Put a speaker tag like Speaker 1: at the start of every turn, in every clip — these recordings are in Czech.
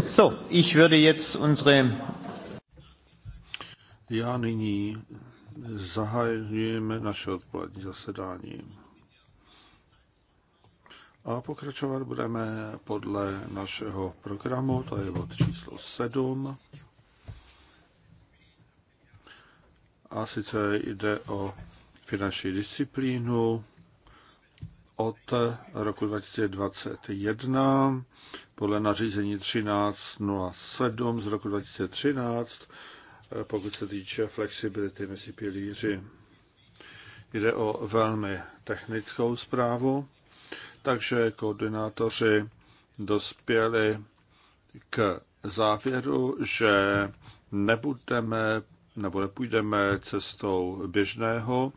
Speaker 1: So, ich würde jetzt unsere já nyní
Speaker 2: zahajujeme naše odpolední zasedání. A pokračovat budeme podle našeho programu, to je bod číslo 7. A sice jde o finanční disciplínu, od roku 2021 podle nařízení 1307 z roku 2013, eh, pokud se týče flexibility mezi pilíři. Jde o velmi technickou zprávu, takže koordinátoři dospěli k závěru, že nebudeme nebo nepůjdeme cestou běžného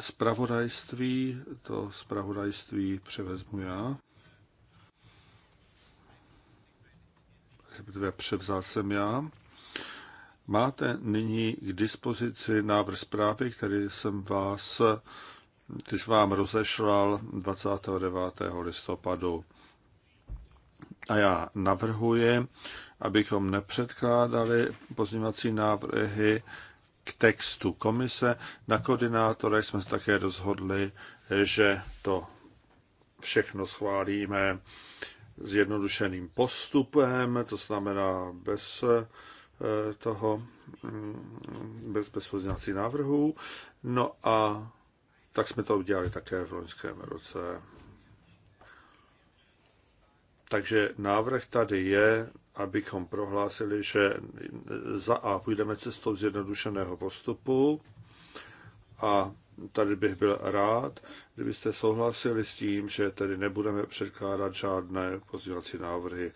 Speaker 2: Spravodajství, to spravodajství převezmu já. Respektive převzal jsem já. Máte nyní k dispozici návrh zprávy, který jsem vás, když vám rozešlal 29. listopadu. A já navrhuji, abychom nepředkládali pozměňovací návrhy k textu komise. Na koordinátorech jsme se také rozhodli, že to všechno schválíme zjednodušeným postupem, to znamená bez eh, toho, mm, bez, bez pozdělacích návrhů. No a tak jsme to udělali také v loňském roce. Takže návrh tady je, abychom prohlásili, že za A půjdeme cestou zjednodušeného postupu a tady bych byl rád, kdybyste souhlasili s tím, že tedy nebudeme předkládat žádné pozdělací návrhy.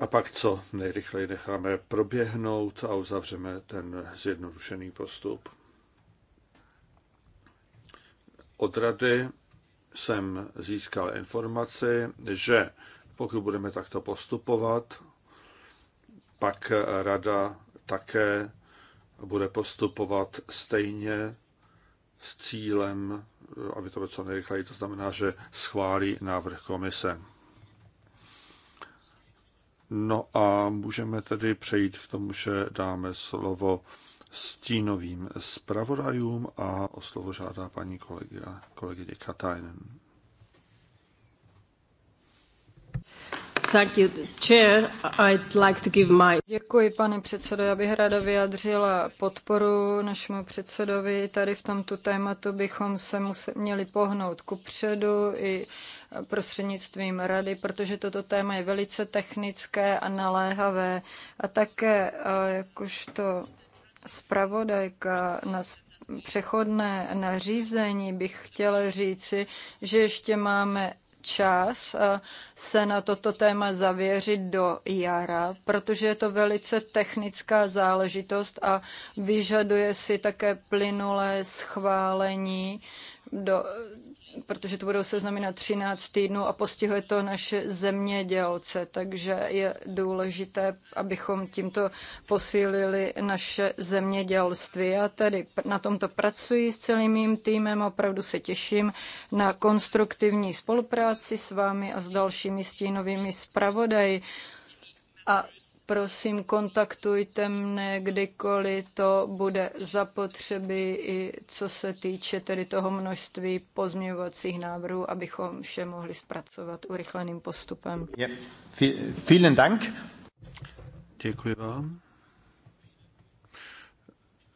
Speaker 2: A pak co? Nejrychleji necháme proběhnout a uzavřeme ten zjednodušený postup. Od rady jsem získal informaci, že pokud budeme takto postupovat, pak rada také bude postupovat stejně s cílem, aby to bylo co nejrychleji, to znamená, že schválí návrh komise. No a můžeme tedy přejít k tomu, že dáme slovo stínovým zpravodajům a o slovo žádá paní kolegyně Katajnen.
Speaker 3: Děkuji, pane předsedo. Já bych ráda vyjadřila podporu našemu předsedovi. Tady v tomto tématu bychom se museli, měli pohnout kupředu i prostřednictvím rady, protože toto téma je velice technické a naléhavé. A také, eh, jakožto zpravodajka na přechodné nařízení bych chtěla říci, že ještě máme čas eh, se na toto téma zavěřit do jara, protože je to velice technická záležitost a vyžaduje si také plynulé schválení do protože to budou seznamy na 13 týdnů a postihuje to naše zemědělce, takže je důležité, abychom tímto posílili naše zemědělství. Já tady na tomto pracuji s celým mým týmem, opravdu se těším na konstruktivní spolupráci s vámi a s dalšími stínovými zpravodaji. A prosím kontaktujte mne kdykoliv to bude zapotřebí, i co se týče tedy toho množství pozměňovacích návrhů, abychom vše mohli zpracovat urychleným postupem. Ja.
Speaker 1: Vielen Dank. Děkuji vám.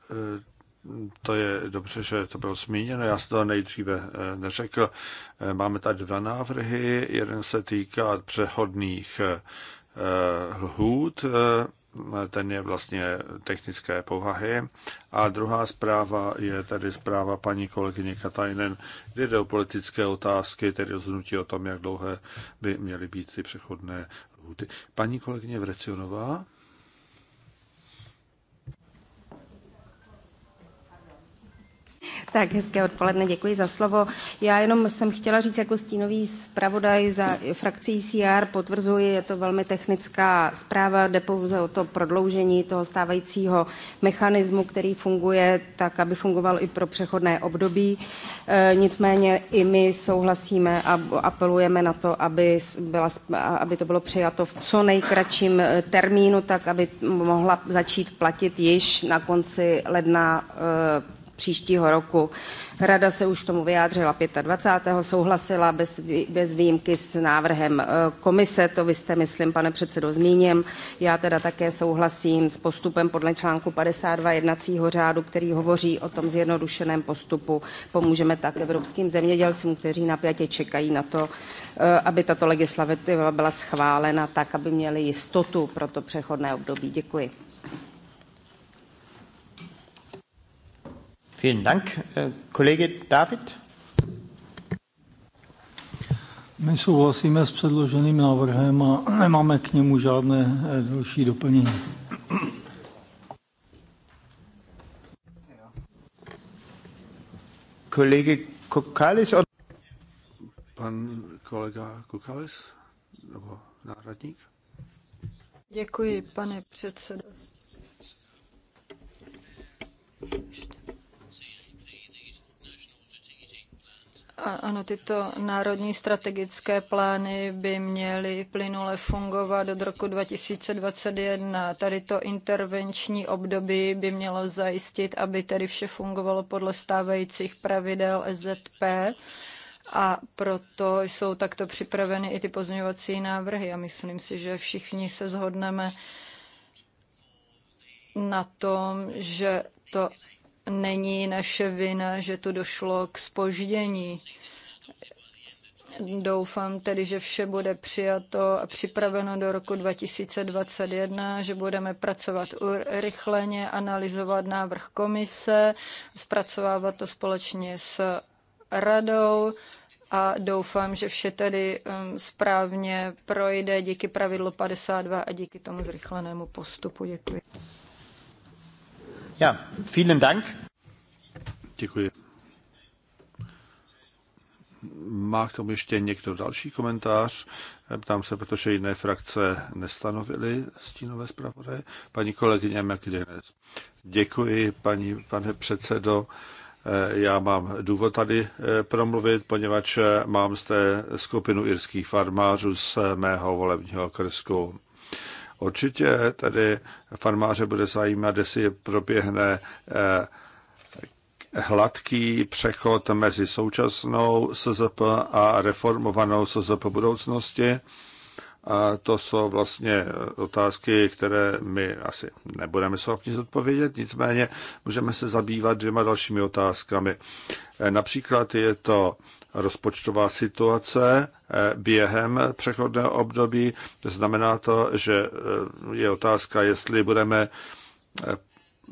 Speaker 1: E,
Speaker 2: to je dobře, že to bylo zmíněno. Já jsem to nejdříve e, neřekl. E, máme tady dva návrhy. Jeden se týká přehodných Eh, lhůt, eh, ten je vlastně technické povahy. A druhá zpráva je tedy zpráva paní kolegyně Katajnen, kde jde o politické otázky, tedy rozhodnutí o tom, jak dlouhé by měly být ty přechodné lhůty. Paní kolegyně Vrecionová.
Speaker 4: Tak hezké odpoledne, děkuji za slovo. Já jenom jsem chtěla říct jako stínový zpravodaj za frakcí e CR, potvrzuji, je to velmi technická zpráva, jde pouze o to prodloužení toho stávajícího mechanismu, který funguje tak, aby fungoval i pro přechodné období. E, nicméně i my souhlasíme a apelujeme na to, aby, byla, aby to bylo přijato v co nejkratším e, termínu, tak aby mohla začít platit již na konci ledna e, příštího roku. Rada se už tomu vyjádřila 25. souhlasila bez, bez výjimky s návrhem e, komise, to vy jste, myslím, pane předsedo, zmíním. Já teda také souhlasím s postupem podle článku 52 jednacího řádu, který hovoří o tom zjednodušeném postupu. Pomůžeme tak evropským zemědělcům, kteří napjatě čekají na to, e, aby tato legislativa byla schválena tak, aby měli jistotu pro to přechodné období. Děkuji.
Speaker 1: Vielen Dank. Äh, Kollege David?
Speaker 5: My souhlasíme s předloženým návrhem a nemáme k němu žádné eh, další doplnění. Kollege Kokalis?
Speaker 2: Pan kolega Kokalis? Nebo náhradník?
Speaker 3: Děkuji, pane předsedo. Ještě. Ano, tyto národní strategické plány by měly plynule fungovat od roku 2021. Tady to intervenční období by mělo zajistit, aby tedy vše fungovalo podle stávajících pravidel SZP a proto jsou takto připraveny i ty pozměňovací návrhy a myslím si, že všichni se zhodneme na tom, že to není naše vina, že to došlo k spoždění. Doufám tedy, že vše bude přijato a připraveno do roku 2021, že budeme pracovat rychleně, analyzovat návrh komise, zpracovávat to společně s radou a doufám, že vše tedy um, správně projde díky pravidlu 52 a díky tomu zrychlenému postupu. Děkuji.
Speaker 1: Ja, vielen Dank. Děkuji. Má k tomu
Speaker 2: ještě někdo další komentář? Ptám se, protože jiné frakce nestanovily stínové zpravodaje. Paní kolegyně McDines. Děkuji, paní, pane předsedo. Eh, já mám důvod tady eh, promluvit, poněvadž eh, mám zde skupinu irských farmářů z mého volebního okrsku. Určitě tedy farmáře bude zajímat, jestli proběhne eh, hladký přechod mezi současnou SZP a reformovanou SZP budoucnosti. A to jsou vlastně otázky, které my asi nebudeme schopni zodpovědět, nicméně můžeme se zabývat dvěma dalšími otázkami. Eh, například je to rozpočtová situace eh, během přechodného období. Znamená to, že eh, je otázka, jestli budeme eh,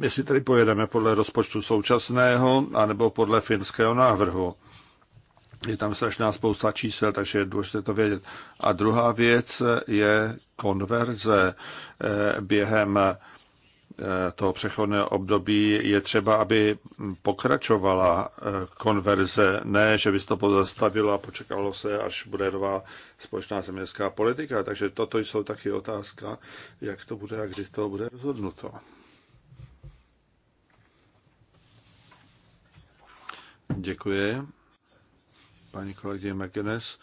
Speaker 2: jestli tedy pojedeme podle rozpočtu současného, anebo podle finského návrhu. Je tam strašná spousta čísel, takže je důležité to vědět. A druhá věc je konverze během toho přechodného období je třeba, aby pokračovala eh, konverze, ne, že by se to pozastavilo a počekalo se, až bude nová společná zeměská politika. Takže toto jsou taky otázka, jak to bude a kdy to bude rozhodnuto. Děkuji. Paní kolegyně McGuinness.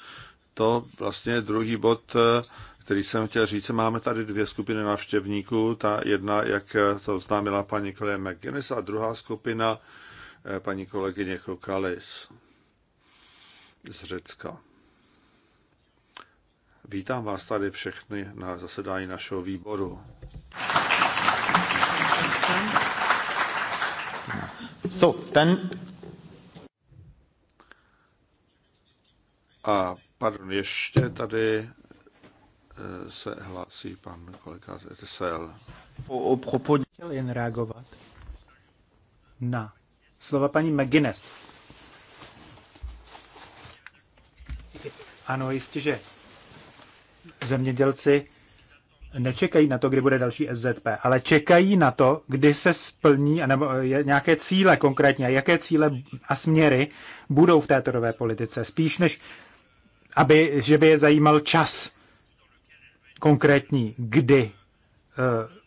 Speaker 2: To vlastně je druhý bod eh, který jsem chtěl říct, máme tady dvě skupiny návštěvníků. Ta jedna, jak to známila paní kolegyně McGinnis, a druhá skupina eh, paní kolegyně Kokalis z Řecka. Vítám vás tady všechny na zasedání našeho výboru.
Speaker 1: So, ten...
Speaker 2: A pardon, ještě tady Eh, se hlásí pan kolega Sel.
Speaker 6: O, o Chtěl jen reagovat na slova paní McGuinness. Ano, jistě, že zemědělci nečekají na to, kdy bude další SZP, ale čekají na to, kdy se splní anebo eh, nějaké cíle konkrétně, a jaké cíle a směry budou v této nové politice. Spíš než, aby, že by je zajímal čas konkrétní, kdy eh,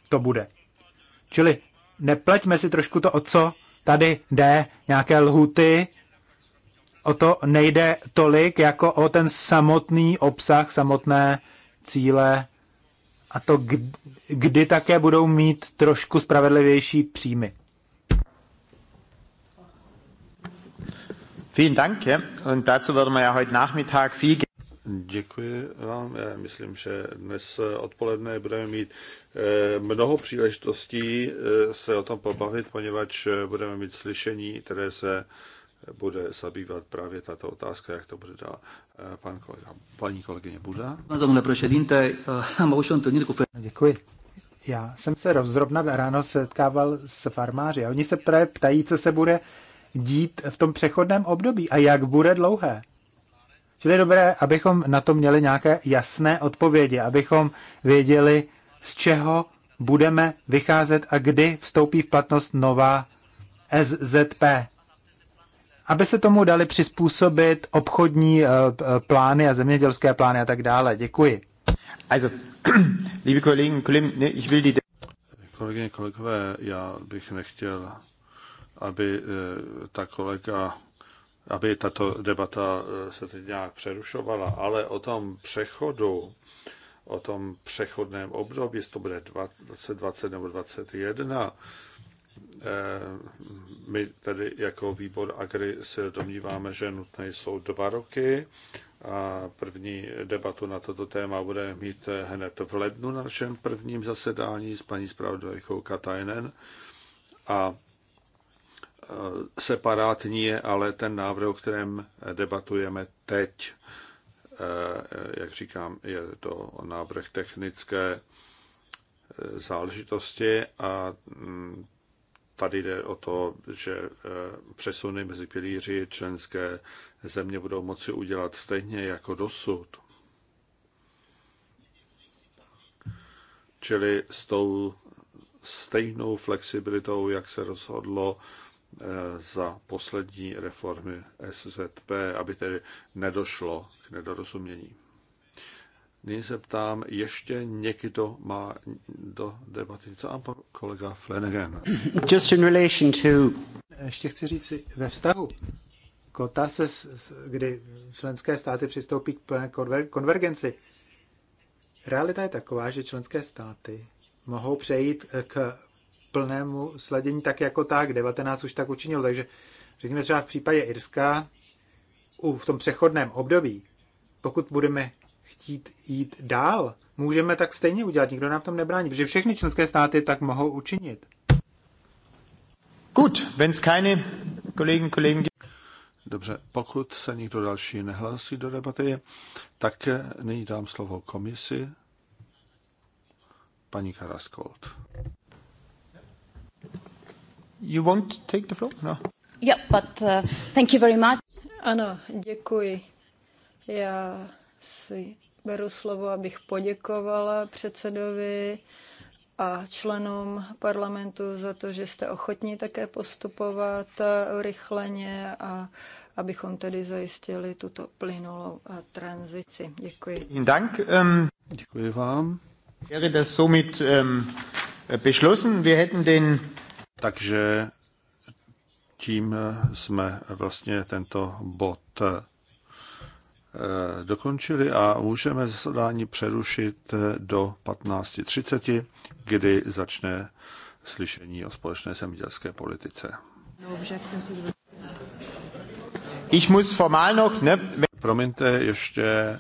Speaker 6: to bude. Čili nepleťme si trošku to, o co tady jde, nějaké lhuty, o to nejde tolik, jako o ten samotný obsah, samotné cíle a to, kdy, kdy také budou mít trošku spravedlivější příjmy.
Speaker 1: Vielen Dank. Und dazu werden wir ja heute Nachmittag
Speaker 2: viel Děkuji vám. Já myslím, že dnes odpoledne budeme mít eh, mnoho příležitostí eh, se o tom pobavit, poněvadž eh, budeme mít slyšení, které se bude zabývat právě tato otázka, jak to bude dál.
Speaker 5: Pan kolega, paní kolegyně Buda. No,
Speaker 6: děkuji. Já jsem se zrovna ráno setkával s farmáři a oni se právě ptají, co se bude dít v tom přechodném období a jak bude dlouhé. Čili je dobré, abychom na to měli nějaké jasné odpovědi, abychom věděli, z čeho budeme vycházet a kdy vstoupí v platnost nová SZP. Aby se tomu dali přizpůsobit obchodní eh, plány a zemědělské plány a tak dále. Děkuji. Also, liebe Kollegen, Kollegen,
Speaker 1: ich will die...
Speaker 2: Kolegyně, kolegové, já bych nechtěl, aby eh, ta kolega aby tato debata eh, se teď nějak přerušovala, ale o tom přechodu, o tom přechodném období, jestli to bude 2020 nebo 2021, eh, my tady jako výbor Agri se domníváme, že nutné jsou dva roky a první debatu na toto téma budeme mít eh, hned v lednu na našem prvním zasedání s paní zpravodajkou Katajnen a separátní je ale ten návrh, o kterém debatujeme teď. Eh, eh, jak říkám, je to návrh technické eh, záležitosti a mm, tady jde o to, že přesuny mezi pilíři členské země budou moci udělat stejně jako dosud. Čili s tou stejnou flexibilitou, jak se rozhodlo Eh, za poslední reformy SZP, aby tedy nedošlo k nedorozumění. Nyní se ptám, ještě někdo má
Speaker 6: do debaty, co a pan kolega Flanagan. Just in relation to... Ještě chci říct si, ve vztahu k otázce, kdy členské státy přistoupí k plné konvergenci, realita je taková, že členské státy mohou přejít k plnému sledění tak jako tak, 19 už tak učinil, takže řekněme třeba v případě Irska u, v tom přechodném období, pokud budeme chtít jít dál, můžeme tak stejně udělat, nikdo nám v tom nebrání, protože všechny členské státy tak mohou učinit.
Speaker 1: Gut, wenn es keine
Speaker 6: Kollegen, Kollegen gibt. Dobře, pokud se nikdo další nehlásí do debaty,
Speaker 2: tak eh, nyní dám slovo komisi paní
Speaker 1: Karaskolt. You won't take the floor? No.
Speaker 3: Yeah, but uh, thank you very much. Ano, děkuji. Já si beru slovo, abych poděkovala předsedovi a členům parlamentu za to, že jste ochotní také postupovat urychleně uh, a abychom tedy zajistili tuto plynulou uh, tranzici. Děkuji.
Speaker 1: Dank. Ähm, děkuji vám. Wäre das somit ähm, beschlossen. Wir hätten den takže
Speaker 2: tím jsme vlastně tento bod eh, dokončili a můžeme zasedání přerušit eh, do 15.30, kdy začne slyšení o společné zemědělské politice.
Speaker 1: Ich muss formal noch, ne? Promiňte,
Speaker 2: ještě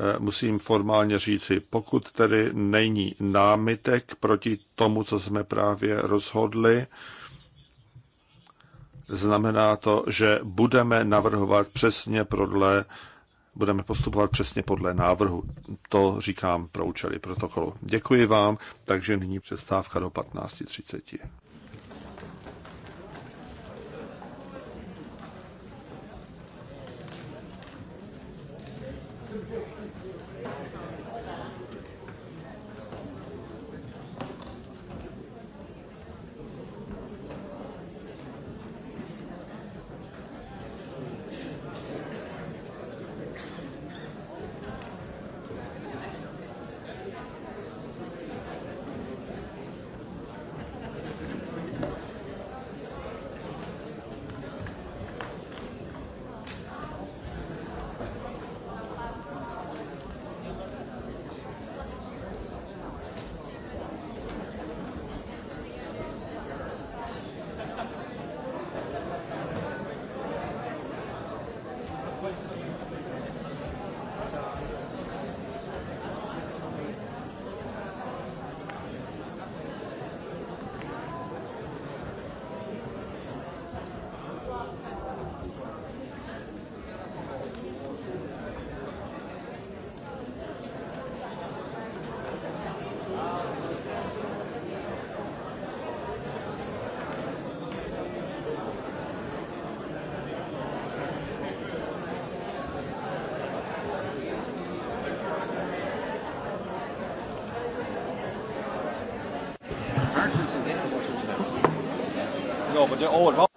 Speaker 2: Eh, musím formálně říci, pokud tedy není námitek proti tomu, co jsme právě rozhodli, znamená to, že budeme navrhovat přesně podle, budeme postupovat přesně podle návrhu. To říkám pro účely protokolu. Děkuji vám, takže nyní přestávka do 15.30. จะโอนเพราะ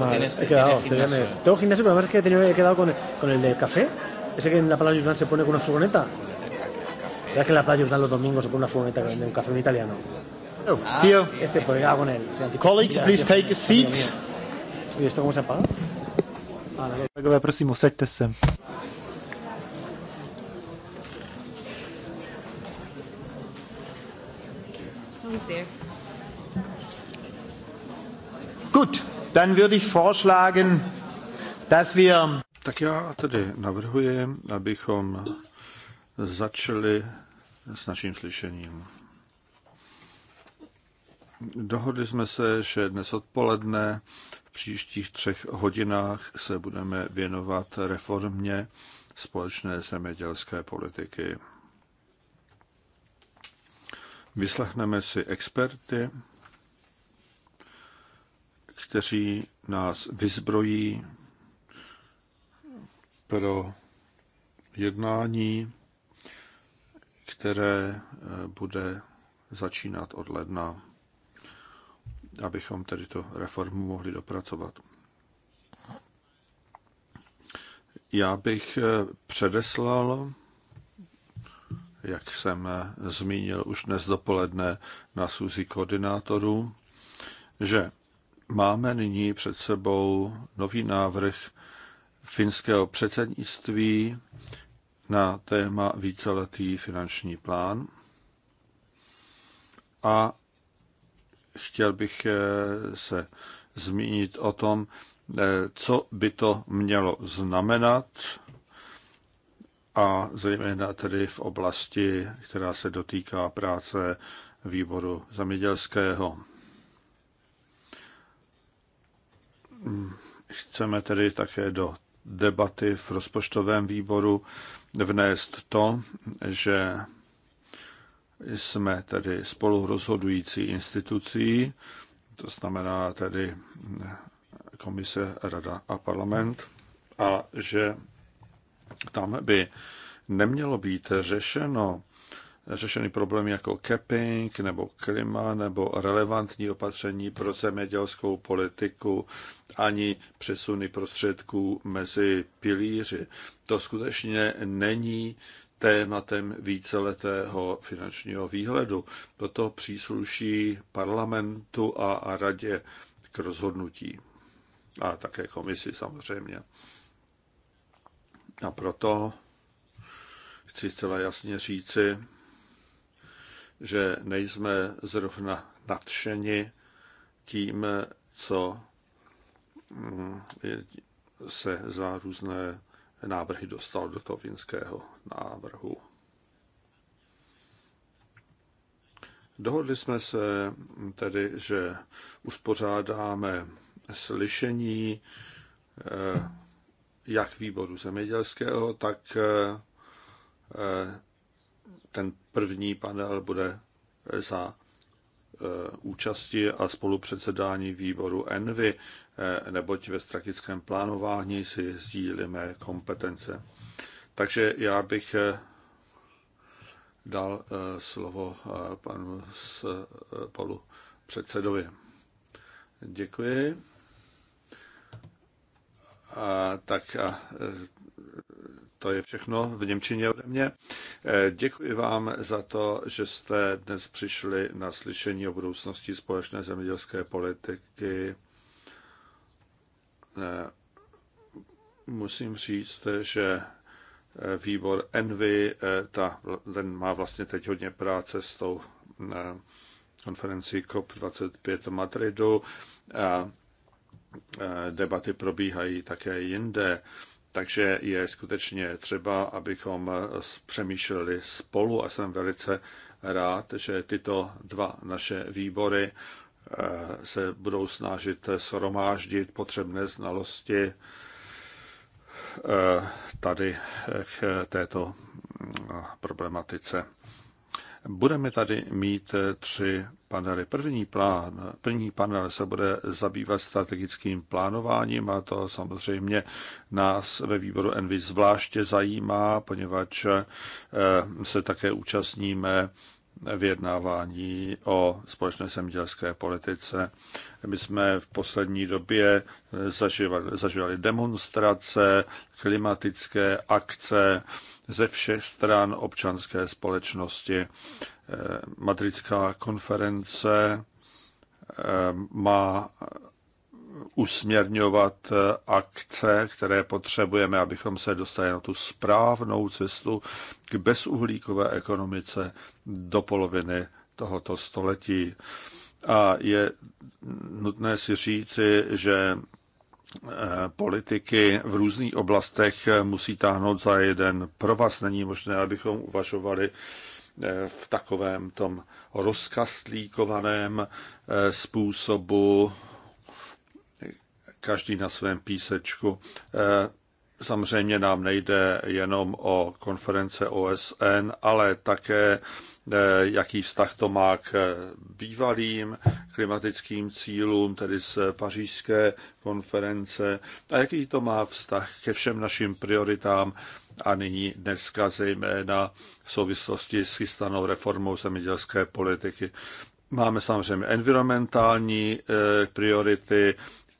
Speaker 6: mal. tienes, he quedado, tienes gimnasio. Tengo gimnasio, pero además es que he, tenido, he quedado con, con el de café. Ese que en la playa Jordán se pone con una furgoneta. ¿Sabes que
Speaker 1: en la playa Jordán los domingos se pone una furgoneta que vende un café en italiano? Oh, ah, tío. Este, pues he quedado con él. O sea, Colleagues, please take a seat. ¿Y esto cómo se apaga? Kolegové,
Speaker 6: prosím, usaďte se.
Speaker 1: Dann würde ich vorschlagen, dass wir...
Speaker 2: Tak já tedy navrhuji, abychom začali s naším slyšením. Dohodli jsme se, že dnes odpoledne v příštích třech hodinách se budeme věnovat reformě společné zemědělské politiky. Vyslechneme si experty, kteří nás vyzbrojí pro jednání, které eh, bude začínat od ledna, abychom tedy tu reformu mohli dopracovat. Já bych eh, předeslal, jak jsem eh, zmínil už dnes dopoledne na schůzi koordinátorů, že Máme nyní před sebou nový návrh finského předsednictví na téma víceletý finanční plán. A chtěl bych eh, se zmínit o tom, eh, co by to mělo znamenat a zejména tedy v oblasti, která se dotýká práce výboru zemědělského. Chceme tedy také do debaty v rozpočtovém výboru vnést to, že jsme tedy spolu rozhodující institucí, to znamená tedy komise, rada a parlament, a že tam by nemělo být řešeno řešeny problémy jako capping nebo klima nebo relevantní opatření pro zemědělskou politiku ani přesuny prostředků mezi pilíři. To skutečně není tématem víceletého finančního výhledu. Toto přísluší parlamentu a radě k rozhodnutí. A také komisi samozřejmě. A proto chci zcela jasně říci, že nejsme zrovna nadšeni tím, co mm, se za různé návrhy dostal do toho finského návrhu. Dohodli jsme se tedy, že uspořádáme slyšení eh, jak výboru zemědělského, tak eh, ten první panel bude za e, účasti a spolupředsedání výboru Envy, e, neboť ve strategickém plánování si sdílíme kompetence. Takže já bych e, dal slovo panu Polu předsedovi. Děkuji. A, tak a, e, to je všechno v Němčině ode mě. E, děkuji vám za to, že jste dnes přišli na slyšení o budoucnosti společné zemědělské politiky. E, musím říct, že výbor Envy, ta, ten má vlastně teď hodně práce s tou konferencí COP25 v Madridu. Eh, debaty probíhají také jinde. Takže je skutečně třeba, abychom eh, přemýšleli spolu a jsem velice rád, že tyto dva naše výbory eh, se budou snažit shromáždit potřebné znalosti tady k této mm, problematice. Budeme tady mít eh, tři panely. První, plán, první panel se bude zabývat strategickým plánováním a to samozřejmě nás ve výboru Envy zvláště zajímá, poněvadž eh, se také účastníme vyjednávání o společné zemědělské politice. My jsme v poslední době eh, zažívali, zažívali demonstrace, klimatické akce, ze všech stran občanské společnosti. Eh, Madridská konference eh, má usměrňovat eh, akce, které potřebujeme, abychom se dostali na tu správnou cestu k bezuhlíkové ekonomice do poloviny tohoto století. A je nutné si říci, že Eh, politiky v různých oblastech eh, musí táhnout za jeden provaz. Není možné, abychom uvažovali eh, v takovém tom rozkastlíkovaném způsobu, každý na svém písečku. Samozřejmě nám nejde jenom o konference OSN, ale také Eh, jaký vztah to má k eh, bývalým klimatickým cílům, tedy z eh, pařížské konference, a jaký to má vztah ke všem našim prioritám a nyní dneska zejména v souvislosti s chystanou reformou zemědělské politiky. Máme samozřejmě environmentální priority,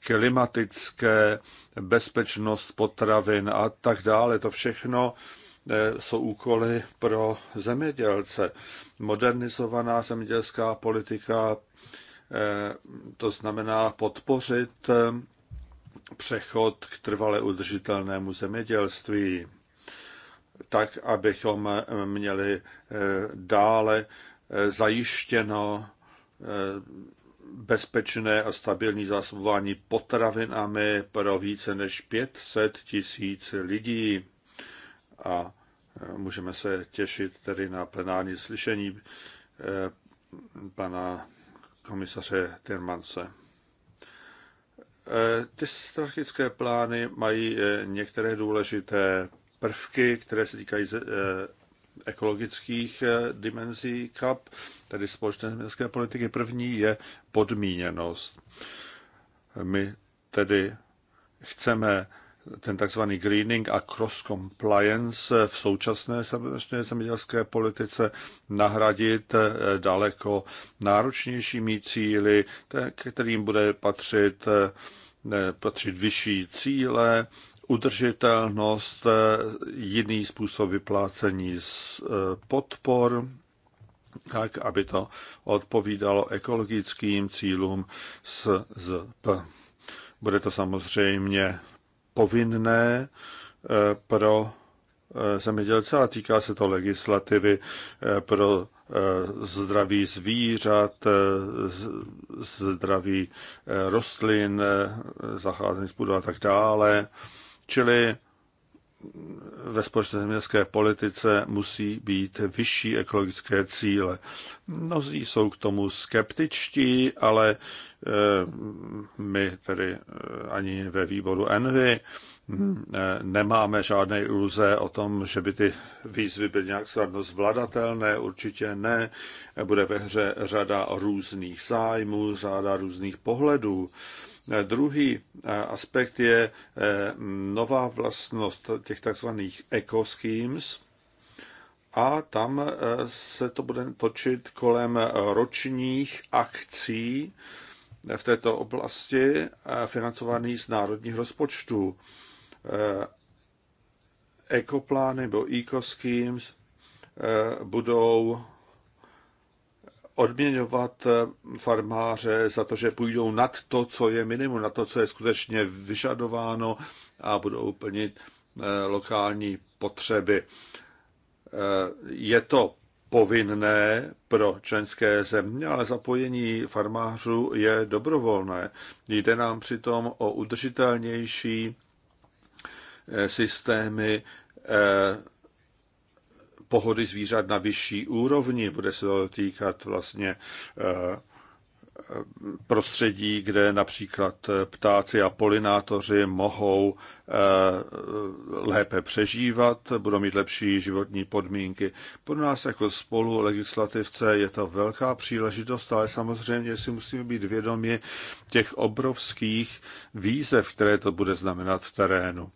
Speaker 2: klimatické, bezpečnost potravin a tak dále. To všechno E, jsou úkoly pro zemědělce. Modernizovaná zemědělská politika, e, to znamená podpořit e, přechod k trvale udržitelnému zemědělství, tak, abychom měli dále zajištěno bezpečné a stabilní zásobování potravinami pro více než 500 tisíc lidí a e, můžeme se těšit tedy na plenární slyšení e, pana komisaře Tirmance. E, ty strategické plány mají některé důležité prvky, které se týkají ekologických dimenzí CAP, tedy společné zemědělské politiky. První je podmíněnost. My tedy chceme ten takzvaný greening a cross-compliance v současné zemědělské politice nahradit eh, daleko náročnějšími cíly, kterým bude patřit, eh, patřit vyšší cíle, udržitelnost, eh, jiný způsob vyplácení z podpor, tak, aby to odpovídalo ekologickým cílům z P. Bude to samozřejmě povinné eh, pro eh, zemědělce, ale týká se to legislativy eh, pro zdraví zvířat, zdraví rostlin, zacházení s a tak dále. Čili ve společné zemědělské politice musí být vyšší ekologické cíle. Mnozí jsou k tomu skeptičtí, ale eh, my tedy eh, ani ve výboru Envy hm, eh, nemáme žádné iluze o tom, že by ty výzvy byly nějak snadno zvladatelné, určitě ne. Bude ve hře řada různých zájmů, řada různých pohledů Druhý eh, aspekt je eh, nová vlastnost těch takzvaných eco-schemes a tam eh, se to bude točit kolem ročních akcí v této oblasti financovaných z národních rozpočtů. Ekoplány nebo eco-schemes budou odměňovat eh, farmáře za to, že půjdou nad to, co je minimum, na to, co je skutečně vyžadováno a budou plnit eh, lokální potřeby. Eh, je to povinné pro členské země, ale zapojení farmářů je dobrovolné. Jde nám přitom o udržitelnější systémy pohody zvířat na vyšší úrovni. Bude se to týkat vlastně eh, eh, prostředí, kde například eh, ptáci a polinátoři mohou lépe přežívat, budou mít lepší životní podmínky. Pro nás jako spolu legislativce je to velká příležitost, ale samozřejmě si musíme být vědomi těch obrovských výzev, které to bude znamenat v terénu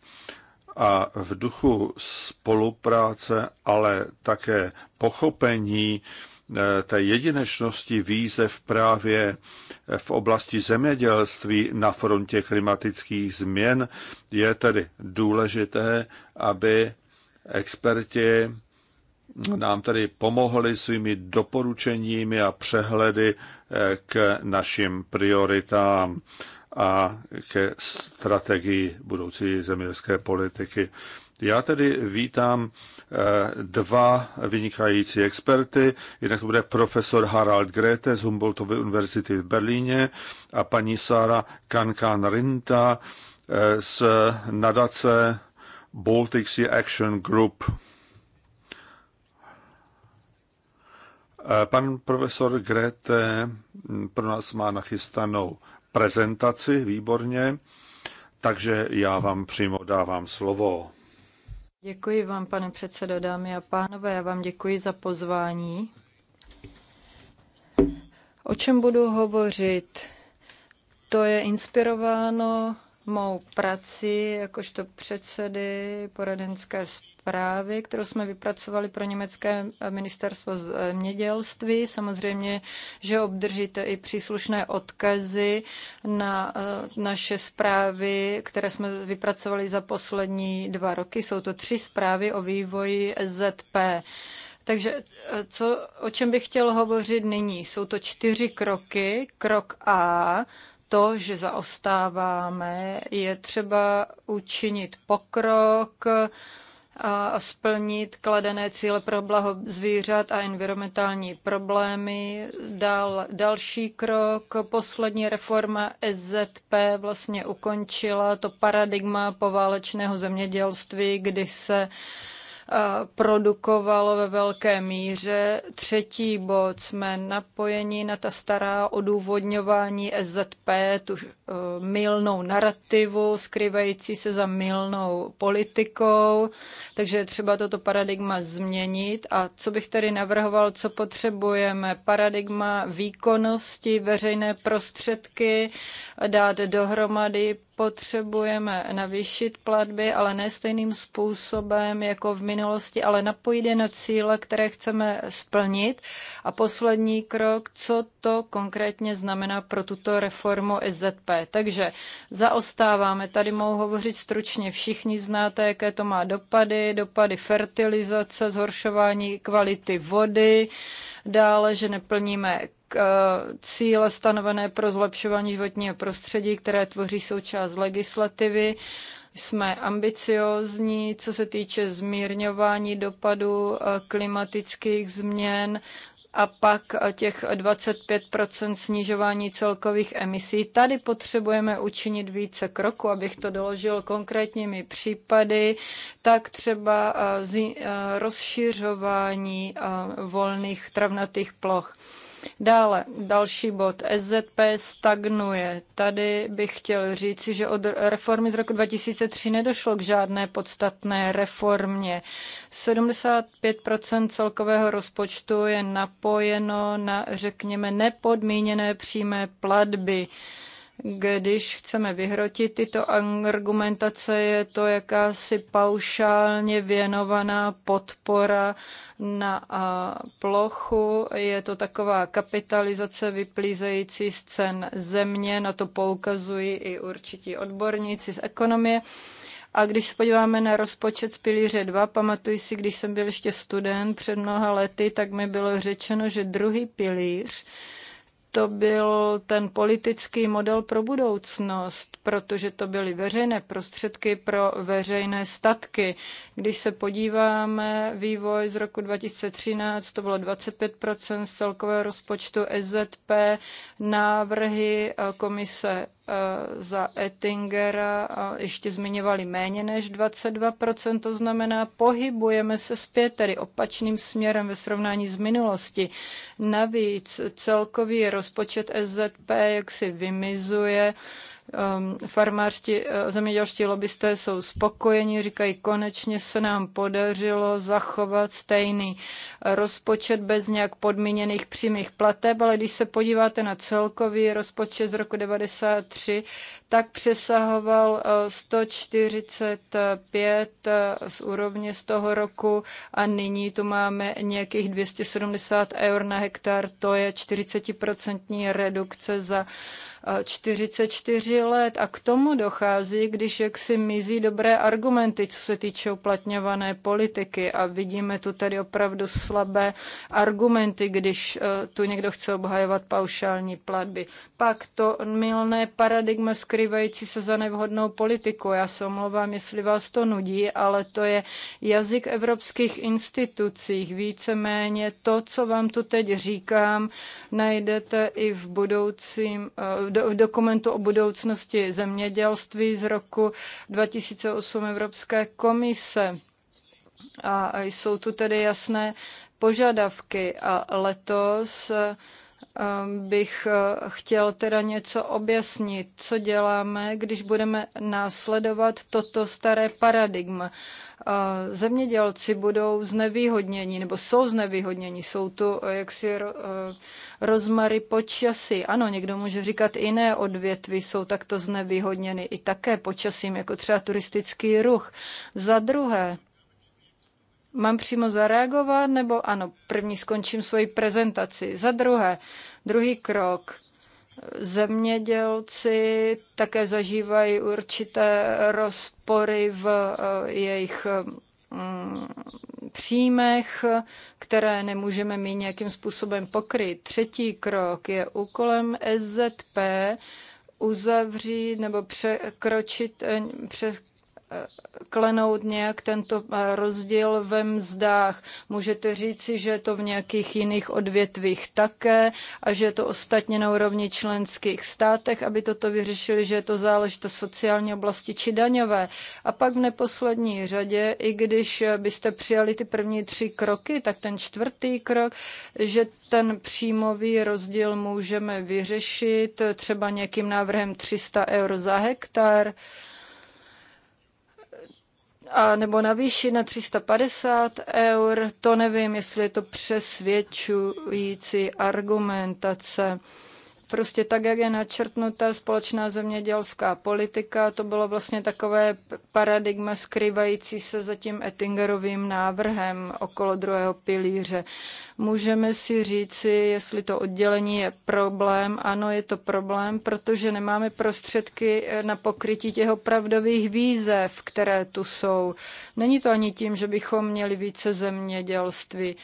Speaker 2: a v duchu spolupráce, ale také pochopení eh, té jedinečnosti výzev právě eh, v oblasti zemědělství na frontě klimatických změn je tedy důležité, aby experti nám tedy pomohli svými doporučeními a přehledy eh, k našim prioritám a ke strategii budoucí zemědělské politiky. Já tedy vítám eh, dva vynikající experty. Jednak to bude profesor Harald Grete z Humboldtovy univerzity v Berlíně a paní Sara Kankan Rinta eh, z nadace Baltic Sea Action Group. Eh, pan profesor Grete mm, pro nás má nachystanou prezentaci, výborně. Takže já vám přímo dávám slovo.
Speaker 3: Děkuji vám, pane předsedo, dámy a pánové. Já vám děkuji za pozvání. O čem budu hovořit? To je inspirováno mou prací jakožto předsedy poradenské společnosti zprávy, kterou jsme vypracovali pro německé ministerstvo zemědělství. Eh, Samozřejmě, že obdržíte i příslušné odkazy na eh, naše zprávy, které jsme vypracovali za poslední dva roky. Jsou to tři zprávy o vývoji ZP. Takže eh, co, o čem bych chtěl hovořit nyní? Jsou to čtyři kroky. Krok A, to, že zaostáváme, je třeba učinit pokrok, a splnit kladené cíle pro blaho zvířat a environmentální problémy. Dal, další krok, poslední reforma SZP e vlastně ukončila to paradigma poválečného zemědělství, kdy se produkovalo ve velké míře. Třetí bod jsme napojeni na ta stará odůvodňování SZP, e tu Eh, mylnou narrativu, skrývající se za mylnou politikou, takže je třeba toto paradigma změnit. A co bych tedy navrhoval, co potřebujeme? Paradigma výkonnosti, veřejné prostředky, dát dohromady potřebujeme navýšit platby, ale ne stejným způsobem jako v minulosti, ale napojit je na cíle, které chceme splnit. A poslední krok, co to konkrétně znamená pro tuto reformu SZP. Takže zaostáváme, tady mohu hovořit stručně, všichni znáte, jaké to má dopady, dopady fertilizace, zhoršování kvality vody, dále, že neplníme eh, cíle stanovené pro zlepšování životního prostředí, které tvoří součást legislativy. Jsme ambiciózní, co se týče zmírňování dopadu eh, klimatických změn a pak těch 25 snižování celkových emisí. Tady potřebujeme učinit více kroku, abych to doložil konkrétními případy, tak třeba eh, eh, rozšiřování eh, volných travnatých ploch. Dále, další bod. SZP stagnuje. Tady bych chtěl říci, že od reformy z roku 2003 nedošlo k žádné podstatné reformě. 75 celkového rozpočtu je napojeno na, řekněme, nepodmíněné přímé platby. Když chceme vyhrotit tyto argumentace, je to jakási paušálně věnovaná podpora na plochu. Je to taková kapitalizace vyplízející z cen země, na to poukazují i určití odborníci z ekonomie. A když se podíváme na rozpočet z pilíře 2, pamatuji si, když jsem byl ještě student před mnoha lety, tak mi bylo řečeno, že druhý pilíř to byl ten politický model pro budoucnost, protože to byly veřejné prostředky pro veřejné statky. Když se podíváme, vývoj z roku 2013 to bylo 25 z celkového rozpočtu SZP, návrhy eh, komise Eh, za Ettingera ještě zmiňovali méně než 22%, to znamená, pohybujeme se zpět, tedy opačným směrem ve srovnání s minulostí. Navíc celkový rozpočet SZP, jaksi si vymizuje, Um, farmářští, uh, zemědělští lobbysté jsou spokojeni, říkají, konečně se nám podařilo zachovat stejný rozpočet bez nějak podmíněných přímých plateb, ale když se podíváte na celkový rozpočet z roku 93, tak přesahoval 145 uh, uh, z úrovně z toho roku a nyní tu máme nějakých 270 eur na hektar, to je 40% redukce za 44 let a k tomu dochází, když jaksi mizí dobré argumenty, co se týče uplatňované politiky a vidíme tu tady opravdu slabé argumenty, když eh, tu někdo chce obhajovat paušální platby. Pak to milné paradigma skrývající se za nevhodnou politiku. Já se omlouvám, jestli vás to nudí, ale to je jazyk evropských institucích. Víceméně to, co vám tu teď říkám, najdete i v budoucím, eh, do, v dokumentu o budoucnosti zemědělství z roku 2008 Evropské komise. A jsou tu tedy jasné požadavky a letos Ehm, bych eh, chtěl teda něco objasnit, co děláme, když budeme následovat toto staré paradigma. Ehm, zemědělci budou znevýhodněni, nebo jsou znevýhodněni, jsou tu eh, jaksi eh, rozmary počasí. Ano, někdo může říkat, jiné odvětví jsou takto znevýhodněny i také počasím, jako třeba turistický ruch. Za druhé, Mám přímo zareagovat, nebo ano, první skončím svoji prezentaci. Za druhé, druhý krok. Zemědělci také zažívají určité rozpory v eh, jejich mm, příjmech, které nemůžeme my nějakým způsobem pokryt. Třetí krok je úkolem SZP uzavřít nebo překročit, přes, eh, klenout nějak tento eh, rozdíl ve mzdách. Můžete říci, že je to v nějakých jiných odvětvích také a že je to ostatně na úrovni členských státech, aby toto vyřešili, že je to záležitost sociální oblasti či daňové. A pak v neposlední řadě, i když byste přijali ty první tři kroky, tak ten čtvrtý krok, že ten příjmový rozdíl můžeme vyřešit třeba nějakým návrhem 300 euro za hektar, a nebo navýšit na 350 eur, to nevím, jestli je to přesvědčující argumentace. Prostě tak, jak je načrtnutá společná zemědělská politika, to bylo vlastně takové paradigma skrývající se za tím Ettingerovým návrhem okolo druhého pilíře. Můžeme si říci, jestli to oddělení je problém. Ano, je to problém, protože nemáme prostředky na pokrytí těch opravdových výzev, které tu jsou. Není to ani tím, že bychom měli více zemědělství.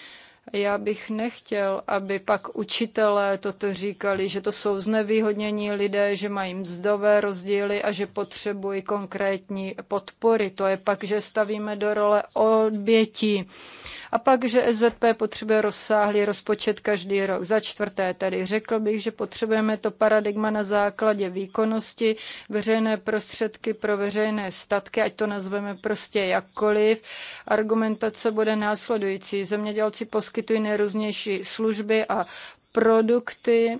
Speaker 3: Já bych nechtěl, aby pak učitelé toto říkali, že to jsou znevýhodnění lidé, že mají mzdové rozdíly a že potřebují konkrétní podpory. To je pak, že stavíme do role obětí. A pak, že SZP potřebuje rozsáhlý rozpočet každý rok. Za čtvrté tedy řekl bych, že potřebujeme to paradigma na základě výkonnosti, veřejné prostředky pro veřejné statky, ať to nazveme prostě jakkoliv. Argumentace bude následující. Zemědělci poskytují nejrůznější služby a produkty,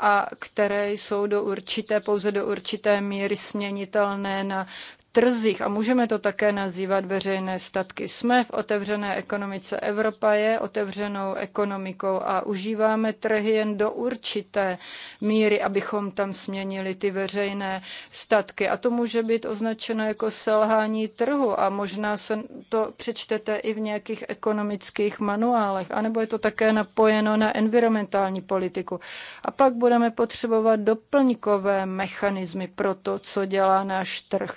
Speaker 3: a které jsou do určité, pouze do určité míry směnitelné na trzích a můžeme to také nazývat veřejné statky. Jsme v otevřené ekonomice. Evropa je otevřenou ekonomikou a užíváme trhy jen do určité míry, abychom tam směnili ty veřejné statky. A to může být označeno jako selhání trhu a možná se to přečtete i v nějakých ekonomických manuálech, anebo je to také napojeno na environmentální politiku. A pak budeme potřebovat doplňkové mechanizmy pro to, co dělá náš trh.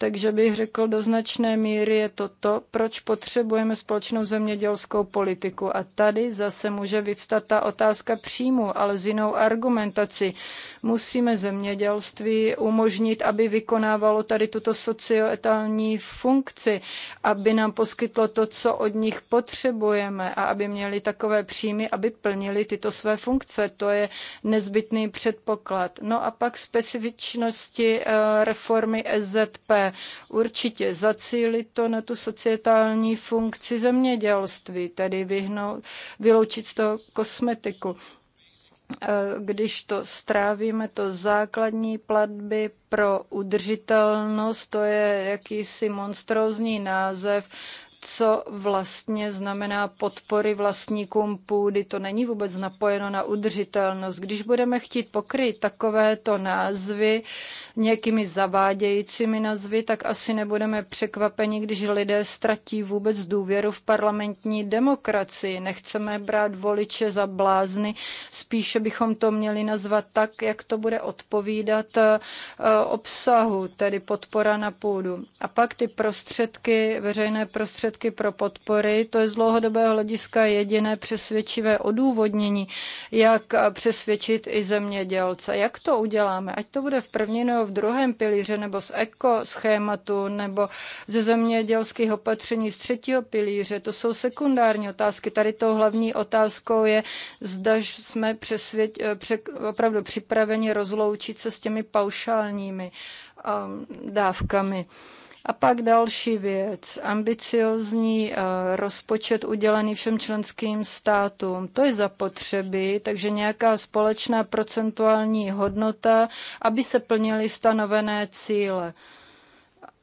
Speaker 3: Takže bych řekl, do značné míry je to to, proč potřebujeme společnou zemědělskou politiku. A tady zase může vyvstat ta otázka příjmu, ale s jinou argumentací. Musíme zemědělství umožnit, aby vykonávalo tady tuto socioetální funkci, aby nám poskytlo to, co od nich potřebujeme a aby měli takové příjmy, aby plnili tyto své funkce. To je nezbytný předpoklad. No a pak specifičnosti eh, reformy SZP. E určitě zacílit to na tu societální funkci zemědělství, tedy vyhnout, vyloučit z toho kosmetiku eh, když to strávíme, to základní platby pro udržitelnost, to je jakýsi monstrózní název co vlastně znamená podpory vlastníkům půdy. To není vůbec napojeno na udržitelnost. Když budeme chtít pokryt takovéto názvy nějakými zavádějícími názvy, tak asi nebudeme překvapeni, když lidé ztratí vůbec důvěru v parlamentní demokracii. Nechceme brát voliče za blázny, spíše bychom to měli nazvat tak, jak to bude odpovídat eh, obsahu, tedy podpora na půdu. A pak ty prostředky, veřejné prostředky, prostředky pro podpory. To je z dlouhodobého hlediska jediné přesvědčivé odůvodnění, jak přesvědčit i zemědělce. Jak to uděláme? Ať to bude v první nebo v druhém pilíře, nebo z ekoschématu, nebo ze zemědělských opatření z třetího pilíře. To jsou sekundární otázky. Tady tou hlavní otázkou je, zda jsme přesvěd, opravdu připraveni rozloučit se s těmi paušálními um, dávkami. A pak další věc, ambiciozní eh, rozpočet udělený všem členským státům. To je zapotřebí, takže nějaká společná procentuální hodnota, aby se plnily stanovené cíle.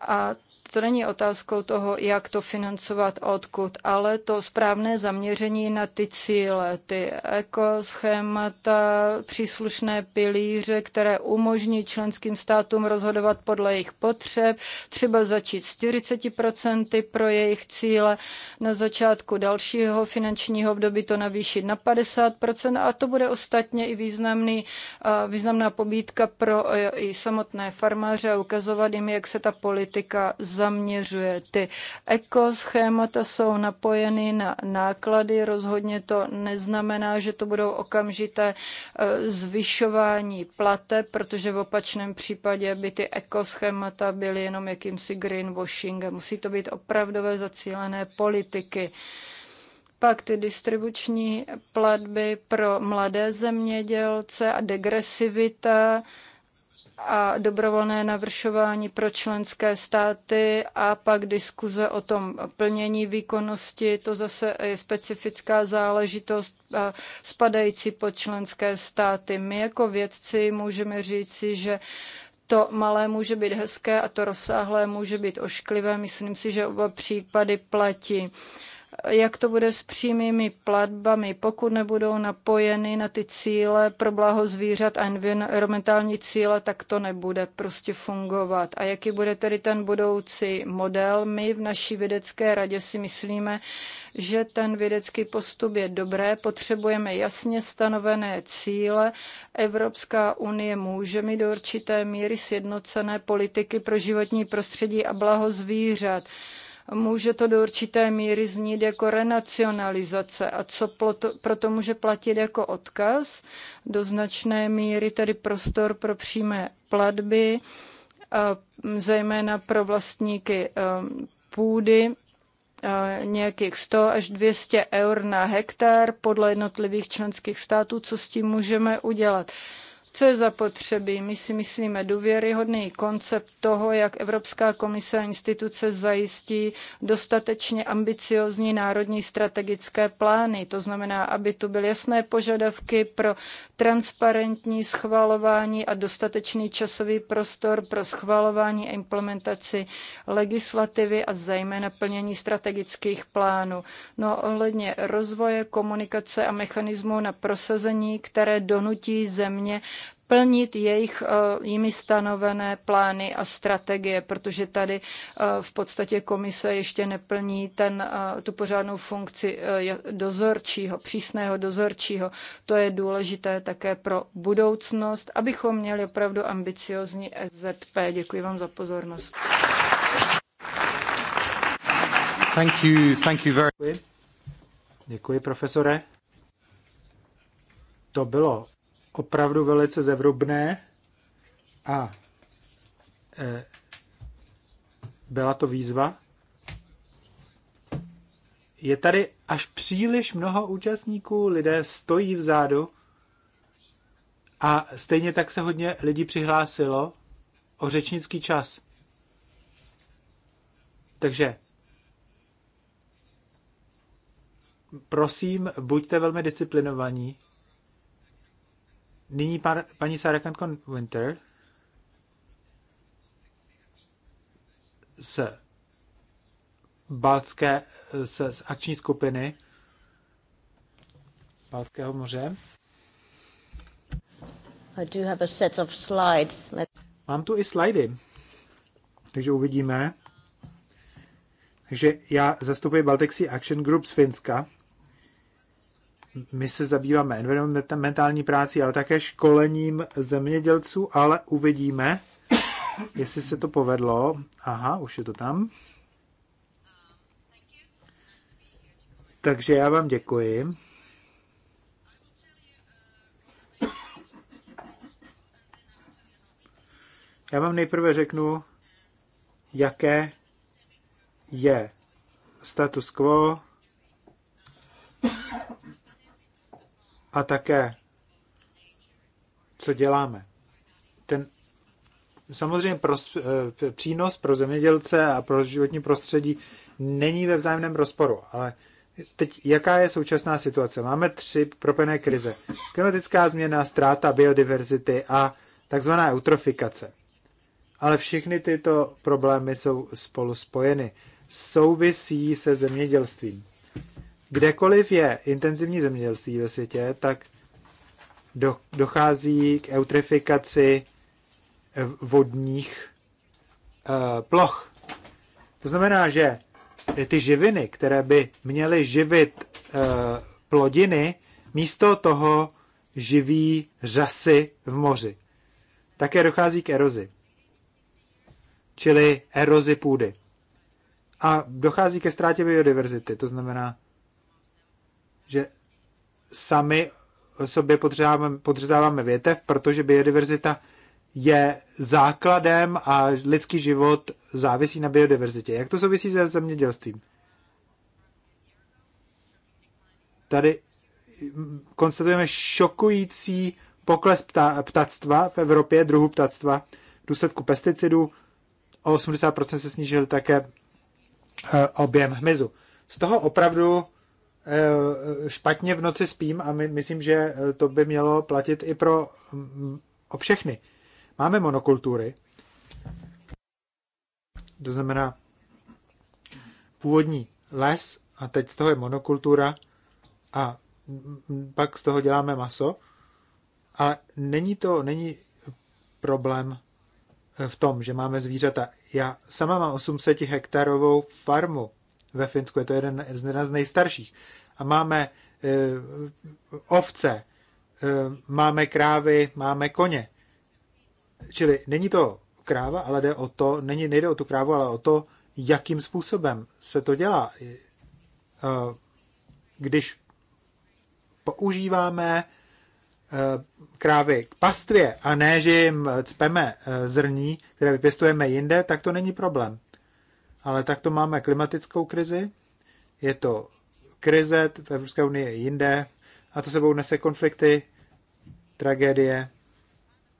Speaker 3: A to není otázkou toho, jak to financovat odkud, ale to správné zaměření na ty cíle, ty ekoschémata, příslušné pilíře, které umožní členským státům rozhodovat podle jejich potřeb, třeba začít 40% pro jejich cíle, na začátku dalšího finančního období to navýšit na 50% a to bude ostatně i významný, významná pobídka pro e, i samotné farmáře a ukazovat jim, jak se ta politika za zaměřuje. Ty ekoschémata jsou napojeny na náklady, rozhodně to neznamená, že to budou okamžité e, zvyšování plate, protože v opačném případě by ty ekoschémata byly jenom jakýmsi greenwashingem. Musí to být opravdové zacílené politiky pak ty distribuční platby pro mladé zemědělce a degresivita a dobrovolné navršování pro členské státy a pak diskuze o tom plnění výkonnosti. To zase je specifická záležitost spadající pod členské státy. My jako vědci můžeme říci, že to malé může být hezké a to rozsáhlé může být ošklivé. Myslím si, že oba případy platí jak to bude s přímými platbami, pokud nebudou napojeny na ty cíle pro blaho zvířat a environmentální cíle, tak to nebude prostě fungovat. A jaký bude tedy ten budoucí model? My v naší vědecké radě si myslíme, že ten vědecký postup je dobré, potřebujeme jasně stanovené cíle. Evropská unie může mít do určité míry sjednocené politiky pro životní prostředí a blaho zvířat. Může to do určité míry znít jako renacionalizace a co proto může platit jako odkaz, do značné míry tedy prostor pro přímé platby, zejména pro vlastníky půdy, nějakých 100 až 200 eur na hektar podle jednotlivých členských států, co s tím můžeme udělat co je zapotřebí. My si myslíme důvěryhodný koncept toho, jak Evropská komise a instituce zajistí dostatečně ambiciozní národní strategické plány. To znamená, aby tu byly jasné požadavky pro transparentní schvalování a dostatečný časový prostor pro schvalování a implementaci legislativy a zejména plnění strategických plánů. No ohledně rozvoje, komunikace a mechanismů na prosazení, které donutí země, plnit jejich eh, jimi stanovené plány a strategie, protože tady eh, v podstatě komise ještě neplní ten, eh, tu pořádnou funkci dozorčího, přísného dozorčího. To je důležité také pro budoucnost, abychom měli opravdu ambiciozní SZP. Děkuji vám za pozornost.
Speaker 6: Thank you, thank you very... Děkuji, profesore. To bylo opravdu velice zevrubné a e, byla to výzva. Je tady až příliš mnoho účastníků, lidé stojí vzadu a stejně tak se hodně lidí přihlásilo o řečnický čas. Takže prosím, buďte velmi disciplinovaní Nyní pan, paní Sarah Kankon Winter z Balcké, z, z akční skupiny Balckého moře.
Speaker 4: I do have a set of slides. Let...
Speaker 6: Mám tu i slidy, takže uvidíme. Takže já zastupuji Baltic Sea Action Group z Finska my se zabýváme environmentální práci, ale také školením zemědělců, ale uvidíme, jestli se to povedlo. Aha, už je to tam. Takže já vám děkuji. Já vám nejprve řeknu, jaké je status quo a také co děláme. Ten samozřejmě pro, eh, přínos pro zemědělce a pro životní prostředí není ve vzájemném rozporu, ale teď jaká je současná situace? Máme tři propené krize. Klimatická změna, ztráta biodiverzity a takzvaná eutrofikace. Ale všechny tyto problémy jsou spolu spojeny. Souvisí se zemědělstvím. Kdekoliv je intenzivní zemědělství ve světě, tak do, dochází k eutrifikaci eh, vodních e, ploch. To znamená, že ty živiny, které by měly živit e, plodiny, místo toho živí řasy v moři. Také dochází k erozi, čili erozi půdy. A dochází ke ztrátě biodiverzity, to znamená, že sami sobě podřezáváme, podřezáváme větev, protože biodiverzita je základem a lidský život závisí na biodiverzitě. Jak to souvisí se zemědělstvím? Tady konstatujeme šokující pokles pta, ptactva v Evropě, druhu ptactva, v důsledku pesticidů. O 80% se snížil také eh, objem hmyzu. Z toho opravdu Eh, špatně v noci spím a my, myslím, že eh, to by mělo platit i pro mm, o všechny. Máme monokultury, to znamená původní les a teď z toho je monokultura a mm, pak z toho děláme maso. Ale není to, není problém eh, v tom, že máme zvířata. Já sama mám 800 hektarovou farmu ve Finsku. Je to jeden z nejstarších. A máme eh, ovce, eh, máme krávy, máme koně. Čili není to kráva, ale jde o to, není, nejde o tu krávu, ale o to, jakým způsobem se to dělá. Eh, když používáme krávy k pastvě a ne, že jim cpeme zrní, které vypěstujeme jinde, tak to není problém. Ale takto máme klimatickou krizi, je to krize v Evropské unii jinde a to sebou nese konflikty, tragédie,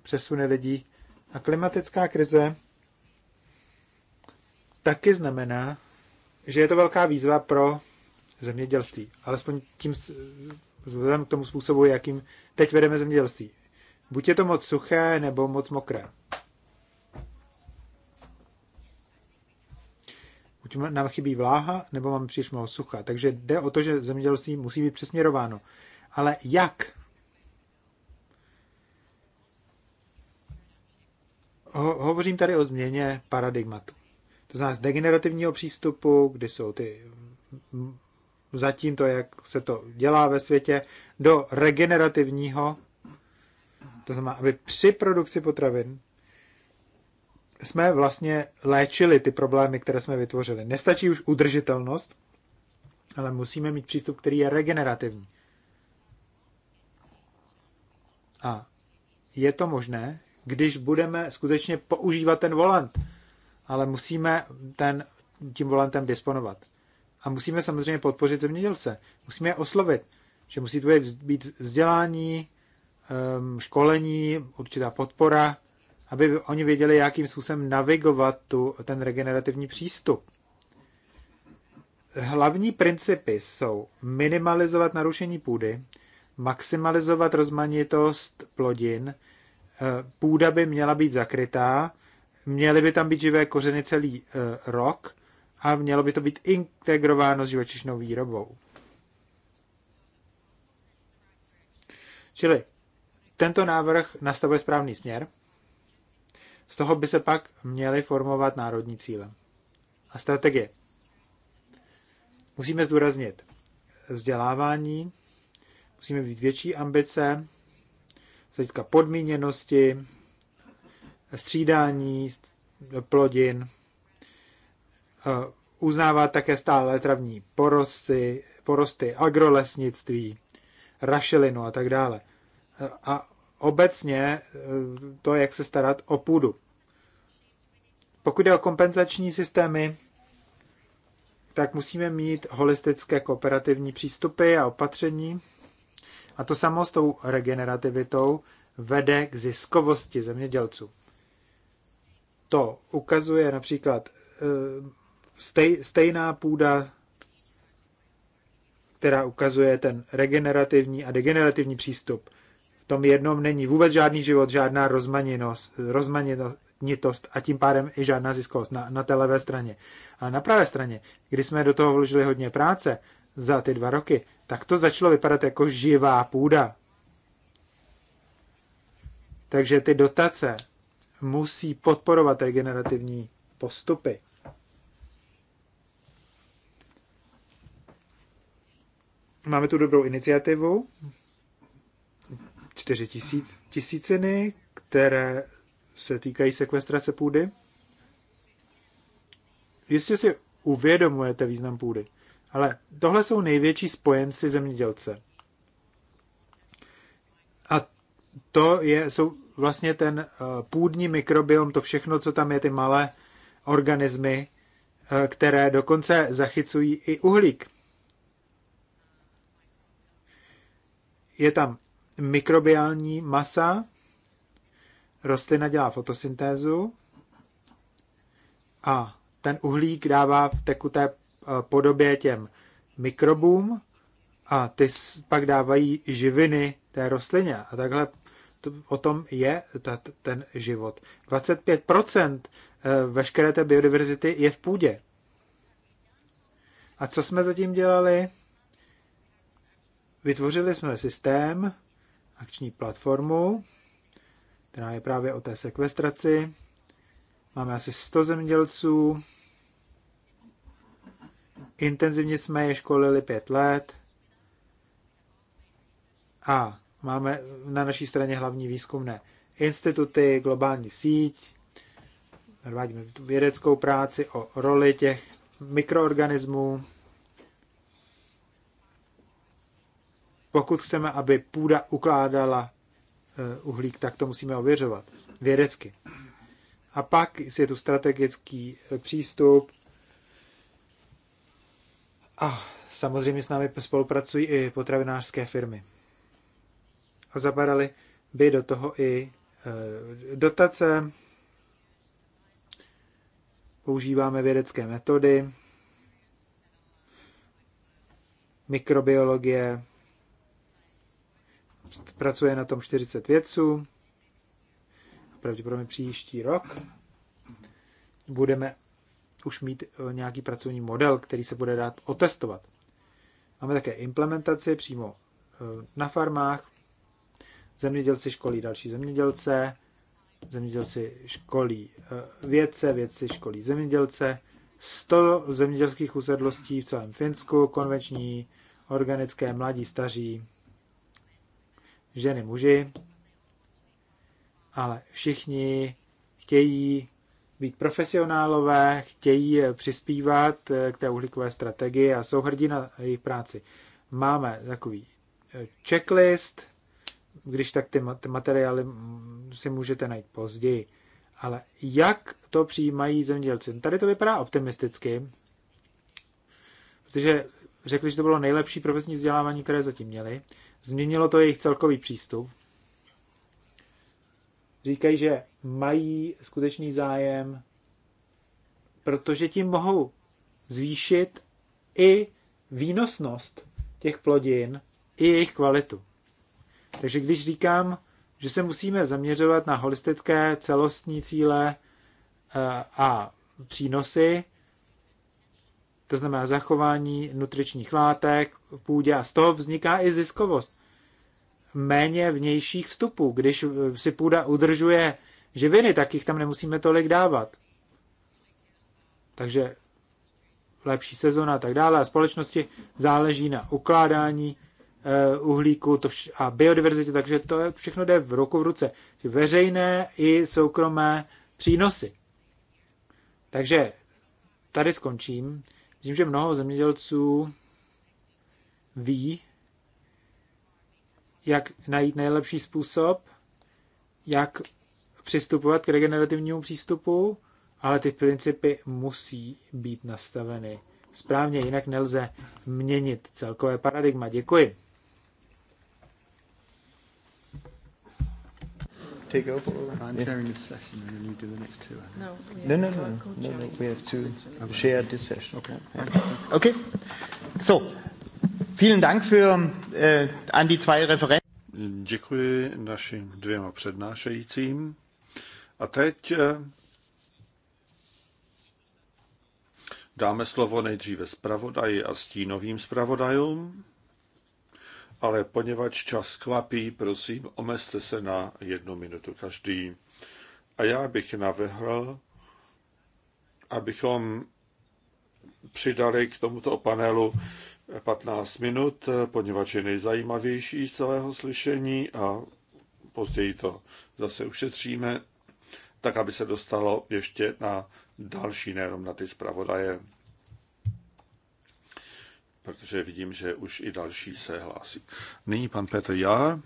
Speaker 6: přesuny lidí. A klimatická krize taky znamená, že je to velká výzva pro zemědělství. Alespoň tím vzhledem k tomu způsobu, jakým teď vedeme zemědělství. Buď je to moc suché, nebo moc mokré. Buď nám chybí vláha, nebo máme příliš mnoho sucha. Takže jde o to, že zemědělství musí být přesměrováno. Ale jak? Ho- hovořím tady o změně paradigmatu. To znamená z degenerativního přístupu, kdy jsou ty zatím to, jak se to dělá ve světě, do regenerativního, to znamená, aby při produkci potravin jsme vlastně léčili ty problémy, které jsme vytvořili. Nestačí už udržitelnost, ale musíme mít přístup, který je regenerativní. A je to možné, když budeme skutečně používat ten volant, ale musíme ten, tím volantem disponovat. A musíme samozřejmě podpořit zemědělce. Musíme je oslovit, že musí tu být vzdělání, ehm, školení, určitá podpora, aby oni věděli, jakým způsobem navigovat tu, ten regenerativní přístup. Hlavní principy jsou minimalizovat narušení půdy, maximalizovat rozmanitost plodin, eh, půda by měla být zakrytá, měly by tam být živé kořeny celý eh, rok a mělo by to být integrováno s živočišnou výrobou. Čili tento návrh nastavuje správný směr z toho by se pak měly formovat národní cíle a strategie. Musíme zdůraznit vzdělávání, musíme mít větší ambice z hlediska podmíněnosti, střídání plodin, uznávat také stále travní porosty, porosty agrolesnictví, rašelinu a tak dále. A obecně eh, to, jak se starat o půdu. Pokud je o kompenzační systémy, tak musíme mít holistické kooperativní přístupy a opatření. A to samo s tou regenerativitou vede k ziskovosti zemědělců. To ukazuje například eh, stej, stejná půda, která ukazuje ten regenerativní a degenerativní přístup tom jednom není vůbec žádný život, žádná rozmaněnost, rozmanitost a tím pádem i žádná ziskovost na, na té levé straně. A na pravé straně, kdy jsme do toho vložili hodně práce za ty dva roky, tak to začalo vypadat jako živá půda. Takže ty dotace musí podporovat regenerativní postupy. Máme tu dobrou iniciativu, čtyři tisíc, tisíciny, které se týkají sekvestrace půdy. Jistě si uvědomujete význam půdy, ale tohle jsou největší spojenci zemědělce. A to je, jsou vlastně ten eh, půdní mikrobiom, to všechno, co tam je, ty malé organismy, eh, které dokonce zachycují i uhlík. Je tam mikrobiální masa, rostlina dělá fotosyntézu a ten uhlík dává v tekuté eh, podobě těm mikrobům a ty pak dávají živiny té rostlině. A takhle o tom je ta, ten život. 25% eh, veškeré té biodiverzity je v půdě. A co jsme zatím dělali? Vytvořili jsme systém, akční platformu, která je právě o té sekvestraci. Máme asi 100 zemědělců. Intenzivně jsme je školili pět let. A máme na naší straně hlavní výzkumné instituty, globální síť, Vádíme vědeckou práci o roli těch mikroorganismů Pokud chceme, aby půda ukládala eh, uhlík, tak to musíme ověřovat vědecky. A pak je tu strategický eh, přístup. A samozřejmě s námi spolupracují i potravinářské firmy. A zapadali by do toho i eh, dotace. Používáme vědecké metody, mikrobiologie, Pracuje na tom 40 vědců. Pravděpodobně příští rok budeme už mít eh, nějaký pracovní model, který se bude dát otestovat. Máme také implementaci přímo eh, na farmách. Zemědělci školí další zemědělce, zemědělci školí eh, vědce, vědci školí zemědělce. 100 zemědělských usedlostí v celém Finsku, konvenční, organické, mladí, staří, ženy, muži, ale všichni chtějí být profesionálové, chtějí přispívat eh, k té uhlíkové strategii a jsou hrdí na jejich práci. Máme takový eh, checklist, když tak ty, materiály mm, si můžete najít později. Ale jak to přijímají zemědělci? No, tady to vypadá optimisticky, protože řekli, že to bylo nejlepší profesní vzdělávání, které zatím měli, Změnilo to jejich celkový přístup. Říkají, že mají skutečný zájem, protože tím mohou zvýšit i výnosnost těch plodin, i jejich kvalitu. Takže když říkám, že se musíme zaměřovat na holistické celostní cíle eh, a přínosy, to znamená zachování nutričních látek v půdě a z toho vzniká i ziskovost. Méně vnějších vstupů. Když si půda udržuje živiny, tak jich tam nemusíme tolik dávat. Takže lepší sezona a tak dále. A společnosti záleží na ukládání eh, uhlíku to vš- a biodiverzitě, takže to je, všechno jde v ruku v ruce. Veřejné i soukromé přínosy. Takže tady skončím. Myslím, že mnoho zemědělců ví, jak najít nejlepší způsob, jak přistupovat k regenerativnímu přístupu, ale ty principy musí být nastaveny správně, jinak nelze měnit celkové paradigma. Děkuji.
Speaker 1: take over? Or? I'm yeah. chairing this session, and then you do the next two. No, we no, no no no, no, no, no, no. We have to okay. share this session. Okay. Yeah. Okay. So, vielen Dank für uh, an die zwei Referenten.
Speaker 2: Děkuji našim dvěma přednášejícím. A teď äh, dáme slovo nejdříve zpravodaji a stínovým zpravodajům ale poněvadž čas kvapí, prosím, omezte se na jednu minutu každý. A já bych navrhl, abychom přidali k tomuto panelu 15 minut, poněvadž je nejzajímavější z celého slyšení a později to zase ušetříme, tak aby se dostalo ještě na další, nejenom na ty zpravodaje protože vidím, že už i další se hlásí. Nyní pan Petr Já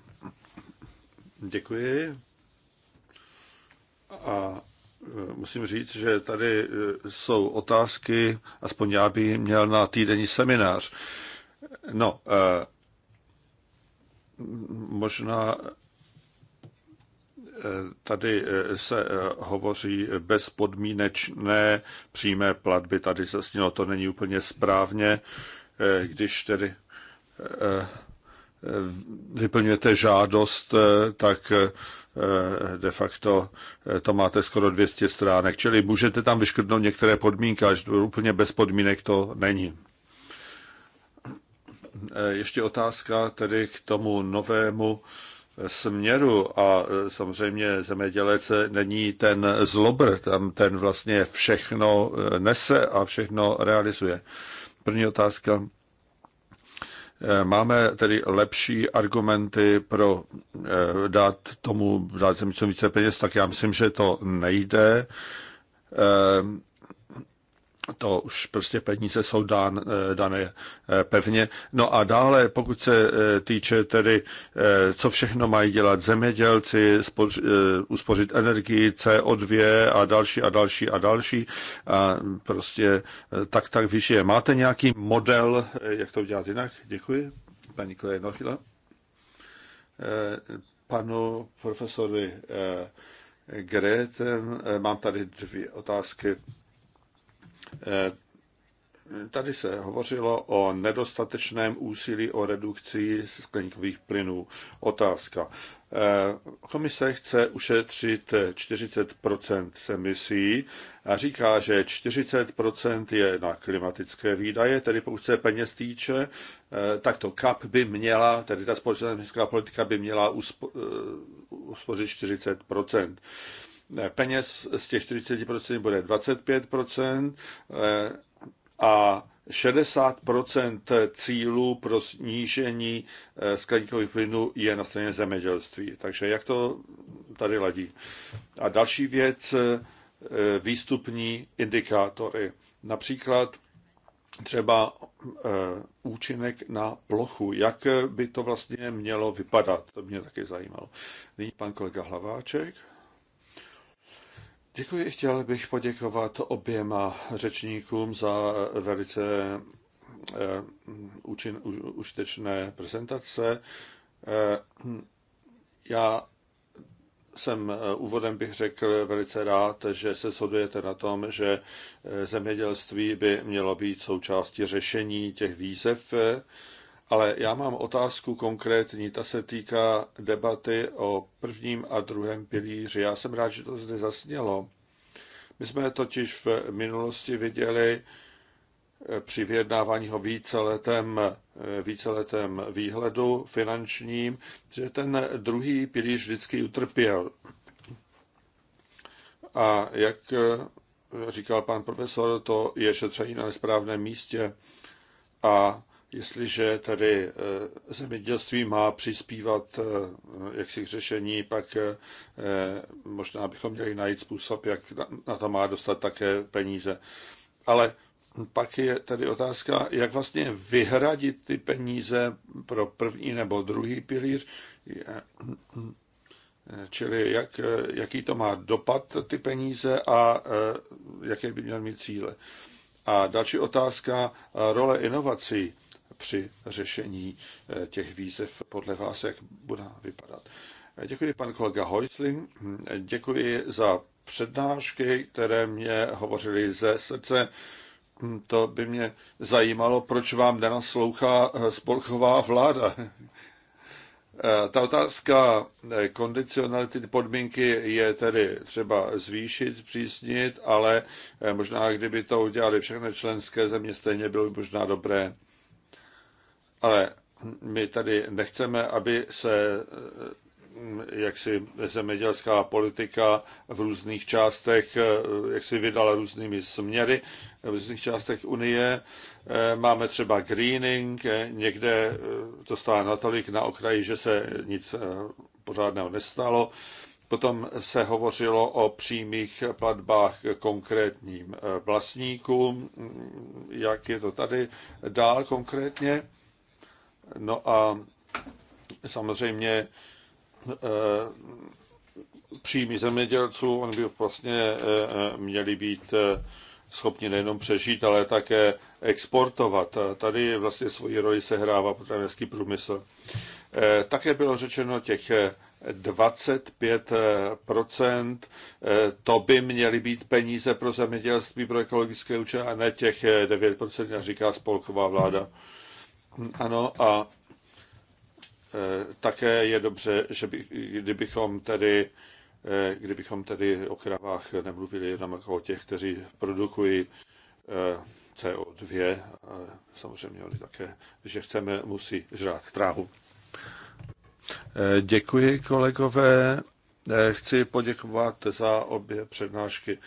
Speaker 2: Děkuji. A e, musím říct, že tady e, jsou otázky, aspoň já bych měl na týdenní seminář. No, e, možná tady se hovoří bezpodmínečné přímé platby. Tady se snělo, to není úplně správně. Eh, když tedy eh, eh, vyplňujete žádost, tak de facto to máte skoro 200 stránek. Čili můžete tam vyškrtnout některé podmínky, až úplně bez podmínek to není. Ještě otázka tedy k tomu novému směru a samozřejmě zemědělec není ten zlobr, tam ten vlastně všechno nese a všechno realizuje. První otázka. Eh, máme tedy lepší argumenty pro eh, dát tomu dát zemcům více peněz, tak já myslím, že to nejde. Eh, to už prostě peníze jsou dán, eh, dané eh, pevně. No a dále, pokud se eh, týče tedy, co všechno mají dělat zemědělci, spoř, uspořit energii CO2 a další a další a další, a prostě tak tak je. Máte nějaký model, jak to udělat jinak? Děkuji, paní Kleje Nochila. Panu profesory Gretem, mám tady dvě otázky. Eh, tady se hovořilo o nedostatečném úsilí o redukci skleníkových plynů. Otázka. Eh, komise chce ušetřit 40 emisí a říká, že 40 je na klimatické výdaje, tedy pokud se peněz týče, eh, tak to CAP by měla, tedy ta společná politika by měla uspořit 40 peněz z těch 40% bude 25% eh, a 60% cílů pro snížení eh, skleníkových plynů je na straně zemědělství. Takže jak to tady ladí? A další věc, eh, výstupní indikátory. Například třeba účinek na plochu. Jak by to vlastně mělo vypadat? To mě taky zajímalo. Nyní pan kolega Hlaváček. Děkuji, chtěl bych poděkovat oběma řečníkům za eh, velice učin, eh, už, užitečné prezentace. Eh, já jsem úvodem bych řekl velice rád, že se shodujete na tom, že zemědělství by mělo být součástí řešení těch výzev, ale já mám otázku konkrétní, ta se týká debaty o prvním a druhém pilíři. Já jsem rád, že to zde zasnělo. My jsme totiž v minulosti viděli eh, při vyjednávání o víceletém, eh, víceletém výhledu finančním, že ten druhý pilíř vždycky utrpěl. A jak eh, říkal pan profesor, to je šetření na nesprávném místě. A Jestliže tady eh, zemědělství má přispívat eh, jaksi k řešení, pak eh, možná bychom měli najít způsob, jak na to má dostat také peníze. Ale pak je tady otázka, jak vlastně vyhradit ty peníze pro první nebo druhý pilíř, čili jak, jaký to má dopad ty peníze a jaké by měly mít cíle. A další otázka, role inovací při řešení eh, těch výzev podle vás, jak bude vypadat. Děkuji pan kolega Hojtling. děkuji za přednášky, které mě hovořily ze srdce. To by mě zajímalo, proč vám nenaslouchá eh, spolková vláda. Eh, ta otázka kondicionality podmínky je tedy třeba zvýšit, přísnit, ale možná kdyby to udělali všechny členské země, stejně bylo by možná dobré. Ale my tady nechceme, aby se eh, jak si zemědělská politika v různých částech, eh, jak si vydala různými směry v různých částech Unie. Eh, máme třeba greening, někde to stále natolik na okraji, že se nic pořádného nestalo. Potom se hovořilo o přímých platbách konkrétním vlastníkům, jak je to tady dál konkrétně. No a samozřejmě e, příjmy zemědělců, oni by vlastně e, e, měli být schopni nejenom přežít, ale také exportovat. Tady vlastně svoji roli sehrává potravinářský průmysl. Také bylo řečeno těch 25 to by měly být peníze pro zemědělství, pro ekologické účely a ne těch 9 jak říká spolková vláda. Ano a e, také je dobře, že by, kdybychom tedy e, kdybychom tedy o kravách nemluvili jenom jako o těch, kteří produkují e, CO2, samozřejmě oni také, že chceme, musí žrát trávu. Děkuji kolegové Eh, chci poděkovat za obě přednášky.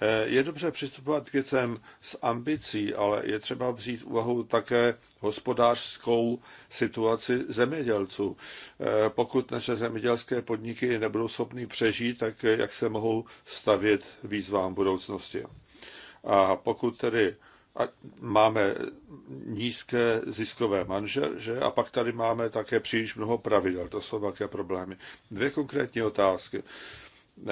Speaker 2: Eh, je dobře přistupovat k věcem s ambicí, ale je třeba vzít v úvahu také hospodářskou situaci zemědělců. Eh, pokud naše zemědělské podniky nebudou schopny přežít, tak jak se mohou stavět výzvám budoucnosti. A pokud tedy a máme nízké ziskové že? a pak tady máme také příliš mnoho pravidel. To jsou velké problémy. Dvě konkrétní otázky.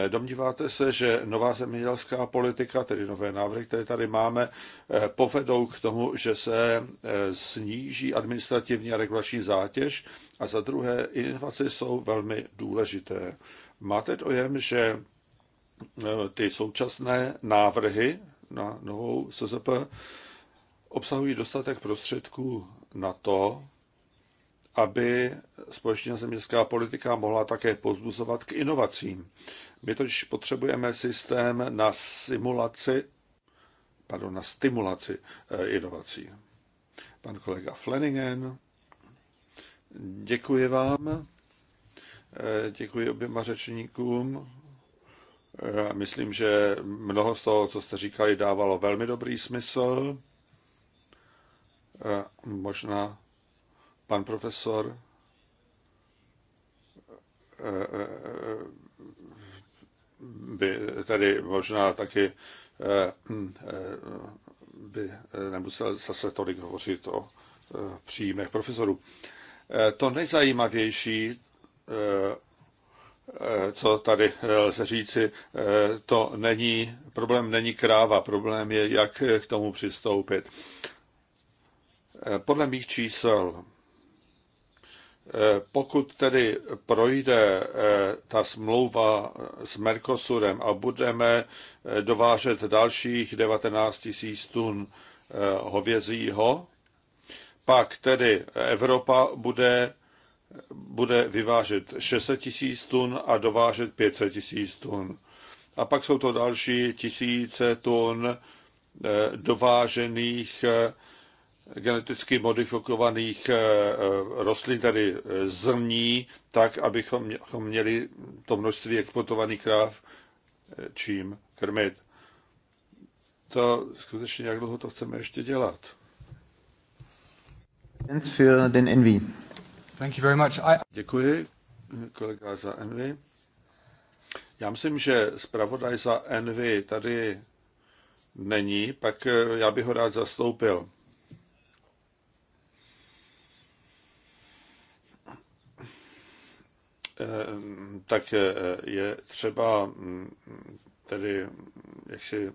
Speaker 2: Domníváte se, že nová zemědělská politika, tedy nové návrhy, které tady máme, eh, povedou k tomu, že se eh, sníží administrativní a regulační zátěž? A za druhé, inovace jsou velmi důležité. Máte dojem, že eh, ty současné návrhy na novou SZP obsahují dostatek prostředků na to, aby společná zemědělská politika mohla také pozbuzovat k inovacím. My totiž potřebujeme systém na simulaci, pardon, na stimulaci eh, inovací. Pan kolega Fleningen. děkuji vám, eh, děkuji oběma řečníkům. Myslím, že mnoho z toho, co jste říkali, dávalo velmi dobrý smysl. Možná pan profesor e, e, e, by tady možná taky hm, by nemusel zase tolik hovořit o příjmech profesorů. To nejzajímavější Eh, co tady eh, lze říci, eh, to není, problém není kráva, problém je, jak k tomu přistoupit. Podle mých čísel, pokud tedy projde ta smlouva s Mercosurem a budeme dovážet dalších 19 000 tun hovězího, pak tedy Evropa bude bude vyvážet 600 tisíc tun a dovážet 500 tisíc tun. A pak jsou to další tisíce tun eh, dovážených eh, geneticky modifikovaných eh, rostlin, tedy zrní, tak, abychom měli to množství exportovaných kráv čím krmit. To skutečně, jak dlouho to chceme ještě dělat?
Speaker 1: Für den Envy.
Speaker 2: Děkuji, kolega za Envy. Já myslím, že zpravodaj za Envy tady není, pak eh, já bych ho rád zastoupil. Ehm, tak eh, je třeba mm, tedy jaksi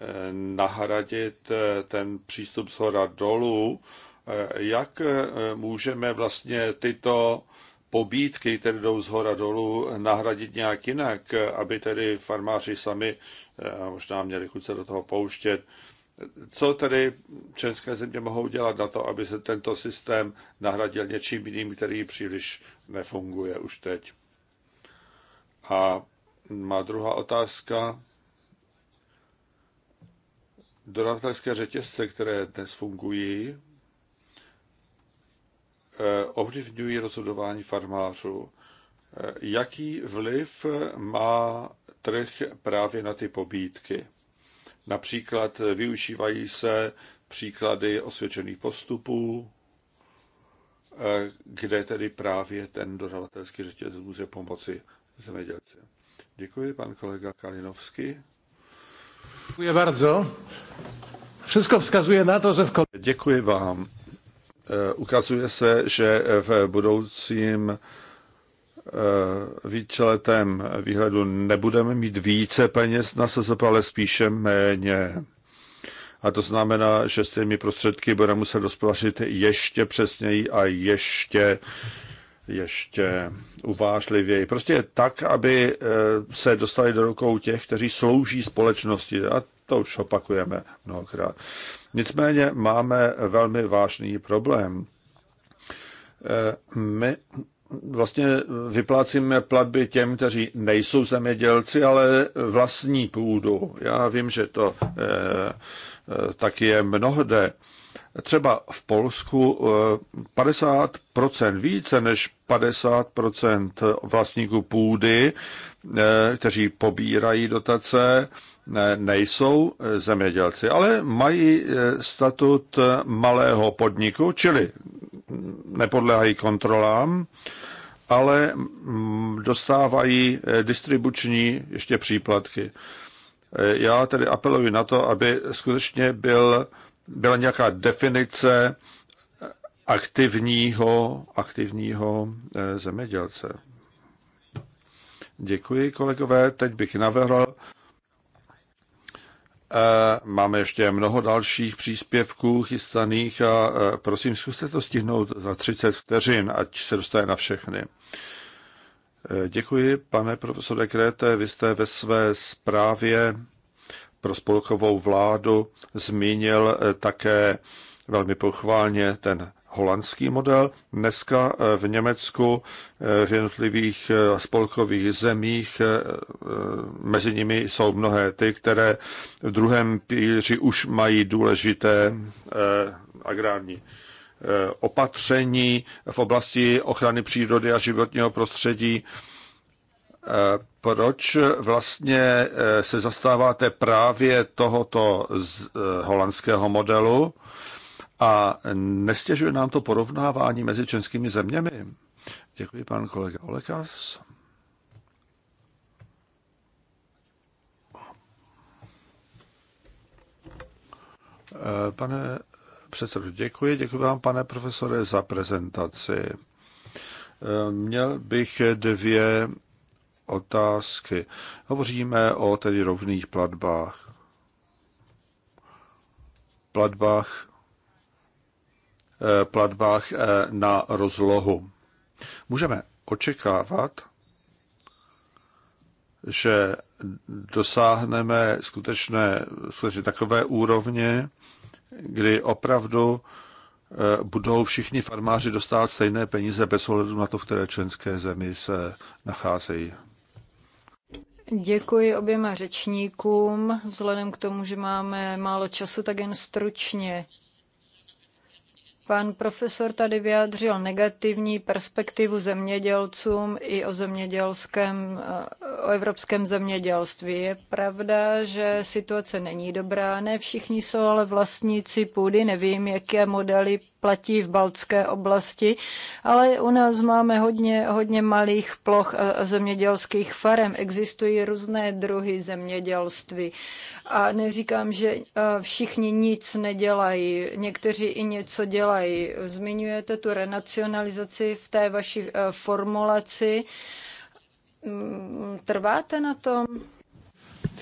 Speaker 2: eh, nahradit ten přístup z hora dolů Eh, jak eh, můžeme vlastně tyto pobídky, které jdou z hora dolů, nahradit nějak jinak, aby tedy farmáři sami eh, možná měli chuť se do toho pouštět. Co tedy české země mohou dělat na to, aby se tento systém nahradil něčím jiným, který příliš nefunguje už teď? A má druhá otázka. Dodatelské řetězce, které dnes fungují, Eh, ovlivňují rozhodování farmářů. Eh, jaký vliv má trh právě na ty pobídky? Například využívají se příklady osvědčených postupů, eh, kde tedy právě ten dodavatelský řetěz může pomoci zemědělci. Děkuji, pan kolega Kalinovský.
Speaker 5: Děkuji bardzo. Všechno vzkazuje na to, že v Děkuji
Speaker 2: vám. Eh, ukazuje se, že v budoucím eh, víceletém výhledu nebudeme mít více peněz na SZP, ale spíše méně. A to znamená, že s těmi prostředky budeme muset hospodařit ještě přesněji a ještě ještě uvážlivěji. Prostě tak, aby eh, se dostali do rukou těch, kteří slouží společnosti. A to už opakujeme mnohokrát. Nicméně máme velmi vážný problém. Eh, my vlastně vyplácíme platby těm, kteří nejsou zemědělci, ale vlastní půdu. Já vím, že to eh, tak je mnohde. Třeba v Polsku 50% eh, více než 50% vlastníků půdy, kteří pobírají dotace, nejsou eh, zemědělci, ale mají eh, statut eh, malého podniku, čili nepodléhají kontrolám, ale mm, dostávají distribuční ještě příplatky. Já tedy apeluji na to, aby skutečně byl, byla nějaká definice aktivního, aktivního zemědělce. Děkuji, kolegové. Teď bych navrhl Máme ještě mnoho dalších příspěvků chystaných a prosím, zkuste to stihnout za 30 vteřin, ať se dostane na všechny. E, děkuji, pane profesore Kréte, vy jste ve své zprávě pro spolkovou vládu zmínil e, také velmi pochválně ten holandský model. Dneska eh, v Německu, eh, v jednotlivých eh, spolkových zemích, mezi nimi jsou mnohé ty, které v druhém píři už mají důležité agrární opatření v oblasti ochrany přírody a životního prostředí. Proč vlastně se zastáváte právě tohoto holandského modelu? A nestěžuje nám to porovnávání mezi českými zeměmi? Děkuji, pan kolega Olekas. Pane předsedu, děkuji. Děkuji vám, pane profesore, za prezentaci. Měl bych dvě otázky. Hovoříme o tedy rovných platbách. Platbách Eh, platbách eh, na rozlohu. Můžeme očekávat, že dosáhneme skutečné, skutečně takové úrovně, kdy opravdu eh, budou všichni farmáři dostávat stejné peníze bez ohledu na to, v které členské zemi se nacházejí.
Speaker 3: Děkuji oběma řečníkům. Vzhledem k tomu, že máme málo času, tak jen stručně. Pan profesor tady vyjádřil negativní perspektivu zemědělcům i o zemědělském, eh, o evropském zemědělství. Je pravda, že situace není dobrá, ne všichni jsou ale vlastníci půdy, nevím, jaké modely platí v Baltské oblasti, ale u nás máme hodně, hodně malých ploch a e, zemědělských farem. Existují různé druhy zemědělství. A neříkám, že e, všichni nic nedělají, někteří i něco dělají. Zmiňujete tu renacionalizaci v té vaší e, formulaci. Mm, trváte na tom?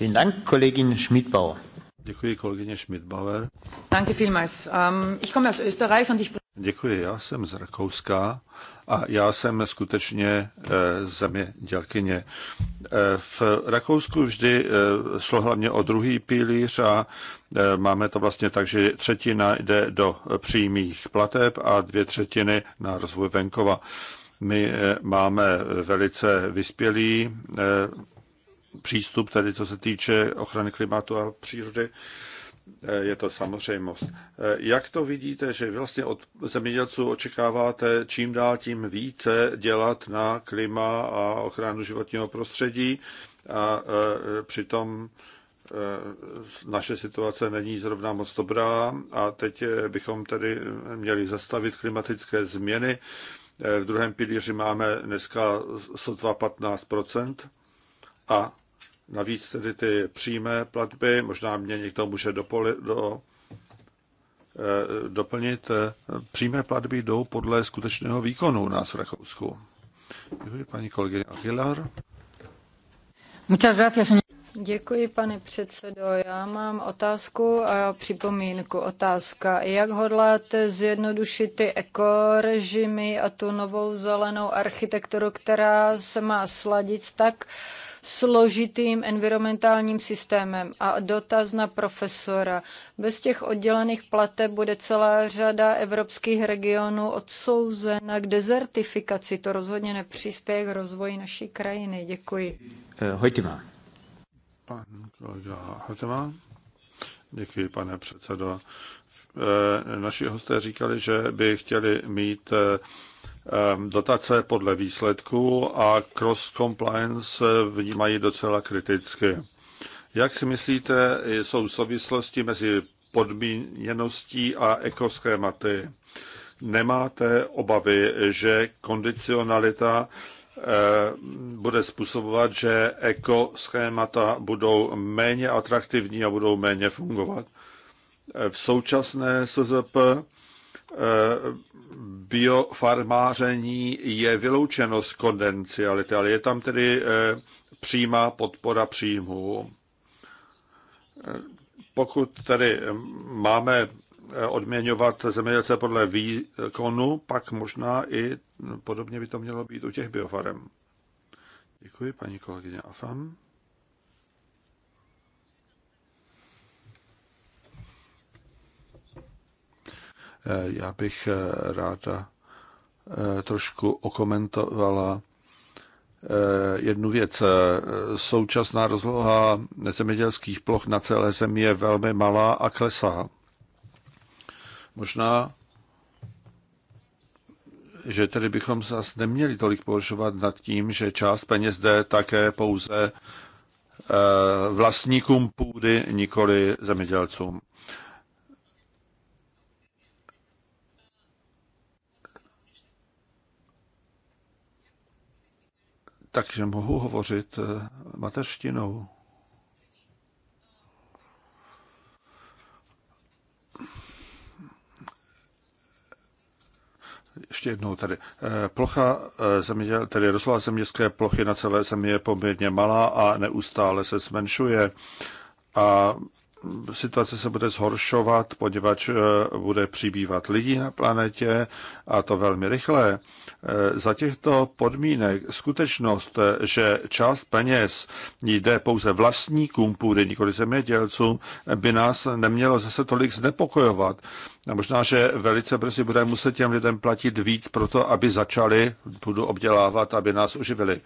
Speaker 1: Vielen Dank, Kollegin Schmidbauer. Děkuji kolegyně Schmidbauer.
Speaker 3: Danke vielmals. Um, ich komme aus Österreich und ich...
Speaker 2: Děkuji, já jsem z Rakouska a já jsem skutečně eh, zemědělkyně. Eh, v Rakousku vždy eh, šlo hlavně o druhý pilíř a máme to vlastně tak, že třetina jde do přímých plateb a dvě třetiny na rozvoj venkova. My máme velice vyspělý přístup, tedy co se týče ochrany klimatu a přírody, eh, je to samozřejmost. Eh, jak to vidíte, že vlastně od zemědělců očekáváte čím dál tím více dělat na klima a ochranu životního prostředí a eh, přitom naše situace není zrovna moc dobrá a teď bychom tedy měli zastavit klimatické změny. V druhém pilíři máme dneska sotva 15 a Navíc tedy ty přímé platby, možná mě někdo může dopoli, do, eh, doplnit, eh, přímé platby jdou podle skutečného výkonu u nás v Rakousku. Děkuji, paní kolegyně Aguilar.
Speaker 3: Děkuji, pane předsedo. Já mám otázku a připomínku. Otázka. Jak hodláte zjednodušit ty ekorežimy a tu novou zelenou architekturu, která se má sladit tak, složitým environmentálním systémem. A dotaz na profesora. Bez těch oddělených plateb bude celá řada evropských regionů odsouzena k dezertifikaci. To rozhodně nepřispěje k rozvoji naší krajiny. Děkuji.
Speaker 1: Eh, Hojtima. Pan kolega
Speaker 2: Hojtima. Děkuji, pane předsedo. Eh, naši hosté říkali, že by chtěli mít eh, Ehm, dotace podle výsledků a cross-compliance vnímají docela kriticky. Jak si myslíte, jsou souvislosti mezi podmíněností a ekoschématy? Nemáte obavy, že kondicionalita ehm, bude způsobovat, že ekoschémata budou méně atraktivní a budou méně fungovat? V současné SZP Eh, biofarmáření je vyloučeno z kondenciality, ale je tam tedy eh, přímá podpora příjmů. Eh, pokud tedy máme odměňovat zemědělce podle výkonu, pak možná i hm, podobně by to mělo být u těch biofarem. Děkuji, paní kolegyně Afam. Eh, já bych eh, ráda eh, trošku okomentovala jednu věc. Současná rozloha zemědělských ploch na celé zemi je velmi malá a klesá. Možná, že tedy bychom zase neměli tolik porušovat nad tím, že část peněz jde také pouze vlastníkům půdy, nikoli zemědělcům. takže mohu hovořit eh, mateřštinou. Ještě jednou tady. Eh, plocha eh, zeměděl, tedy rostlá zeměstské plochy na celé zemi je poměrně malá a neustále se zmenšuje. A situace se bude zhoršovat, poněvadž eh, bude přibývat lidí na planetě a to velmi rychle. Eh, za těchto podmínek skutečnost, eh, že část peněz jde pouze vlastníkům půdy, nikoli zemědělcům, by nás nemělo zase tolik znepokojovat. A možná, že velice brzy bude muset těm lidem platit víc to, aby začali půdu obdělávat, aby nás uživili.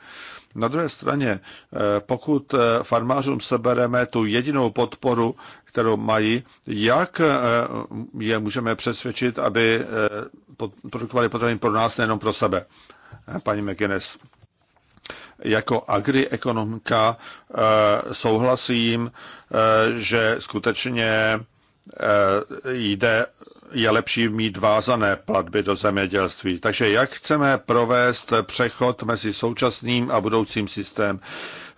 Speaker 2: Na druhé straně, eh, pokud eh, farmářům sebereme tu jedinou podporu, kterou mají, jak eh, je můžeme přesvědčit, aby produkovali potraviny pro nás, nejenom pro sebe? Paní McGuinness jako agriekonomka souhlasím, že skutečně jde je lepší mít vázané platby do zemědělství. Takže jak chceme provést přechod mezi současným a budoucím systémem?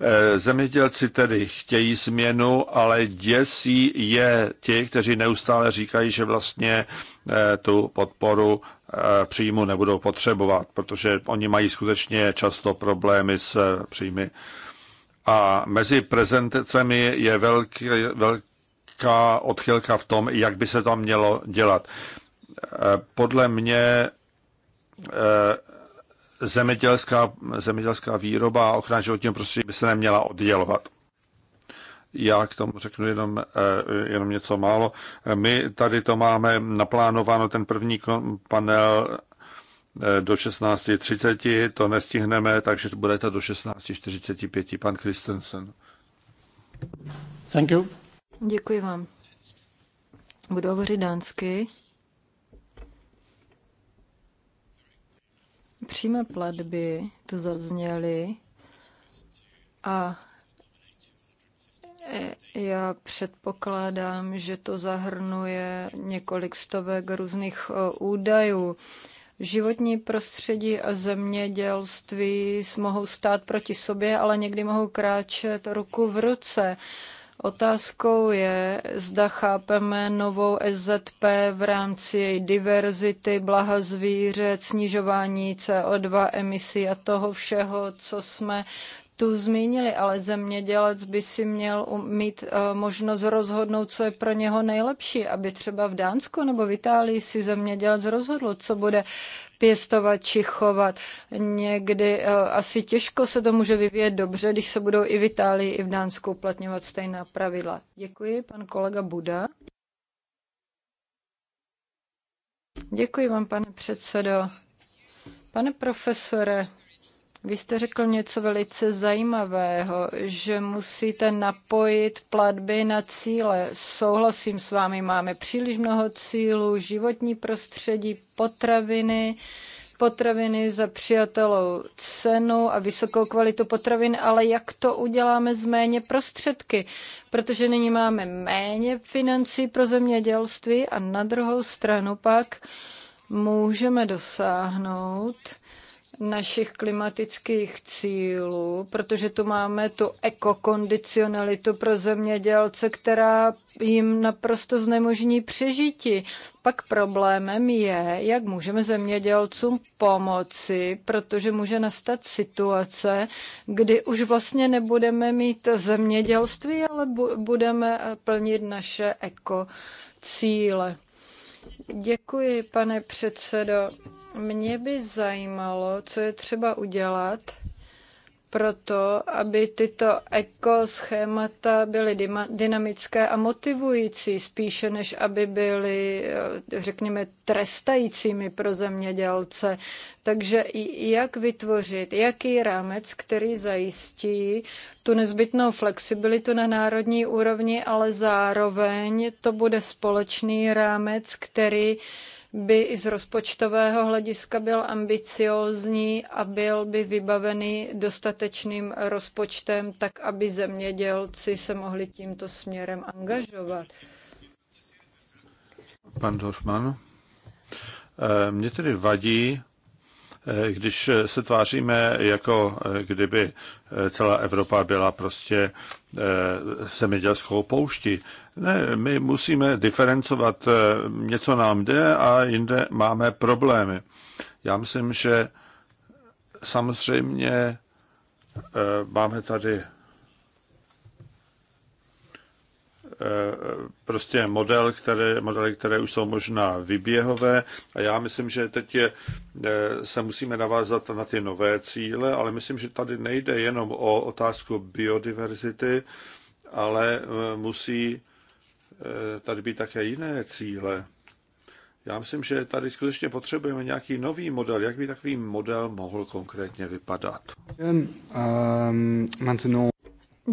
Speaker 2: Eh, zemědělci tedy chtějí změnu, ale děsí je ti, kteří neustále říkají, že vlastně eh, tu podporu eh, příjmu nebudou potřebovat, protože oni mají skutečně často problémy s příjmy. A mezi prezentacemi je velký, velký lehká odchylka v tom, jak by se to mělo dělat. E, podle mě e, zemědělská, zemědělská výroba a ochrana životního prostředí by se neměla oddělovat. Já k tomu řeknu jenom, e, jenom něco málo. My tady to máme naplánováno, ten první panel do 16.30, to nestihneme, takže to bude to do 16.45, pan Christensen.
Speaker 5: Thank you.
Speaker 3: Děkuji vám. Budu hovořit dánsky. Přímé platby tu zazněly a já předpokládám, že to zahrnuje několik stovek různých eh, údajů. Životní prostředí a zemědělství mohou stát proti sobě, ale někdy mohou kráčet ruku v ruce. Otázkou je, zda chápeme novou SZP v rámci její diverzity, blaha zvířec, snižování CO2 emisí a toho všeho, co jsme tu zmínili, ale zemědělec by si měl mít eh, možnost rozhodnout, co je pro něho nejlepší, aby třeba v Dánsku nebo v Itálii si zemědělec rozhodl, co bude pěstovat či chovat. Někdy eh, asi těžko se to může vyvíjet dobře, když se budou i v Itálii, i v Dánsku uplatňovat stejná pravidla. Děkuji, pan kolega Buda. Děkuji vám, pane předsedo. Pane profesore, vy jste řekl něco velice zajímavého, že musíte napojit platby na cíle. Souhlasím s vámi, máme příliš mnoho cílů, životní prostředí, potraviny, potraviny za přijatelou cenu a vysokou kvalitu potravin, ale jak to uděláme z méně prostředky? Protože nyní máme méně financí pro zemědělství a na druhou stranu pak můžeme dosáhnout našich klimatických cílů, protože tu máme tu ekokondicionalitu pro zemědělce, která jim naprosto znemožní přežití. Pak problémem je, jak můžeme zemědělcům pomoci, protože může nastat situace, kdy už vlastně nebudeme mít zemědělství, ale budeme plnit naše ekocíle. Děkuji, pane předsedo. Mě by zajímalo, co je třeba udělat pro to, aby tyto ekoschémata byly dynamické a motivující, spíše než aby byly, eh, řekněme, trestajícími pro zemědělce. Takže jak vytvořit, jaký rámec, který zajistí tu nezbytnou flexibilitu na národní úrovni, ale zároveň to bude společný rámec, který uh, by i z rozpočtového hlediska byl ambiciózní a byl by vybavený dostatečným rozpočtem, tak aby zemědělci se mohli tímto směrem angažovat.
Speaker 2: Pan Dorfman, eh, mě tedy vadí, eh, když se tváříme, jako eh, kdyby celá Evropa byla prostě Eh, zemědělskou poušti. Ne, my musíme diferencovat, eh, něco nám jde a jinde máme problémy. Já myslím, že samozřejmě eh, máme tady Eh, prostě model, které, modely, které už jsou možná vyběhové a já myslím, že teď je, eh, se musíme navázat na ty nové cíle, ale myslím, že tady nejde jenom o otázku biodiverzity, ale eh, musí tady být také jiné cíle. Já myslím, že tady skutečně potřebujeme nějaký nový model. Jak by takový model mohl konkrétně vypadat?
Speaker 6: Ehm,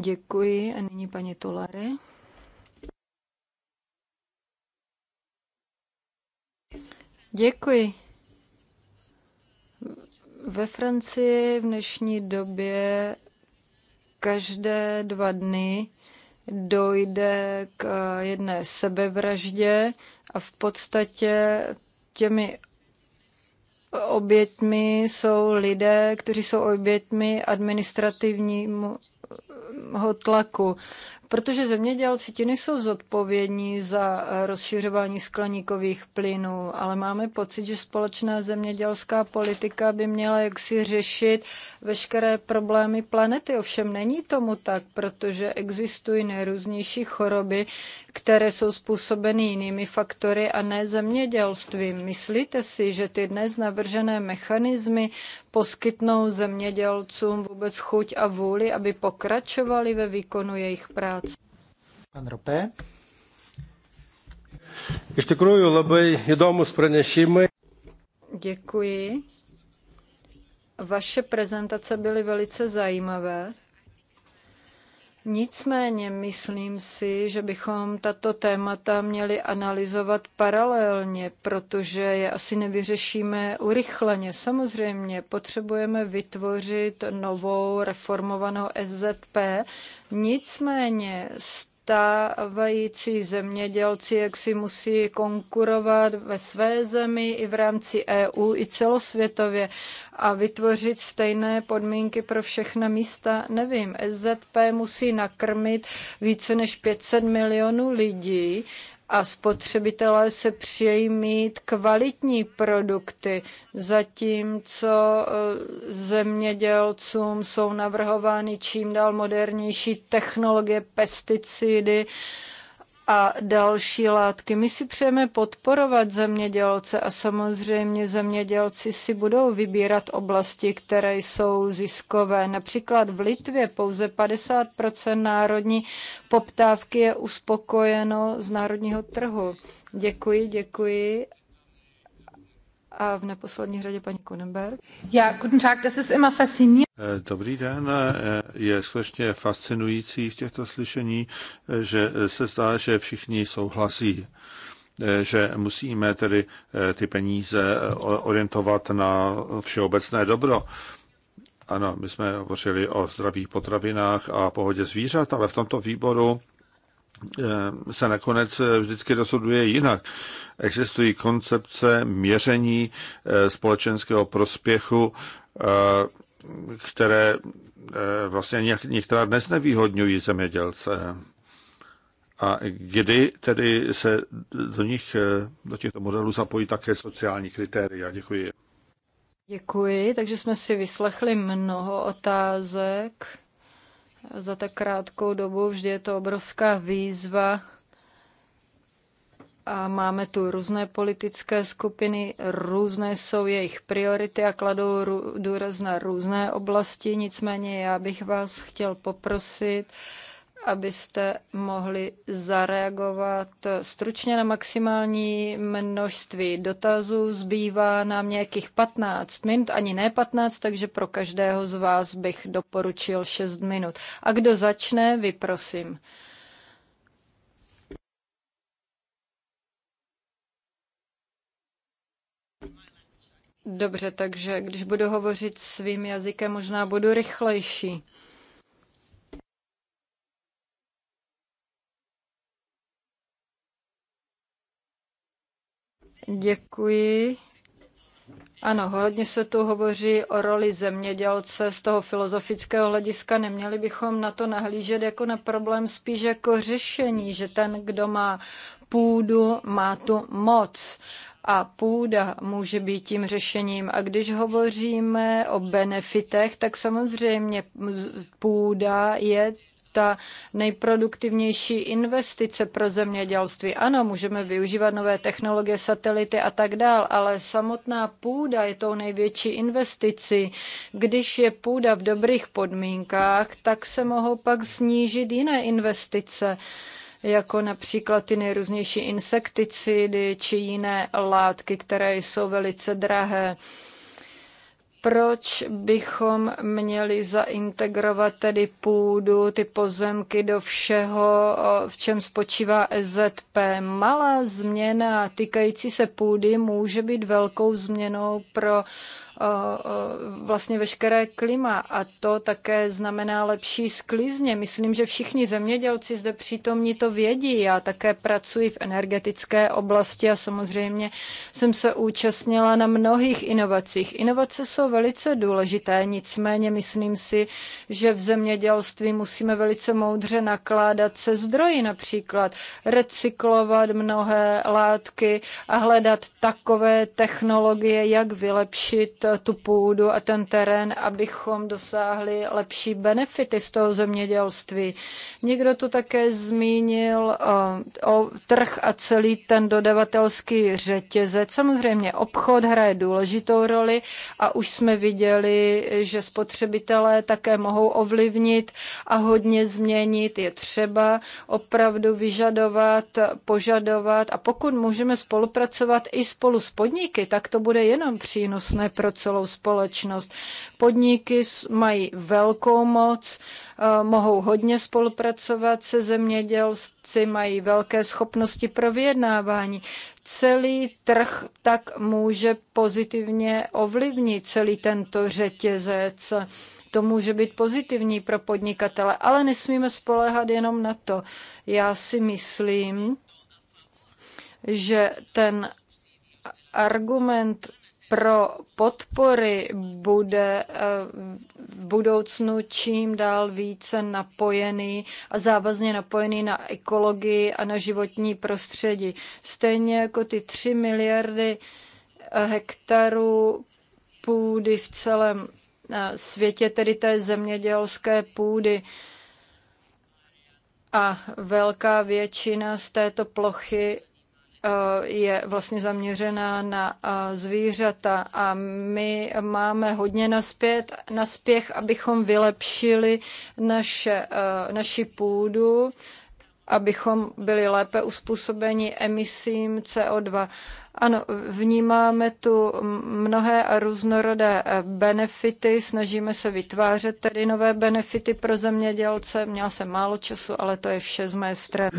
Speaker 3: Děkuji a nyní paní Tolary. Děkuji. Ve Francii v dnešní době každé dva dny dojde k jedné sebevraždě a v podstatě těmi obětmi jsou lidé, kteří jsou obětmi administrativního tlaku protože zemědělci ti nejsou zodpovědní za eh, rozšiřování skleníkových plynů, ale máme pocit, že společná zemědělská politika by měla jaksi řešit veškeré problémy planety. Ovšem není tomu tak, protože existují nejrůznější choroby, které jsou způsobeny jinými faktory a ne zemědělstvím. Myslíte si, že ty dnes navržené mechanismy poskytnou zemědělcům vůbec chuť a vůli, aby pokračovali ve výkonu jejich práce?
Speaker 6: Pan
Speaker 5: Ropé. Iš tikrųjų labai įdomus pranešimai.
Speaker 3: Děkuji. Vaše prezentace byly velice zajímavé. Nicméně myslím si, že bychom tato témata měli analyzovat paralelně, protože je asi nevyřešíme urychleně. Samozřejmě potřebujeme vytvořit novou reformovanou SZP, nicméně z stávající zemědělci, jak si musí konkurovat ve své zemi i v rámci EU i celosvětově a vytvořit stejné podmínky pro všechna místa, nevím. SZP musí nakrmit více než 500 milionů lidí a spotřebitelé se přijejí mít kvalitní produkty, zatímco eh, zemědělcům jsou navrhovány čím dál modernější technologie, pesticidy, a další látky. My si přejeme podporovat zemědělce a samozřejmě zemědělci si budou vybírat oblasti, které jsou ziskové. Například v Litvě pouze 50 národní poptávky je uspokojeno z národního trhu. Děkuji, děkuji a v neposlední řadě paní Kunenberg. Ja, guten Tag, das ist immer faszinierend. Eh,
Speaker 2: dobrý den, eh, je skutečně fascinující v těchto slyšení, eh, že se zdá, že všichni souhlasí že musíme tedy ty peníze orientovat na všeobecné dobro. Ano, my jsme hovořili o zdravých potravinách a pohodě zvířat, ale v tomto výboru Eh, se nakonec eh, vždycky rozhoduje jinak. Existují koncepce měření eh, společenského prospěchu, které vlastně některá dnes nevýhodňují zemědělce. A kdy tedy se do nich, do těchto modelů zapojí také sociální kritéria? Děkuji.
Speaker 3: Děkuji, takže jsme si vyslechli mnoho otázek za tak krátkou dobu. Vždy je to obrovská výzva a máme tu různé politické skupiny, různé jsou jejich priority a kladou důraz na různé oblasti. Nicméně já bych vás chtěl poprosit, abyste mohli zareagovat stručně na maximální množství dotazů. Zbývá nám nějakých 15 minut, ani ne 15, takže pro každého z vás bych doporučil 6 minut. A kdo začne, vy prosím. Dobře, takže když budu hovořit svým jazykem, možná budu rychlejší. Děkuji. Ano, hodně se tu hovoří o roli zemědělce z toho filozofického hlediska. Neměli bychom na to nahlížet jako na problém, spíš jako řešení, že ten, kdo má půdu, má tu moc a půda může být tím řešením. A když hovoříme o benefitech, tak samozřejmě půda je ta nejproduktivnější investice pro zemědělství. Ano, můžeme využívat nové technologie, satelity a tak dál, ale samotná půda je tou největší investicí. Když je půda v dobrých podmínkách, tak se mohou pak snížit jiné investice jako například ty nejrůznější insekticidy či jiné látky, které jsou velice drahé proč bychom měli zaintegrovat tedy půdu, ty pozemky do všeho, v čem spočívá EZP. Malá změna týkající se půdy může být velkou změnou pro vlastně veškeré klima a to také znamená lepší sklizně. Myslím, že všichni zemědělci zde přítomní to vědí. Já také pracuji v energetické oblasti a samozřejmě jsem se účastnila na mnohých inovacích. Inovace jsou velice důležité, nicméně myslím si, že v zemědělství musíme velice moudře nakládat se zdroji, například recyklovat mnohé látky a hledat takové technologie, jak vylepšit tu půdu a ten terén, abychom dosáhli lepší benefity z toho zemědělství. Někdo to také zmínil eh, o trh a celý ten dodavatelský řetězec. Samozřejmě obchod hraje důležitou roli a už jsme viděli, že spotřebitelé také mohou ovlivnit a hodně změnit. Je třeba opravdu vyžadovat, požadovat a pokud můžeme spolupracovat i spolu s podniky, tak to bude jenom přínosné pro celou společnost. Podniky mají velkou moc, eh, mohou hodně spolupracovat se zemědělci, mají velké schopnosti pro vyjednávání. Celý trh tak může pozitivně ovlivnit celý tento řetězec to může být pozitivní pro podnikatele, ale nesmíme spolehat jenom na to. Já si myslím, že ten argument pro podpory bude eh, v budoucnu čím dál více napojený a závazně napojený na ekologii a na životní prostředí. Stejně jako ty 3 miliardy eh, hektarů půdy v celém eh, světě, tedy té zemědělské půdy. A velká většina z této plochy Eh, je vlastně zaměřená na eh, zvířata a my máme hodně naspět, naspěch, abychom vylepšili naše, eh, naši půdu, abychom byli lépe uspůsobeni emisím CO2. Ano, vnímáme tu mnohé a různorodé benefity, snažíme se vytvářet tedy nové benefity pro zemědělce. Měla jsem málo času, ale to je vše z mé strany.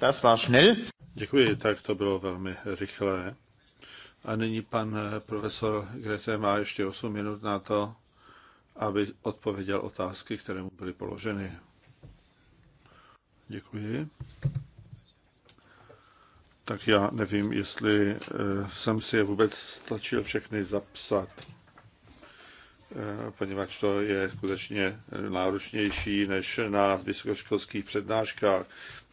Speaker 2: Das war schnell. Děkuji, tak to bylo velmi rychlé. A nyní pan eh, profesor Grete má ještě 8 minut na to, aby odpověděl otázky, které mu byly položeny. Děkuji. Tak já nevím, jestli eh, jsem si je vůbec stačil všechny zapsat, eh, poněvadž to je skutečně náročnější než na vysokoškolských přednáškách.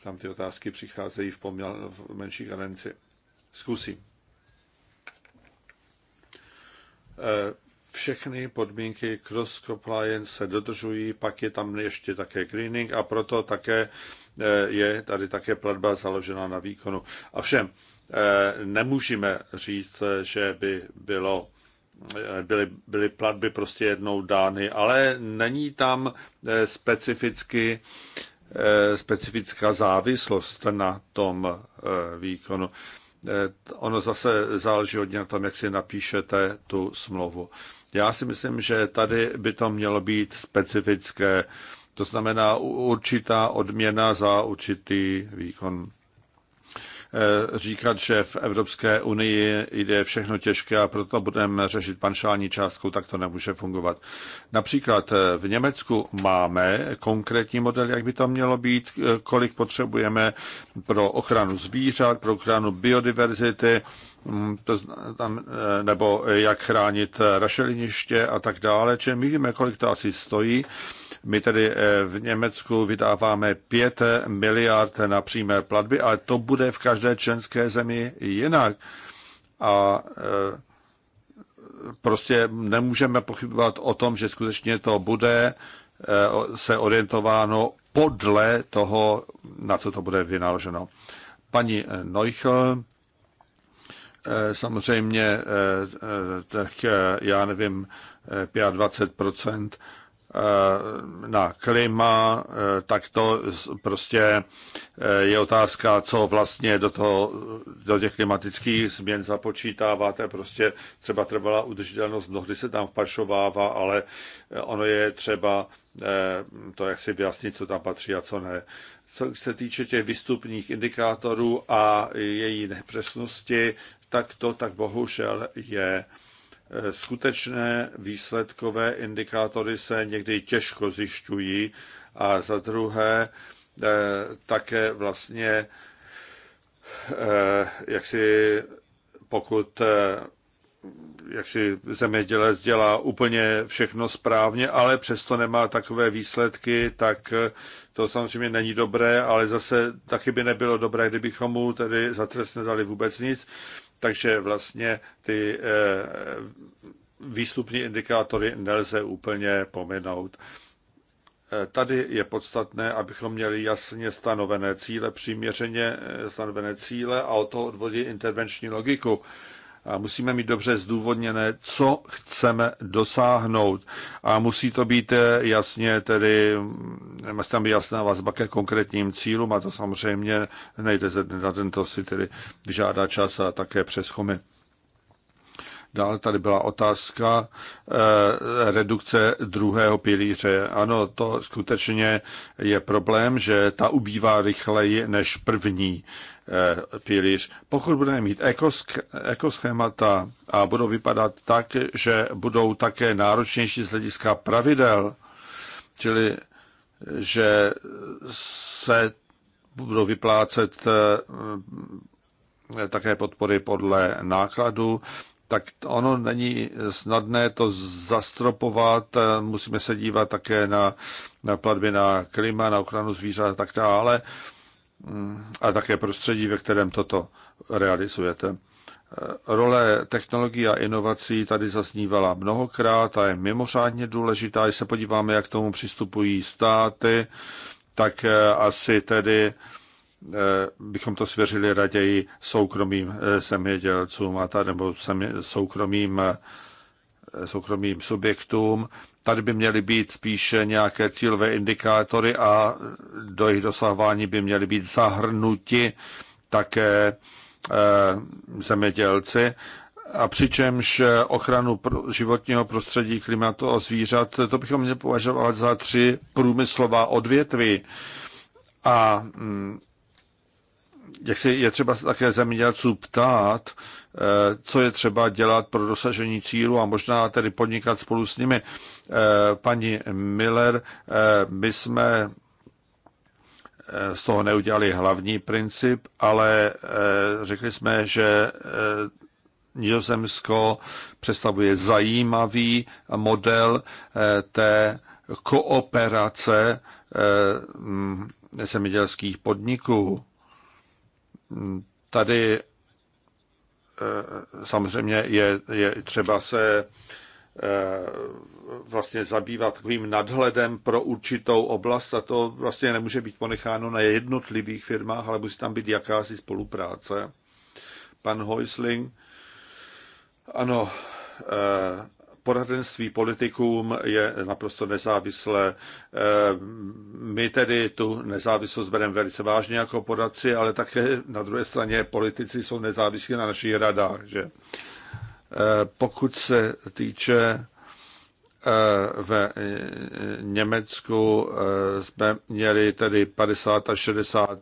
Speaker 2: Tam ty otázky přicházejí v, poměl, v menší kadenci. Zkusím. E, všechny podmínky cross compliance se dodržují, pak je tam ještě také greening a proto také e, je tady také platba založena na výkonu. A všem e, nemůžeme říct, že by bylo byly, byly platby prostě jednou dány, ale není tam specificky Eh, specifická závislost na tom eh, výkonu. Eh, ono zase záleží hodně na tom, jak si napíšete tu smlouvu. Já si myslím, že tady by to mělo být specifické, to znamená určitá odměna za určitý výkon. Eh, říkat, že v Evropské unii jde všechno těžké a proto budeme řešit panšální částkou, tak to nemůže fungovat. Například eh, v Německu máme konkrétní model, jak by to mělo být, eh, kolik potřebujeme pro ochranu zvířat, pro ochranu biodiverzity, mm, to tam, nebo jak chránit rašeliniště a tak dále. Čili my víme, kolik to asi stojí my tedy eh, v Německu vydáváme 5 miliard na přímé platby, ale to bude v každé členské zemi jinak. A eh, prostě nemůžeme pochybovat o tom, že skutečně to bude eh, se orientováno podle toho, na co to bude vynaloženo. Paní Neuchel, samozřejmě, tak já nevím, 25 na klima, eh, tak to prostě eh, je otázka, co vlastně do, toho, do těch klimatických změn započítáváte. Prostě třeba trvalá udržitelnost mnohdy se tam vpašovává, ale eh, ono je třeba to, jak si vyjasnit, co tam patří a co ne. Co se týče těch vystupních indikátorů a její nepřesnosti, tak to tak bohužel je Eh, skutečné výsledkové indikátory se někdy těžko zjišťují a za druhé eh, také vlastně eh, jak si pokud jak si zemědělec dělá úplně všechno správně, ale přesto nemá takové výsledky, tak to samozřejmě není dobré, ale zase taky by nebylo dobré, kdybychom mu tedy za trest nedali vůbec nic. Takže vlastně ty eh, výstupní indikátory nelze úplně pominout. Eh, tady je podstatné, abychom měli jasně stanovené cíle, přiměřeně eh, stanovené cíle a o to odvodí intervenční logiku a musíme mít dobře zdůvodněné, co chceme dosáhnout. A musí to být eh, jasně tedy, mm, musí tam být jasná vazba ke konkrétním cílům a to samozřejmě nejde ze na tento si tedy vyžádá čas a také přeschomy. Dále tady byla otázka eh, redukce druhého pilíře. Ano, to skutečně je problém, že ta ubývá rychleji než první. Eh, pilíř. Pokud budeme mít ekoschémata a budou vypadat tak, že budou také náročnější z hlediska pravidel, čili že se budou vyplácet eh, také podpory podle nákladu, tak ono není snadné to zastropovat, musíme se dívat také na, na platby na klima, na ochranu zvířat a tak dále. Mm, a také prostředí, ve kterém toto realizujete. Eh, role technologií a inovací tady zaznívala mnohokrát a je mimořádně důležitá. Když se podíváme, jak k tomu přistupují státy, tak eh, asi tedy eh, bychom to svěřili raději soukromým zemědělcům a tady, nebo soukromým, soukromým subjektům Tady by měly být spíše nějaké cílové indikátory a do jejich dosahování by měly být zahrnuti také eh, zemědělci. A přičemž ochranu životního prostředí, klimatu a zvířat, to bychom měli považovat za tři průmyslová odvětví. A mm, jak si je třeba také zemědělců ptát, Eh, co je třeba dělat pro dosažení cílu a možná tedy podnikat spolu s nimi. Eh, paní Miller, eh, my jsme z toho neudělali hlavní princip, ale řekli jsme, že Nizozemsko představuje zajímavý model té kooperace mm, zemědělských podniků. Tady Eh, samozřejmě je, je třeba se eh, vlastně zabývat takovým nadhledem pro určitou oblast a to vlastně nemůže být ponecháno na jednotlivých firmách, ale musí tam být jakási spolupráce. Pan Heusling, ano, eh, poradenství politikům je naprosto nezávislé. Eh, my tedy tu nezávislost bereme velice vážně jako poradci, ale také na druhé straně politici jsou nezávislí na našich radách. Že? Eh, pokud se týče eh, v Německu jsme měli tedy 50 až 60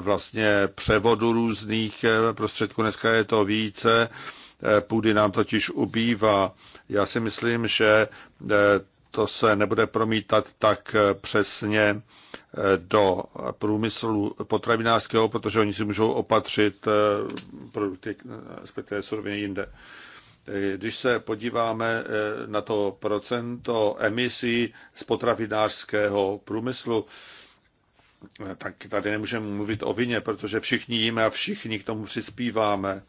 Speaker 2: vlastně převodu různých prostředků, dneska je to více Půdy nám totiž ubývá. Já si myslím, že eh, to se nebude promítat tak eh, přesně eh, do průmyslu potravinářského, protože oni si můžou opatřit produkty, respektive suroviny jinde. Když se podíváme na to procento emisí z potravinářského průmyslu, tak tady nemůžeme mluvit o vině, protože všichni jíme a všichni k tomu přispíváme.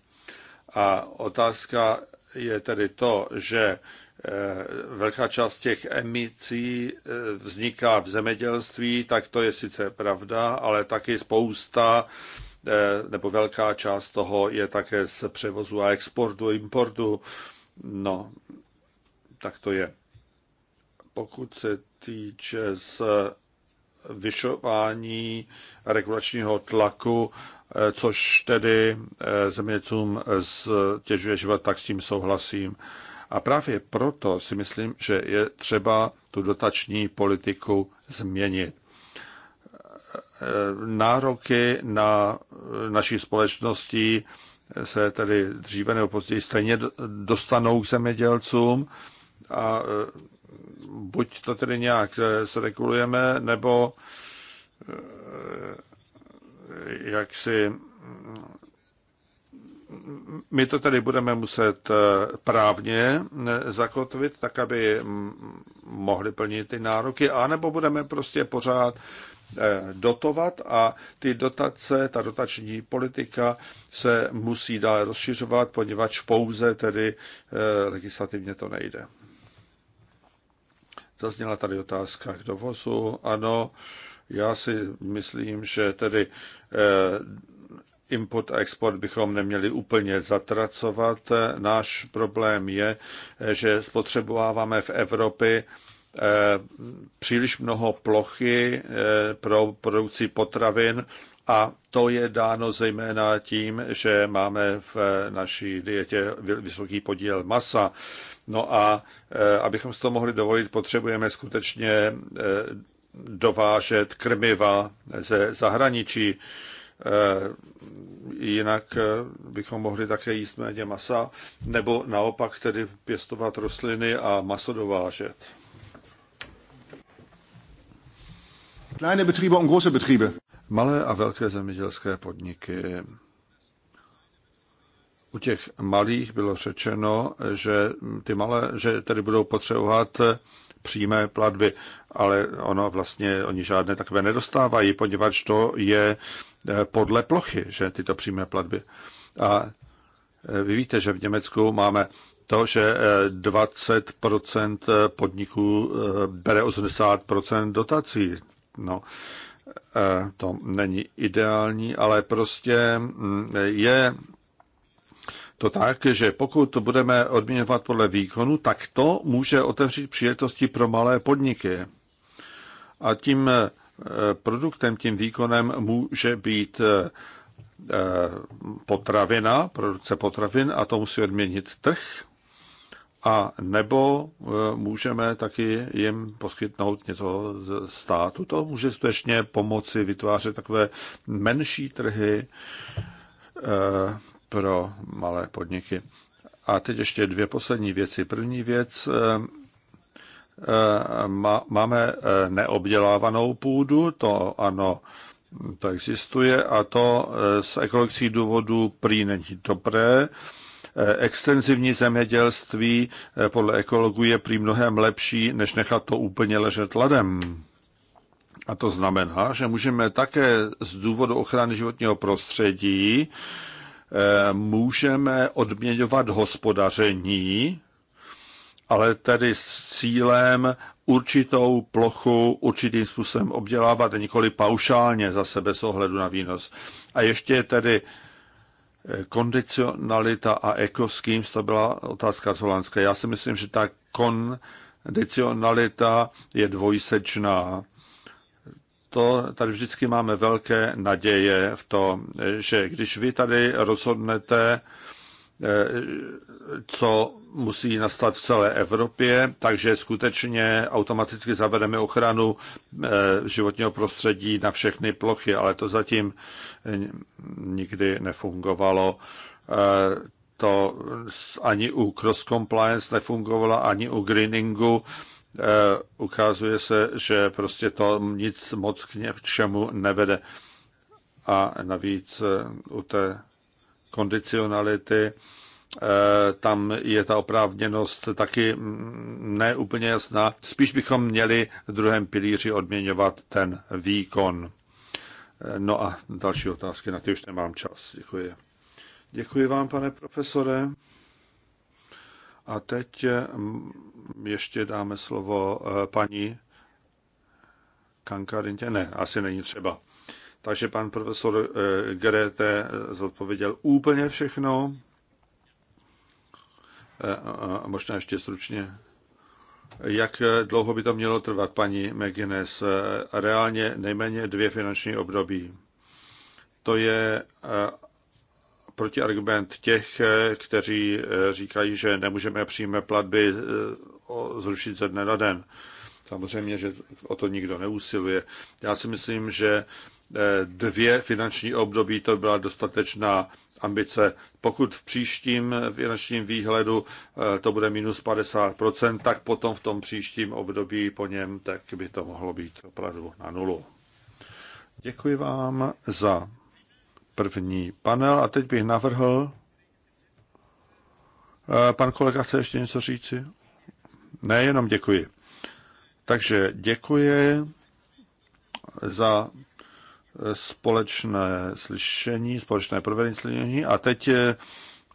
Speaker 2: A otázka je tedy to, že eh, velká část těch emisí eh, vzniká v zemědělství, tak to je sice pravda, ale taky spousta eh, nebo velká část toho je také z převozu a exportu, importu. No, tak to je. Pokud se týče z vyšování regulačního tlaku Eh, což tedy eh, zemědělcům stěžuje život, tak s tím souhlasím. A právě proto si myslím, že je třeba tu dotační politiku změnit. Eh, nároky na naší společnosti se tedy dříve nebo později stejně dostanou k zemědělcům a buď to tedy nějak zregulujeme, nebo jak si my to tady budeme muset eh, právně eh, zakotvit, tak aby mm, mohli plnit ty nároky, anebo budeme prostě pořád eh, dotovat a ty dotace, ta dotační politika se musí dále rozšiřovat, poněvadž pouze tedy legislativně to nejde. Zazněla tady otázka k dovozu. Ano, já si myslím, že tedy eh, import a export bychom neměli úplně zatracovat. Náš problém je, eh, že spotřebováváme v Evropě eh, příliš mnoho plochy pro produkci potravin a to je dáno zejména tím, že máme v naší dietě vysoký podíl masa. No a abychom si to mohli dovolit, potřebujeme skutečně dovážet krmiva ze zahraničí. E, jinak e, bychom mohli také jíst méně masa, nebo naopak tedy pěstovat rostliny a maso dovážet. Kleine Betriebe und große Betriebe. Malé a velké zemědělské podniky. U těch malých bylo řečeno, že ty malé, že tedy budou potřebovat přímé platby, ale ono vlastně, oni žádné takové nedostávají, poněvadž to je eh, podle plochy, že tyto přímé platby. A eh, vy víte, že v Německu máme to, že 20% eh, podniků bere 80% dotací. No, to není ideální, ale prostě mm, je to tak, že pokud to budeme odměňovat podle výkonu, tak to může otevřít příležitosti pro malé podniky. A tím eh, produktem, tím výkonem může být eh, potravina, produkce potravin a to musí odměnit trh. A nebo eh, můžeme taky jim poskytnout něco z státu. To může skutečně pomoci vytvářet takové menší trhy, pro malé podniky. A teď ještě dvě poslední věci. První věc, eh, eh, máme eh, neobdělávanou půdu, to ano, to existuje a to z ekologických důvodů prý není dobré. Extenzivní zemědělství podle ekologů je prý mnohem lepší, než nechat to úplně ležet ladem. A to znamená, že můžeme také z důvodu ochrany životního prostředí můžeme odměňovat hospodaření, ale tedy s cílem určitou plochu určitým způsobem obdělávat, nikoli paušálně sebe s ohledu na výnos. A ještě tedy eh, kondicionalita a ekoským, to byla otázka z Holandska. Já si myslím, že ta kondicionalita je dvojsečná to tady vždycky máme velké naděje v to, že když vy tady rozhodnete, eh, co musí nastat v celé Evropě, takže skutečně automaticky zavedeme ochranu eh, životního prostředí na všechny plochy, ale to zatím eh, nikdy nefungovalo. To ani u cross compliance nefungovalo, ani u greeningu Eh, ukazuje se, že prostě to nic moc k čemu nevede. A navíc eh, u té kondicionality eh, tam je ta oprávněnost taky mm, neúplně jasná. Spíš bychom měli v druhém pilíři odměňovat ten výkon. No a další otázky, na ty už nemám čas. Děkuji. Děkuji vám, pane profesore. A teď ještě dáme slovo eh, paní Kankarintě. Ne, asi není třeba. Takže pan profesor eh, Grete eh, zodpověděl úplně všechno. A možná ještě stručně. Jak dlouho by to mělo trvat, paní McGuinness? Reálně nejméně dvě finanční období. To je protiargument těch, kteří říkají, že nemůžeme přijímat platby o zrušit ze dne na den. Samozřejmě, že o to nikdo neusiluje. Já si myslím, že eh, dvě finanční období to byla dostatečná ambice. Pokud v příštím finančním výhledu eh, to bude minus 50%, tak potom v tom příštím období po něm tak by to mohlo být opravdu na nulu. Děkuji vám za první panel a teď bych navrhl. Eh, pan kolega chce ještě něco říci? Nejenom děkuji. Takže děkuji za společné slyšení, společné provedení slyšení a teď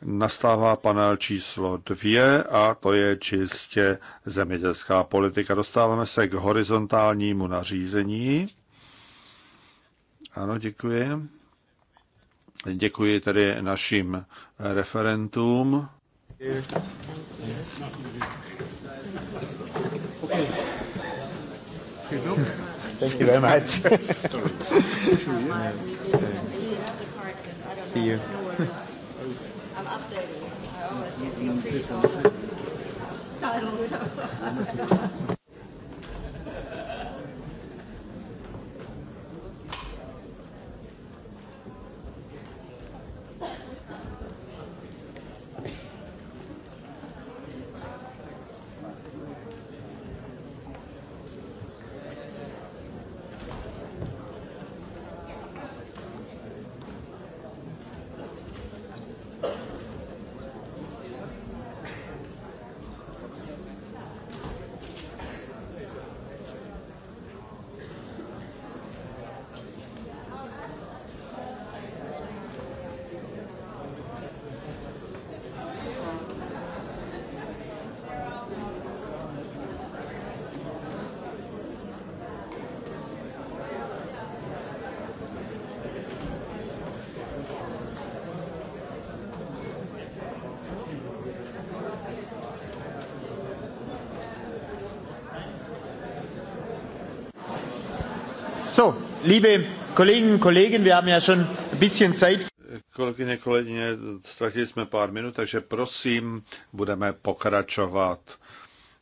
Speaker 2: nastává panel číslo dvě a to je čistě zemědělská politika. Dostáváme se k horizontálnímu nařízení. Ano, děkuji. Děkuji tedy našim referentům
Speaker 5: Thank you very much. See you. I'm updating. I always get
Speaker 6: the pre-titles.
Speaker 1: Liebe Kolleginnen und Kollegen, wir haben ja schon ein bisschen Zeit.
Speaker 2: Kolegyně, kolegyně, ztratili jsme pár minut, takže prosím, budeme pokračovat.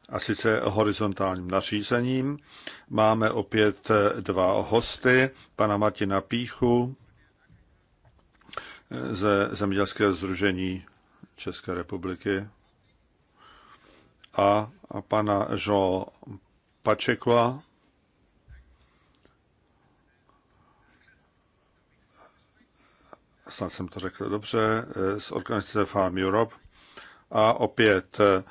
Speaker 2: A sice horizontálním nařízením. Máme opět dva hosty, pana Martina Píchu ze Zemědělského združení České republiky a, pana Jo Pačekla snad jsem to řekl dobře, eh, z organizace Farm Europe. A opět, eh,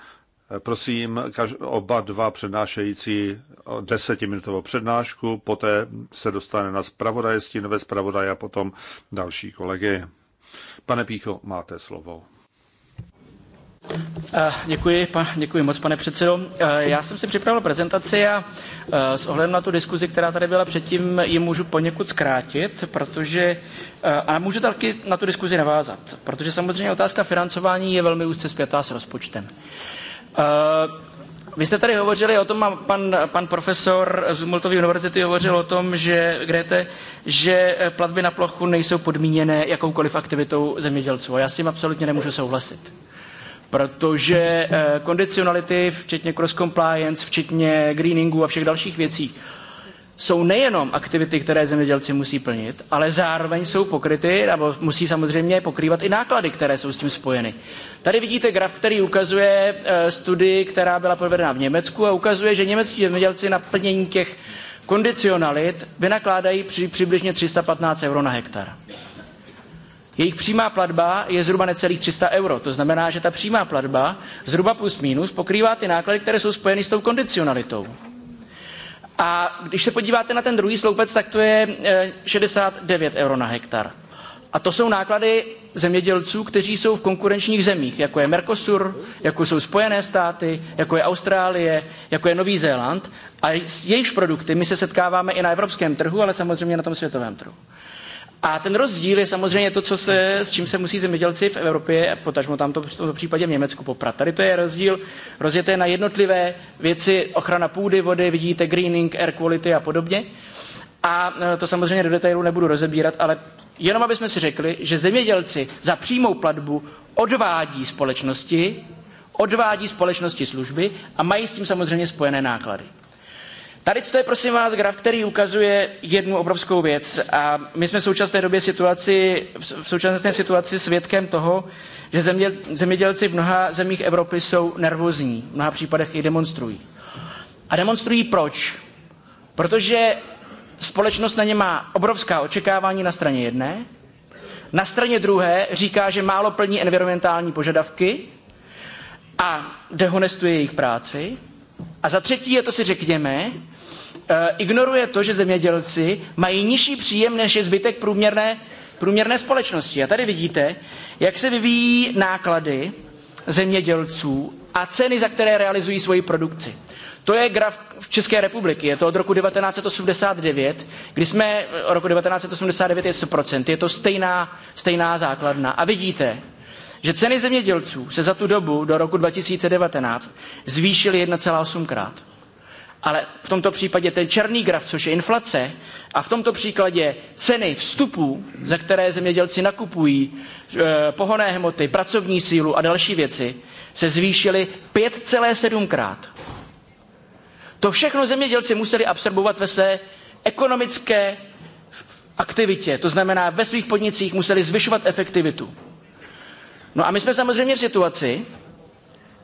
Speaker 2: prosím, oba dva přednášející desetiminutovou přednášku, poté se dostane na zpravodaje, stínové zpravodaje a potom další kolegy. Pane Pícho, máte slovo.
Speaker 7: Eh, děkuji, pa, děkuji moc, pane předsedo. Eh, já jsem si připravil prezentaci a eh, s ohledem na tu diskuzi, která tady byla předtím, ji můžu poněkud zkrátit, protože a můžu taky na tu diskuzi navázat, protože samozřejmě otázka financování je velmi úzce zpětá s rozpočtem. Vy jste tady hovořili o tom, a pan, pan profesor z Humboldtovy univerzity hovořil o tom, že, Grete, že platby na plochu nejsou podmíněné jakoukoliv aktivitou zemědělců. A já s tím absolutně nemůžu souhlasit protože eh, kondicionality, včetně cross compliance, včetně greeningu a všech dalších věcí, jsou nejenom aktivity, které zemědělci musí plnit, ale zároveň jsou pokryty, nebo musí samozřejmě pokrývat i náklady, které jsou s tím spojeny. Tady vidíte graf, který ukazuje eh, studii, která byla provedena v Německu a ukazuje, že německí zemědělci na plnění těch kondicionalit vynakládají při, přibližně 315 euro na hektar. Jejich přímá platba je zhruba necelých 300 euro. To znamená, že ta přímá platba zhruba plus minus pokrývá ty náklady, které jsou spojeny s tou kondicionalitou. A když se podíváte na ten druhý sloupec, tak to je 69 eh, euro na hektar. A to jsou náklady zemědělců, kteří jsou v konkurenčních zemích, jako je Mercosur, jako jsou Spojené státy, jako je Austrálie, jako je Nový Zéland. A s jejichž produkty my se setkáváme i na evropském trhu, ale samozřejmě na tom světovém trhu. A ten rozdíl je samozřejmě to, co se, s čím se musí zemědělci v Evropě, potažmo tam to v tomto případě v Německu poprat. Tady to je rozdíl rozjeté na jednotlivé věci, ochrana půdy, vody, vidíte greening, air quality a podobně. A e, to samozřejmě do detailu nebudu rozebírat, ale jenom aby jsme si řekli, že zemědělci za přímou platbu odvádí společnosti, odvádí společnosti služby a mají s tím samozřejmě spojené náklady. Tady to je prosím vás graf, který ukazuje jednu obrovskou věc a my jsme v současné době situaci, v současné situaci svědkem toho, že země, zemědělci v mnoha zemích Evropy jsou nervózní, v mnoha případech i demonstrují. A demonstrují proč? Protože společnost na ně má obrovská očekávání na straně jedné, na straně druhé říká, že málo plní environmentální požadavky a dehonestuje jejich práci. A za třetí je to si řekněme, Eh, ignoruje to, že zemědělci mají nižší příjem než je zbytek průměrné, průměrné společnosti. A tady vidíte, jak se vyvíjí náklady zemědělců a ceny, za které realizují svoji produkci. To je graf v České republiky, je to od roku 1989, kdy jsme, eh, roku 1989 je 100%, je to stejná, stejná základna. A vidíte, že ceny zemědělců se za tu dobu do roku 2019 zvýšily 1,8 krát ale v tomto případě ten černý graf, což je inflace, a v tomto příkladě ceny vstupů, za které zemědělci nakupují e, pohonné hmoty, pracovní sílu a další věci, se zvýšily 5,7 krát. To všechno zemědělci museli absorbovat ve své ekonomické aktivitě, to znamená ve svých podnicích museli zvyšovat efektivitu. No a my jsme samozřejmě v situaci,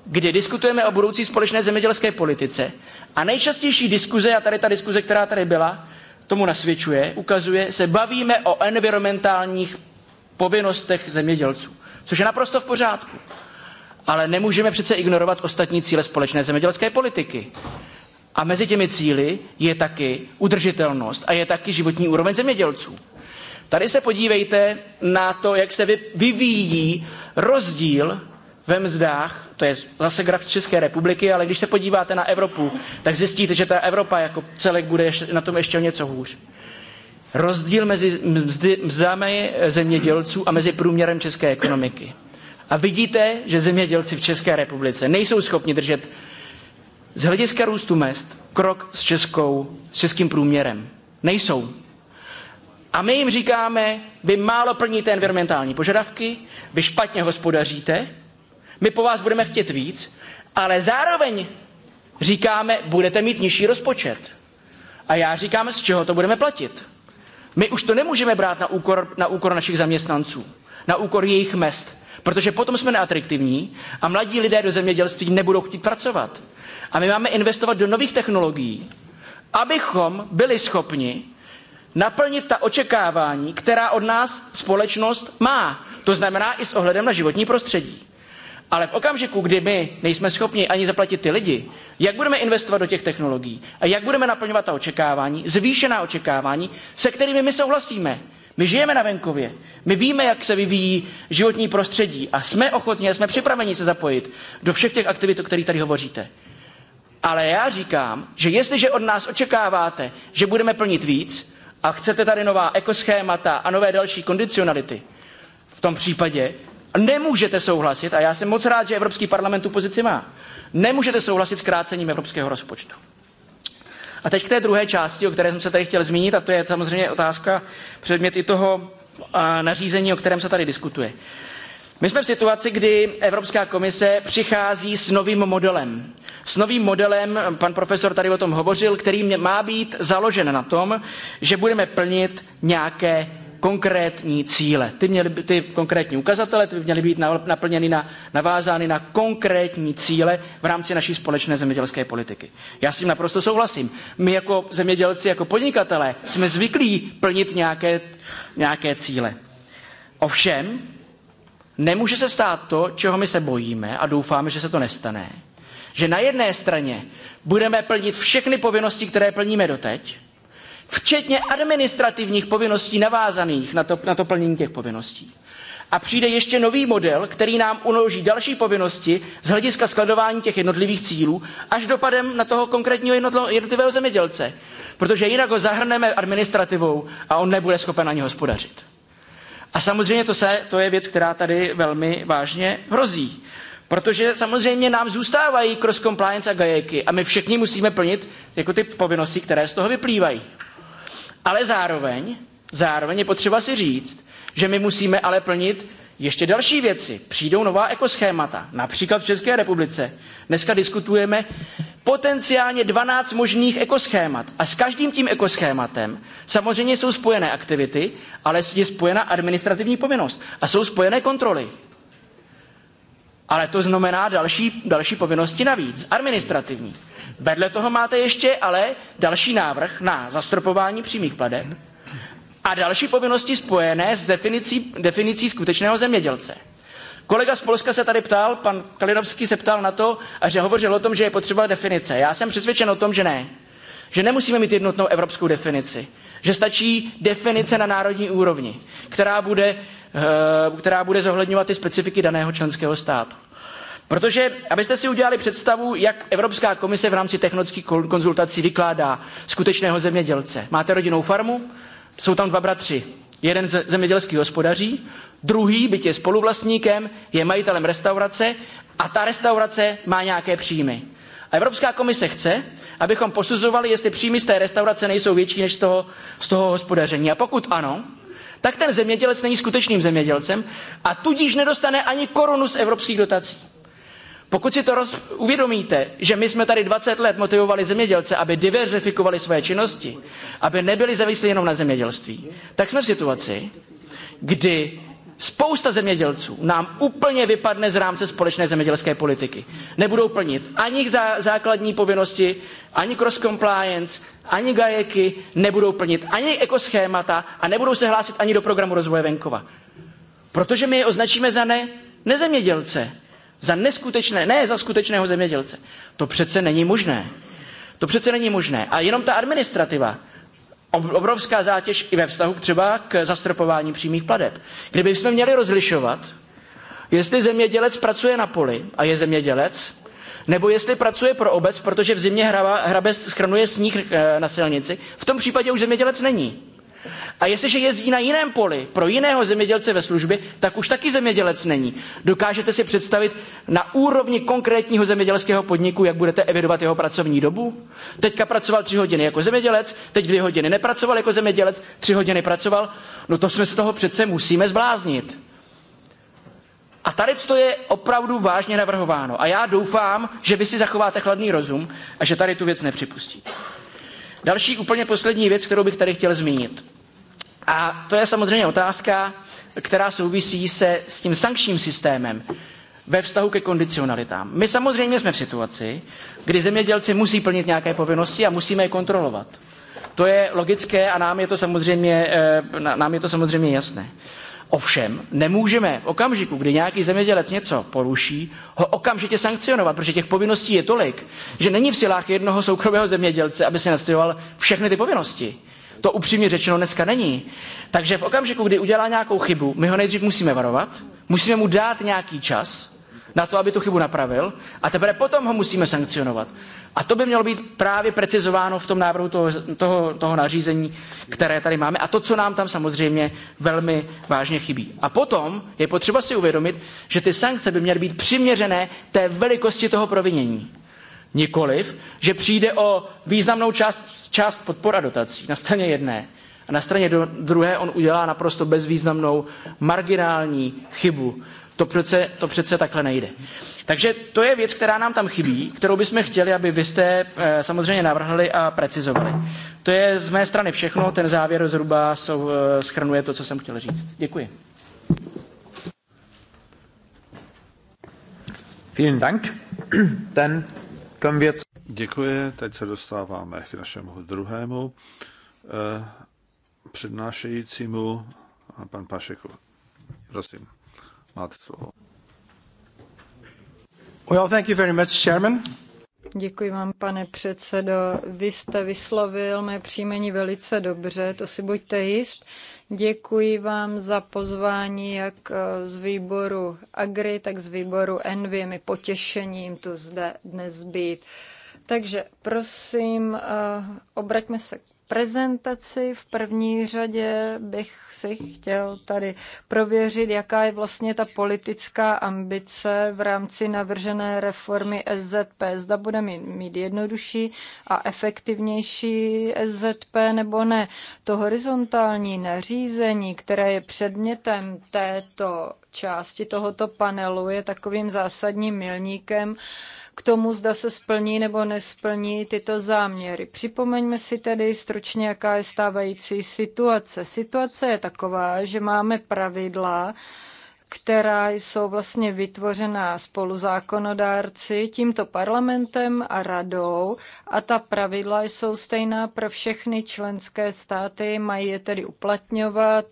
Speaker 7: kdy diskutujeme o budoucí společné zemědělské politice. A nejčastější diskuze, a tady ta diskuze, která tady byla, tomu nasvědčuje, ukazuje, se bavíme o environmentálních povinnostech zemědělců, což je naprosto v pořádku. Ale nemůžeme přece ignorovat ostatní cíle společné zemědělské politiky. A mezi těmi cíly je taky udržitelnost a je taky životní úroveň zemědělců. Tady se podívejte na to, jak se vyvíjí rozdíl ve mzdách, to je zase graf z České republiky, ale když se podíváte na Evropu, tak zjistíte, že ta Evropa jako celek bude na tom ještě o něco hůř. Rozdíl mezi mzdy, mzdami zemědělců a mezi průměrem české ekonomiky. A vidíte, že zemědělci v České republice nejsou schopni držet z hlediska růstu mest krok s, českou, s českým průměrem. Nejsou. A my jim říkáme, vy málo plníte environmentální požadavky, vy špatně hospodaříte, my po vás budeme chtět víc, ale zároveň říkáme, budete mít nižší rozpočet. A já říkám, z čeho to budeme platit. My už to nemůžeme brát na úkor, na úkor našich zaměstnanců, na úkor jejich mest, protože potom jsme neatraktivní a mladí lidé do zemědělství nebudou chtít pracovat. A my máme investovat do nových technologií, abychom byli schopni naplnit ta očekávání, která od nás společnost má. To znamená i s ohledem na životní prostředí. Ale v okamžiku, kdy my nejsme schopni ani zaplatit ty lidi, jak budeme investovat do těch technologií a jak budeme naplňovat ta očekávání, zvýšená očekávání, se kterými my souhlasíme. My žijeme na venkově, my víme, jak se vyvíjí životní prostředí a jsme ochotní, a jsme připraveni se zapojit do všech těch aktivit, o kterých tady hovoříte. Ale já říkám, že jestliže od nás očekáváte, že budeme plnit víc a chcete tady nová ekoschémata a nové další kondicionality, v tom případě Nemůžete souhlasit, a já jsem moc rád, že Evropský parlament tu pozici má, nemůžete souhlasit s krácením evropského rozpočtu. A teď k té druhé části, o které jsem se tady chtěl zmínit, a to je samozřejmě otázka, předmět i toho nařízení, o kterém se tady diskutuje. My jsme v situaci, kdy Evropská komise přichází s novým modelem. S novým modelem, pan profesor tady o tom hovořil, který má být založen na tom, že budeme plnit nějaké konkrétní cíle. Ty, měly, ty konkrétní ukazatele ty by měly být naplněny na, navázány na konkrétní cíle v rámci naší společné zemědělské politiky. Já s tím naprosto souhlasím. My jako zemědělci, jako podnikatelé jsme zvyklí plnit nějaké, nějaké cíle. Ovšem, nemůže se stát to, čeho my se bojíme a doufáme, že se to nestane. Že na jedné straně budeme plnit všechny povinnosti, které plníme doteď, včetně administrativních povinností navázaných na to, na to plnění těch povinností. A přijde ještě nový model, který nám uloží další povinnosti z hlediska skladování těch jednotlivých cílů až dopadem na toho konkrétního jednotlivého zemědělce. Protože jinak ho zahrneme administrativou a on nebude schopen ani hospodařit. A samozřejmě to, se, to je věc, která tady velmi vážně hrozí. Protože samozřejmě nám zůstávají cross compliance a gajeky a my všichni musíme plnit jako ty povinnosti, které z toho vyplývají. Ale zároveň, zároveň je potřeba si říct, že my musíme ale plnit ještě další věci. Přijdou nová ekoschémata, například v České republice. Dneska diskutujeme potenciálně 12 možných ekoschémat. A s každým tím ekoschématem samozřejmě jsou spojené aktivity, ale je spojena administrativní povinnost a jsou spojené kontroly. Ale to znamená další, další povinnosti navíc, administrativní. Vedle toho máte ještě ale další návrh na zastropování přímých pladeb a další povinnosti spojené s definicí, definicí skutečného zemědělce. Kolega z Polska se tady ptal, pan Kalinovský se ptal na to, a že hovořil o tom, že je potřeba definice. Já jsem přesvědčen o tom, že ne. Že nemusíme mít jednotnou evropskou definici. Že stačí definice na národní úrovni, která bude, eh, která bude zohledňovat ty specifiky daného členského státu. Protože, abyste si udělali představu, jak Evropská komise v rámci technických konzultací vykládá skutečného zemědělce. Máte rodinnou farmu, jsou tam dva bratři. Jeden zemědělský hospodaří, druhý, byť je spoluvlastníkem, je majitelem restaurace a ta restaurace má nějaké příjmy. A Evropská komise chce, abychom posuzovali, jestli příjmy z té restaurace nejsou větší než z toho, z toho hospodaření. A pokud ano, tak ten zemědělec není skutečným zemědělcem a tudíž nedostane ani korunu z evropských dotací. Pokud si to roz... uvědomíte, že my jsme tady 20 let motivovali zemědělce, aby diverzifikovali své činnosti, aby nebyli závislí jenom na zemědělství, tak jsme v situaci, kdy Spousta zemědělců nám úplně vypadne z rámce společné zemědělské politiky. Nebudou plnit ani zá, základní povinnosti, ani cross compliance, ani gajeky, nebudou plnit ani ekoschémata a nebudou se hlásit ani do programu rozvoje venkova. Protože my je označíme za ne, nezemědělce. Za neskutečné, ne za skutečného zemědělce. To přece není možné. To přece není možné. A jenom ta administrativa, obrovská zátěž i ve vztahu třeba k zastropování přímých pladeb. Kdyby jsme měli rozlišovat, jestli zemědělec pracuje na poli a je zemědělec, nebo jestli pracuje pro obec, protože v zimě hrabe schrnuje sníh eh, na silnici, v tom případě už zemědělec není. A jestliže jezdí na jiném poli pro jiného zemědělce ve službě, tak už taky zemědělec není. Dokážete si představit na úrovni konkrétního zemědělského podniku, jak budete evidovat jeho pracovní dobu? Teďka pracoval tři hodiny jako zemědělec, teď dvě hodiny nepracoval jako zemědělec, tři hodiny pracoval. No to jsme z toho přece musíme zbláznit. A tady to je opravdu vážně navrhováno. A já doufám, že vy si zachováte chladný rozum a že tady tu věc nepřipustíte. Další úplně poslední věc, kterou bych tady chtěl zmínit. A to je samozřejmě otázka, která souvisí se s tím sankčním systémem ve vztahu ke kondicionalitám. My samozřejmě jsme v situaci, kdy zemědělci musí plnit nějaké povinnosti a musíme je kontrolovat. To je logické a nám je to samozřejmě, eh, nám je to samozřejmě jasné. Ovšem, nemůžeme v okamžiku, kdy nějaký zemědělec něco poruší, ho okamžitě sankcionovat, protože těch povinností je tolik, že není v silách jednoho soukromého zemědělce, aby si nastojoval všechny ty povinnosti. To upřímně řečeno dneska není. Takže v okamžiku, kdy udělá nějakou chybu, my ho nejdřív musíme varovat, musíme mu dát nějaký čas na to, aby tu chybu napravil a teprve potom ho musíme sankcionovat. A to by mělo být právě precizováno v tom návrhu toho, toho, toho nařízení, které tady máme a to, co nám tam samozřejmě velmi vážně chybí. A potom je potřeba si uvědomit, že ty sankce by měly být přiměřené té velikosti toho provinění. Nikoliv, že přijde o významnou část, část podpora dotací na straně jedné a na straně do, druhé on udělá naprosto bezvýznamnou marginální chybu. To přece, to přece takhle nejde. Takže to je věc, která nám tam chybí, kterou bychom chtěli, aby vy jste eh, samozřejmě navrhli a precizovali. To je z mé strany všechno, ten závěr zhruba sou, eh, schrnuje to, co jsem chtěl říct. Děkuji.
Speaker 2: Vielen Dank. Dann Děkuji, teď se dostáváme k našemu druhému eh, přednášejícímu, a pan Pašeku. Prosím, máte slovo.
Speaker 6: Well, thank you very much, Chairman.
Speaker 3: Děkuji vám, pane předsedo. Vy jste vyslovil mé příjmení velice dobře, to si buďte jist. Děkuji vám za pozvání jak eh, z výboru Agri, tak z výboru Envy. mi potěšením tu zde dnes být. Takže prosím, eh, obraťme se prezentaci. V první řadě bych si chtěl tady prověřit, jaká je vlastně ta politická ambice v rámci navržené reformy SZP. Zda bude mít jednodušší a efektivnější SZP nebo ne. To horizontální nařízení, které je předmětem této části tohoto panelu, je takovým zásadním milníkem, k tomu, zda se splní nebo nesplní tyto záměry. Připomeňme si tedy stručně, jaká je stávající situace. Situace je taková, že máme pravidla, která jsou vlastně vytvořená spoluzákonodárci, tímto parlamentem a radou a ta pravidla jsou stejná pro všechny členské státy, mají je tedy uplatňovat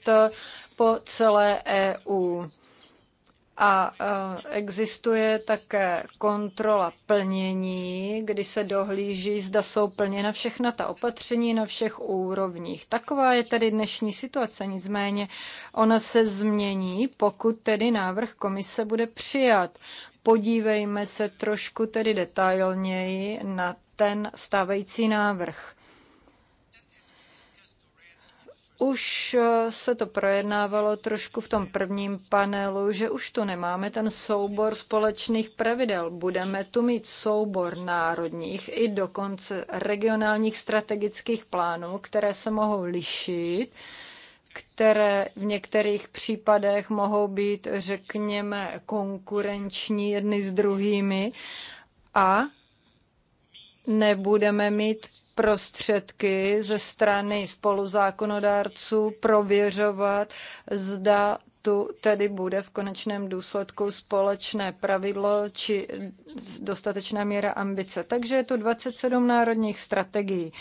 Speaker 3: po celé EU. A e, existuje také kontrola plnění, kdy se dohlíží, zda jsou plněna všechna ta opatření na všech úrovních. Taková je tedy dnešní situace, nicméně ona se změní, pokud tedy návrh komise bude přijat. Podívejme se trošku tedy detailněji na ten stávající návrh. Už eh, se to projednávalo trošku v tom prvním panelu, že už tu nemáme ten soubor společných pravidel. Budeme tu mít soubor národních i dokonce regionálních strategických plánů, které se mohou lišit které v některých případech mohou být, řekněme, konkurenční jedny s druhými a nebudeme mít prostředky ze strany spoluzákonodárců prověřovat, zda tu tedy bude v konečném důsledku společné pravidlo či dostatečná míra ambice. Takže je to 27 národních strategií.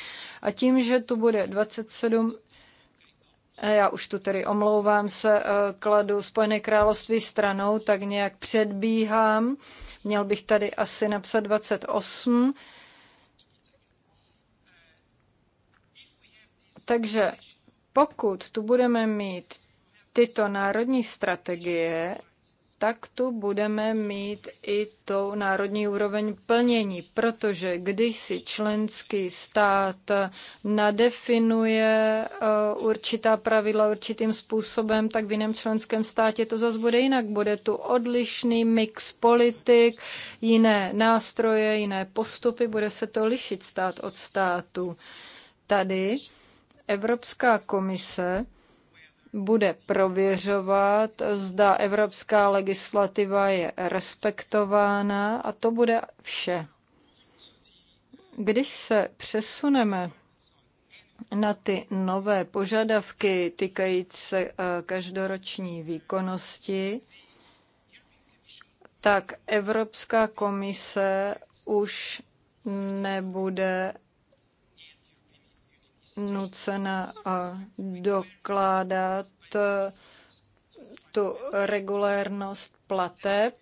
Speaker 3: A tím, že tu bude 27 já už tu tedy omlouvám se, eh, kladu Spojené království stranou, tak nějak předbíhám. Měl bych tady asi napsat 28, Takže pokud tu budeme mít tyto národní strategie, tak tu budeme mít i tou národní úroveň plnění, protože když si členský stát nadefinuje eh, určitá pravidla určitým způsobem, tak v jiném členském státě to zase bude jinak. Bude tu odlišný mix politik, jiné nástroje, jiné postupy, bude se to lišit stát od státu. Tady Evropská komise bude prověřovat, zda evropská legislativa je respektována a to bude vše. Když se přesuneme na ty nové požadavky týkající se eh, každoroční výkonnosti, tak Evropská komise už nebude nucena dokládat eh, tu regulérnost plateb.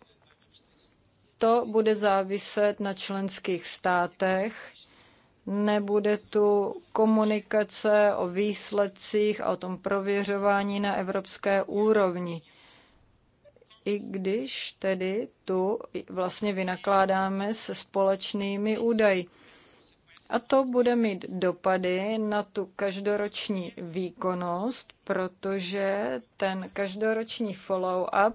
Speaker 3: To bude záviset na členských státech. Nebude tu komunikace o výsledcích a o tom prověřování na evropské úrovni i když tedy tu vlastně vynakládáme se společnými údaji. A to bude mít dopady na tu každoroční výkonnost, protože ten každoroční follow-up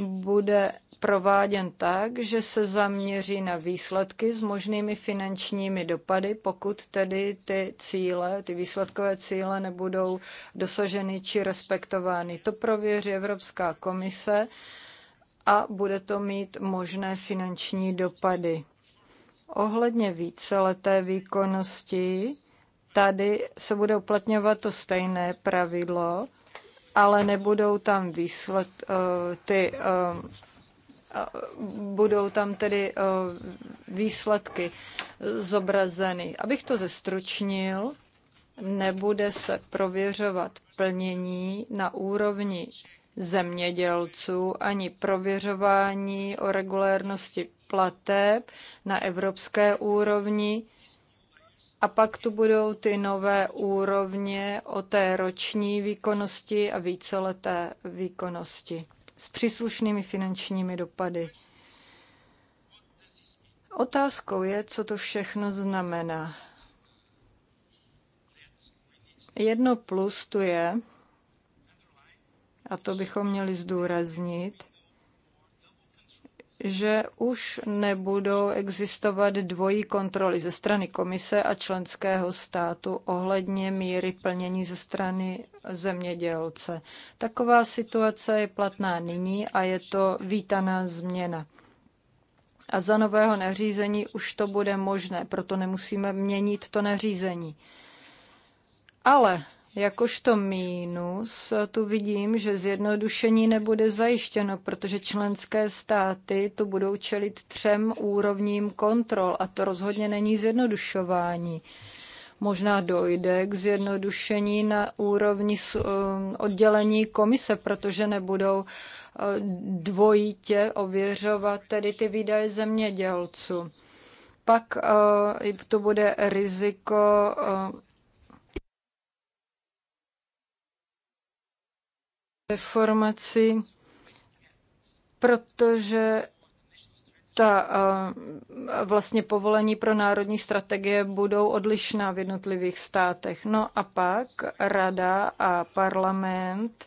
Speaker 3: bude prováděn tak, že se zaměří na výsledky s možnými finančními dopady, pokud tedy ty cíle, ty výsledkové cíle nebudou dosaženy či respektovány. To prověří Evropská komise a bude to mít možné finanční dopady. Ohledně víceleté výkonnosti, tady se bude uplatňovat to stejné pravidlo, ale nebudou tam výsled, eh, ty, eh, budou tam tedy eh, výsledky zobrazeny. Abych to zestručnil, nebude se prověřovat plnění na úrovni zemědělců ani prověřování o regulérnosti plateb na evropské úrovni. A pak tu budou ty nové úrovně o té roční výkonnosti a víceleté výkonnosti s příslušnými finančními dopady. Otázkou je, co to všechno znamená. Jedno plus tu je, a to bychom měli zdůraznit, že už nebudou existovat dvojí kontroly ze strany komise a členského státu ohledně míry plnění ze strany zemědělce. Taková situace je platná nyní a je to vítaná změna. A za nového nařízení už to bude možné, proto nemusíme měnit to nařízení. Ale Jakožto mínus tu vidím, že zjednodušení nebude zajištěno, protože členské státy tu budou čelit třem úrovním kontrol a to rozhodně není zjednodušování. Možná dojde k zjednodušení na úrovni eh, oddělení komise, protože nebudou eh, dvojitě ověřovat tedy ty výdaje zemědělců. Pak eh, to bude riziko reformaci, protože ta vlastně povolení pro národní strategie budou odlišná v jednotlivých státech. No a pak rada a parlament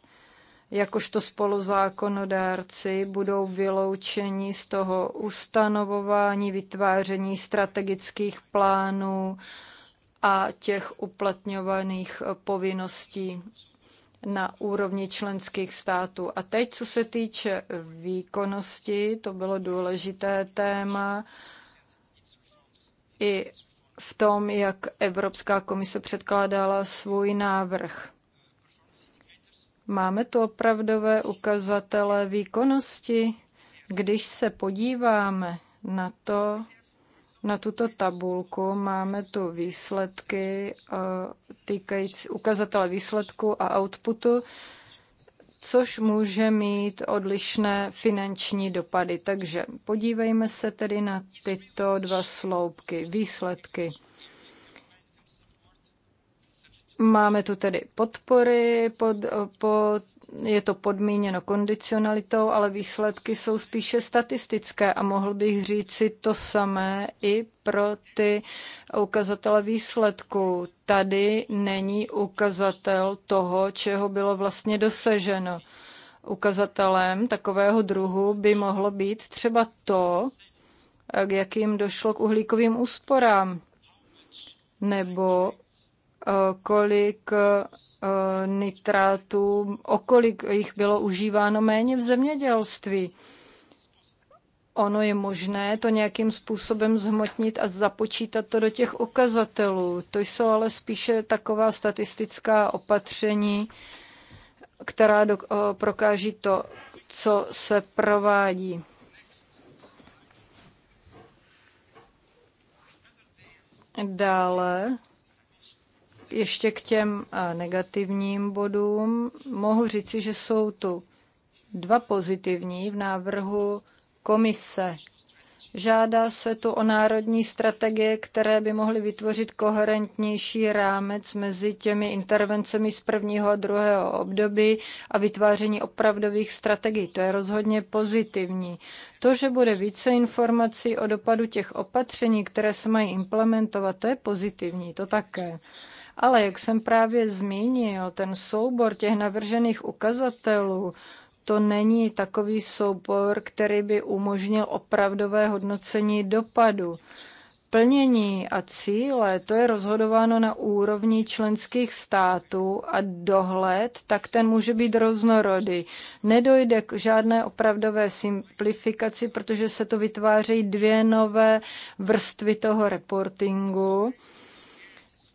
Speaker 3: jakožto spoluzákonodárci budou vyloučeni z toho ustanovování, vytváření strategických plánů a těch uplatňovaných povinností na úrovni členských států. A teď, co se týče výkonnosti, to bylo důležité téma i v tom, jak Evropská komise předkládala svůj návrh. Máme tu opravdové ukazatele výkonnosti, když se podíváme na to, na tuto tabulku máme tu výsledky eh, týkající ukazatele výsledku a outputu, což může mít odlišné finanční dopady. Takže podívejme se tedy na tyto dva sloupky, výsledky. Máme tu tedy podpory, pod, pod, je to podmíněno kondicionalitou, ale výsledky jsou spíše statistické a mohl bych říct si to samé i pro ty ukazatele výsledku. Tady není ukazatel toho, čeho bylo vlastně dosaženo. Ukazatelem takového druhu by mohlo být třeba to, k jakým došlo k uhlíkovým úsporám, nebo Eh, kolik eh, nitrátů, o kolik jich bylo užíváno méně v zemědělství. Ono je možné to nějakým způsobem zhmotnit a započítat to do těch ukazatelů. To jsou ale spíše taková statistická opatření, která do, eh, prokáží to, co se provádí. Dále ještě k těm eh, negativním bodům mohu říci, že jsou tu dva pozitivní v návrhu komise. Žádá se tu o národní strategie, které by mohly vytvořit koherentnější rámec mezi těmi intervencemi z prvního a druhého období a vytváření opravdových strategií. To je rozhodně pozitivní. To, že bude více informací o dopadu těch opatření, které se mají implementovat, to je pozitivní, to také. Ale jak jsem právě zmínil, ten soubor těch navržených ukazatelů, to není takový soubor, který by umožnil opravdové hodnocení dopadu. Plnění a cíle, to je rozhodováno na úrovni členských států a dohled, tak ten může být roznorodý. Nedojde k žádné opravdové simplifikaci, protože se to vytvářejí dvě nové vrstvy toho reportingu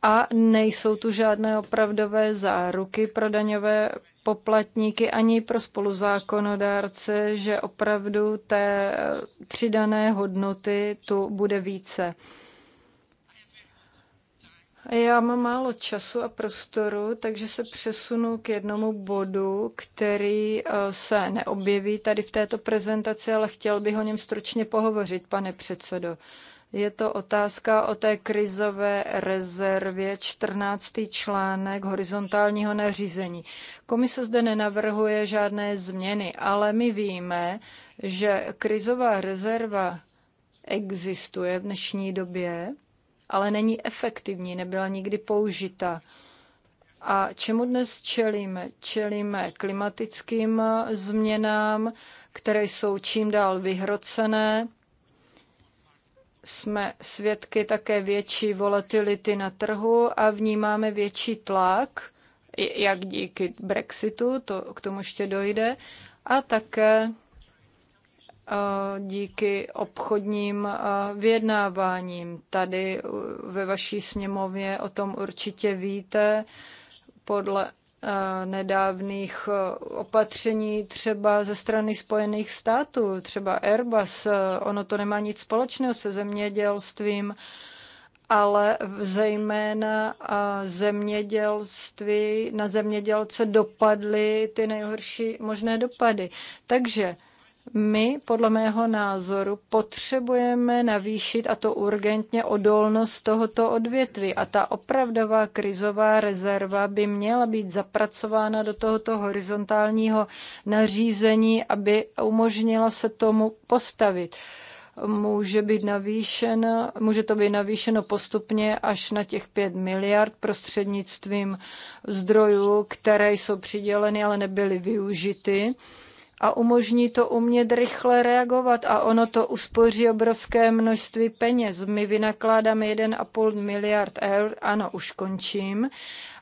Speaker 3: a nejsou tu žádné opravdové záruky pro daňové poplatníky ani pro spoluzákonodárce, že opravdu té přidané hodnoty tu bude více. Já mám málo času a prostoru, takže se přesunu k jednomu bodu, který eh, se neobjeví tady v této prezentaci, ale chtěl bych o něm stručně pohovořit, pane předsedo. Je to otázka o té krizové rezervě, 14. článek horizontálního nařízení. Komise zde nenavrhuje žádné změny, ale my víme, že krizová rezerva existuje v dnešní době, ale není efektivní, nebyla nikdy použita. A čemu dnes čelíme? Čelíme klimatickým změnám, které jsou čím dál vyhrocené jsme svědky také větší volatility na trhu a vnímáme větší tlak, jak díky Brexitu, to k tomu ještě dojde, a také díky obchodním vyjednáváním. Tady ve vaší sněmově o tom určitě víte. Podle nedávných e, opatření třeba ze strany Spojených států, třeba Airbus, e, ono to nemá nic společného se zemědělstvím, ale zejména zemědělství, na zemědělce dopadly ty nejhorší možné dopady. Takže my, podle mého názoru, potřebujeme navýšit, a to urgentně, odolnost tohoto odvětví. A ta opravdová krizová rezerva by měla být zapracována do tohoto horizontálního nařízení, aby umožnila se tomu postavit může být navýšen, může to být navýšeno postupně až na těch 5 miliard prostřednictvím zdrojů, které jsou přiděleny, ale nebyly využity a umožní to umět rychle reagovat a ono to uspoří obrovské množství peněz. My vynakládáme 1,5 miliard eur, ano, už končím,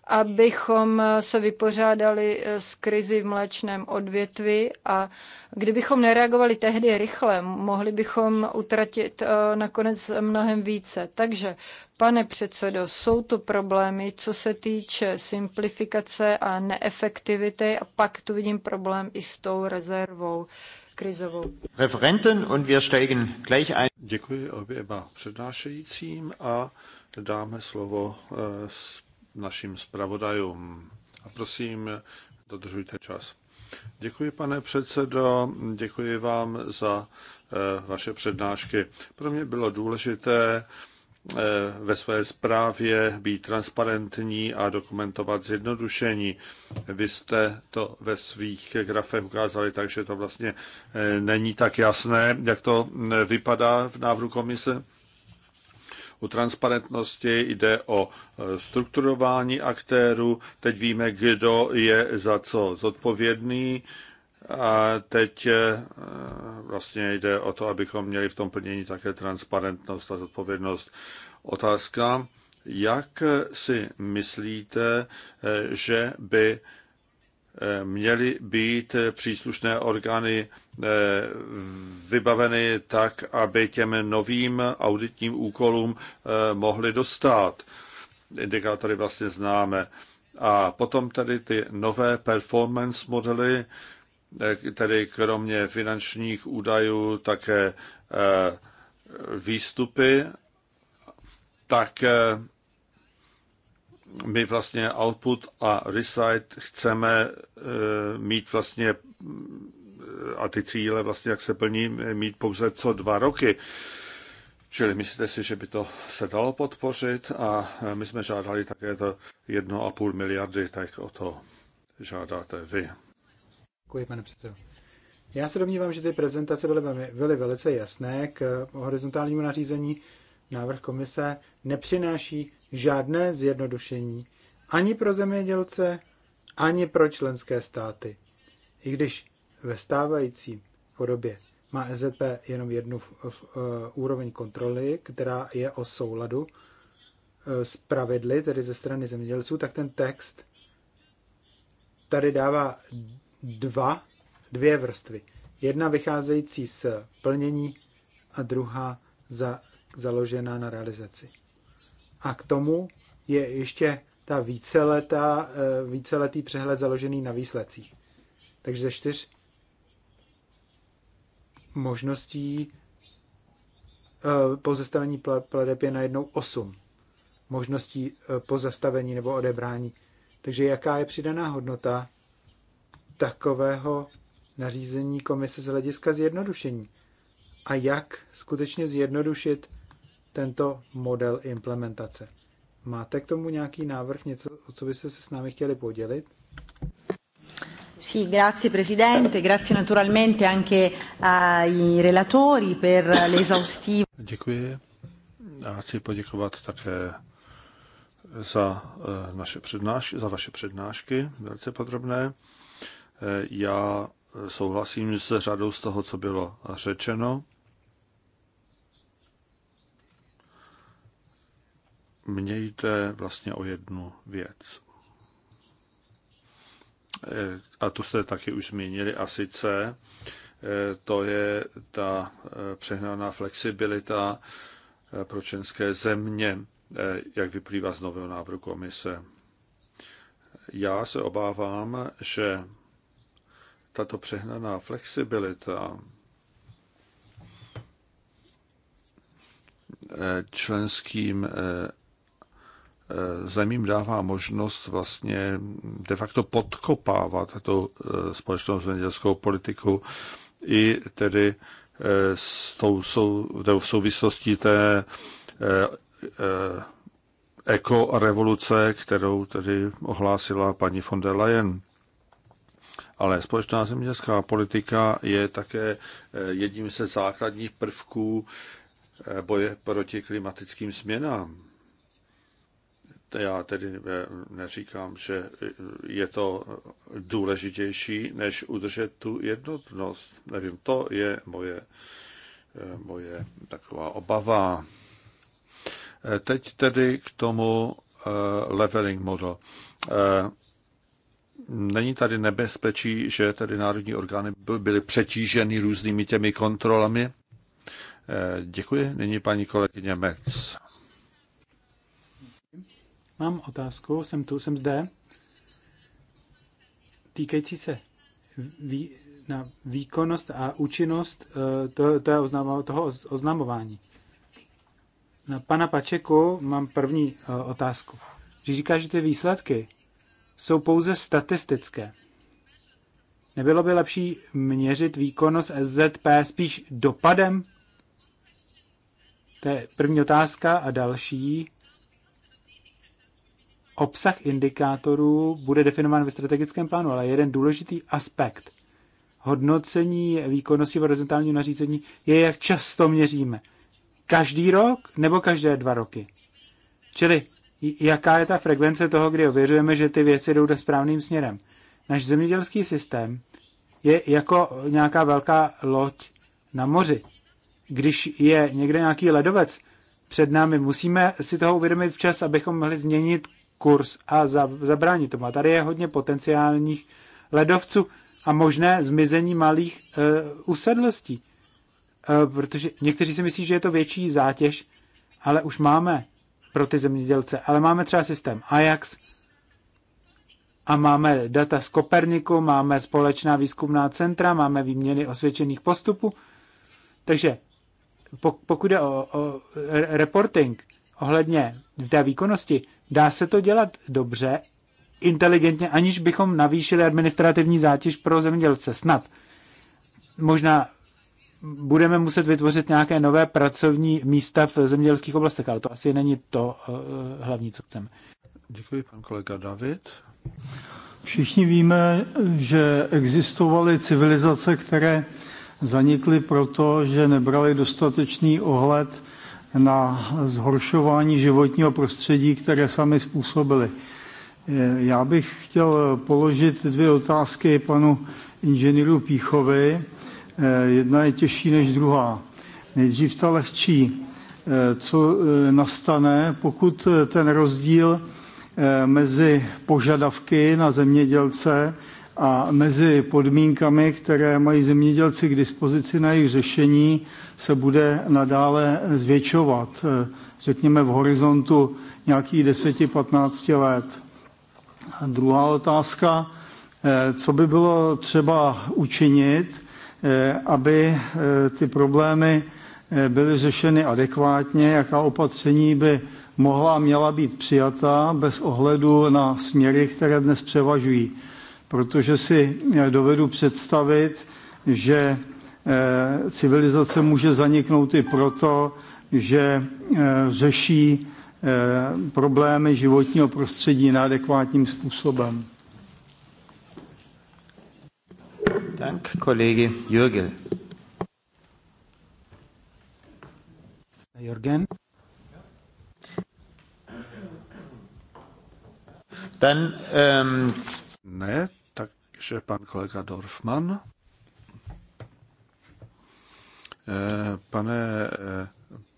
Speaker 3: abychom se vypořádali eh, s krizi v mléčném odvětvi a kdybychom nereagovali tehdy rychle, mohli bychom utratit eh, nakonec mnohem více. Takže, pane předsedo, jsou tu problémy, co se týče simplifikace a neefektivity a pak tu vidím problém i s tou rezervou krizovou.
Speaker 1: Referenten Děkuji oběma přednášejícím a dáme slovo
Speaker 2: eh, s našim zpravodajům. A prosím, dodržujte čas. Děkuji, pane předsedo, děkuji vám za eh, vaše přednášky. Pro mě bylo důležité eh, ve své zprávě být transparentní a dokumentovat zjednodušení. Vy jste to ve svých grafech ukázali, takže to vlastně eh, není tak jasné, jak to vypadá v návrhu komise. U transparentnosti jde o e, strukturování aktérů. Teď víme, kdo je za co zodpovědný. A teď e, vlastně jde o to, abychom měli v tom plnění také transparentnost a zodpovědnost. Otázka, jak si myslíte, e, že by měly být příslušné orgány eh, vybaveny tak, aby těm novým auditním úkolům eh, mohly dostat. Indikátory vlastně známe. A potom tady ty nové performance modely, eh, tedy kromě finančních údajů také výstupy, tak my vlastně output a recite chceme eh, mít vlastně eh, a ty cíle vlastně, jak se plní, mít pouze co dva roky. Čili myslíte si, že by to se dalo podpořit a eh, my jsme žádali také to 1,5 miliardy, tak o to žádáte vy.
Speaker 6: Děkuji, pane předsedo. Já se domnívám, že ty prezentace byly, byly velice jasné k horizontálnímu nařízení. Návrh komise nepřináší žádné zjednodušení ani pro zemědělce, ani pro členské státy. I když ve stávající podobě má EZP jenom jednu eh, úroveň kontroly, která je o souladu eh, s pravidly, tedy ze strany zemědělců, tak ten text tady dává dva, dvě vrstvy. Jedna vycházející z plnění a druhá za, založená na realizaci. A k tomu je ještě ta víceletá, eh, víceletý přehled založený na výsledcích. Takže ze čtyř možností eh, pozastavení pladeb je najednou osm možností eh, pozastavení nebo odebrání. Takže jaká je přidaná hodnota takového nařízení komise z hlediska zjednodušení? A jak skutečně zjednodušit tento model implementace. Máte k tomu nějaký návrh, něco, o co byste se s námi chtěli podělit?
Speaker 4: Sì, grazie Presidente, grazie naturalmente anche ai relatori per l'esaustivo.
Speaker 2: Děkuji. Já chci poděkovat také za, eh, naše přednáš- za vaše přednášky, velice podrobné. Eh, já souhlasím s řadou z toho, co bylo řečeno. mně jde vlastně o jednu věc. E, a to jste taky už zmínili, a sice e, to je ta e, přehnaná flexibilita pro členské země, jak vyplývá z nového návrhu komise. Já se obávám, že tato přehnaná flexibilita členským zemím dává možnost vlastně de facto podkopávat tu eh, společnou zemědělskou politiku i tedy eh, s tou, sou, v souvislosti té eh, ekorevoluce, kterou tedy ohlásila paní von der Leyen. Ale společná zemědělská politika je také jedním ze základních prvků boje proti klimatickým změnám já tedy eh, neříkám, že eh, je to důležitější, než udržet tu jednotnost. Nevím, to je moje, eh, moje taková obava. Teď tedy k tomu leveling model. Není tady nebezpečí, že tedy národní orgány byly přetíženy různými těmi kontrolami? Děkuji. Nyní paní kolegyně Mec.
Speaker 6: Mám otázku, jsem tu, jsem zde, týkající se vý, na výkonnost a účinnost eh, to, to je oznamo, toho oznamování. Na pana Pačeku mám první eh, otázku. Když říká, že ty výsledky jsou pouze statistické, nebylo by lepší měřit výkonnost SZP spíš dopadem? To je první otázka a další obsah indikátorů bude definován ve strategickém plánu, ale jeden důležitý aspekt hodnocení výkonnosti horizontálního nařízení je, jak často měříme. Každý rok nebo každé dva roky? Čili jaká je ta frekvence toho, kdy ověřujeme, že ty věci jdou do správným směrem. Náš zemědělský systém je jako nějaká velká loď na moři. Když je někde nějaký ledovec před námi, musíme si toho uvědomit včas, abychom mohli změnit kurz a zabránit tomu. A tady je hodně potenciálních ledovců a možné zmizení malých e, usedlostí. E, protože někteří si myslí, že je to větší zátěž, ale už máme pro ty zemědělce. Ale máme třeba systém Ajax a máme data z Koperniku, máme společná výzkumná centra, máme výměny osvědčených postupů. Takže pokud je o, o reporting, ohledně té výkonnosti, dá se to dělat dobře, inteligentně, aniž bychom navýšili administrativní zátěž pro zemědělce. Snad. Možná budeme muset vytvořit nějaké nové pracovní místa v zemědělských oblastech, ale to asi není to eh, hlavní, co chceme. Děkuji, pan kolega David.
Speaker 5: Všichni víme, že existovaly civilizace, které zanikly proto, že nebrali dostatečný ohled na zhoršování životního prostředí, které sami způsobili. Já bych chtěl položit dvě otázky panu inženýru Píchovi. Jedna je těžší než druhá. Nejdřív ta lehčí. Co nastane, pokud ten rozdíl mezi požadavky na zemědělce a mezi podmínkami, které mají zemědělci k dispozici na jejich řešení, se bude nadále zvětšovat, eh, řekněme v horizontu nějakých 10-15 let. A druhá otázka, eh, co by bylo třeba učinit, eh, aby ty problémy byly řešeny adekvátně, jaká opatření by mohla a měla být přijata bez ohledu na směry, které dnes převažují protože si eh, dovedu představit, že eh, civilizace může zaniknout i proto, že eh, řeší problémy životního prostředí neadekvátním způsobem.
Speaker 1: Dank, kolegy Jürgel.
Speaker 6: Jürgen.
Speaker 2: Dann, ähm... Ne, takže pan kolega Dorfman. Eh, pane eh,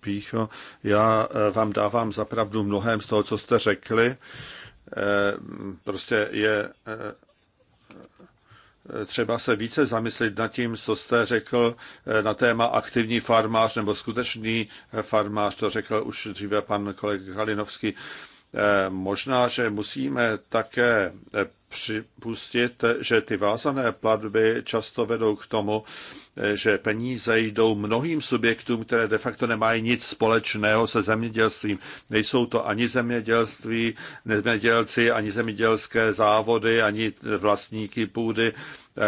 Speaker 2: Pícho, já eh, vám dávám zapravdu mnohem z toho, co jste řekli. Prostě je třeba se více zamyslit nad tím, co jste řekl na téma aktivní farmář nebo skutečný farmář, to řekl už dříve pan kolega Kalinovský. Eh, možná, že musíme také eh, připustit, že ty vázané platby často vedou k tomu, eh, že peníze jdou mnohým subjektům, které de facto nemají nic společného se zemědělstvím. Nejsou to ani zemědělství, nezemědělci, ani zemědělské závody, ani vlastníky půdy.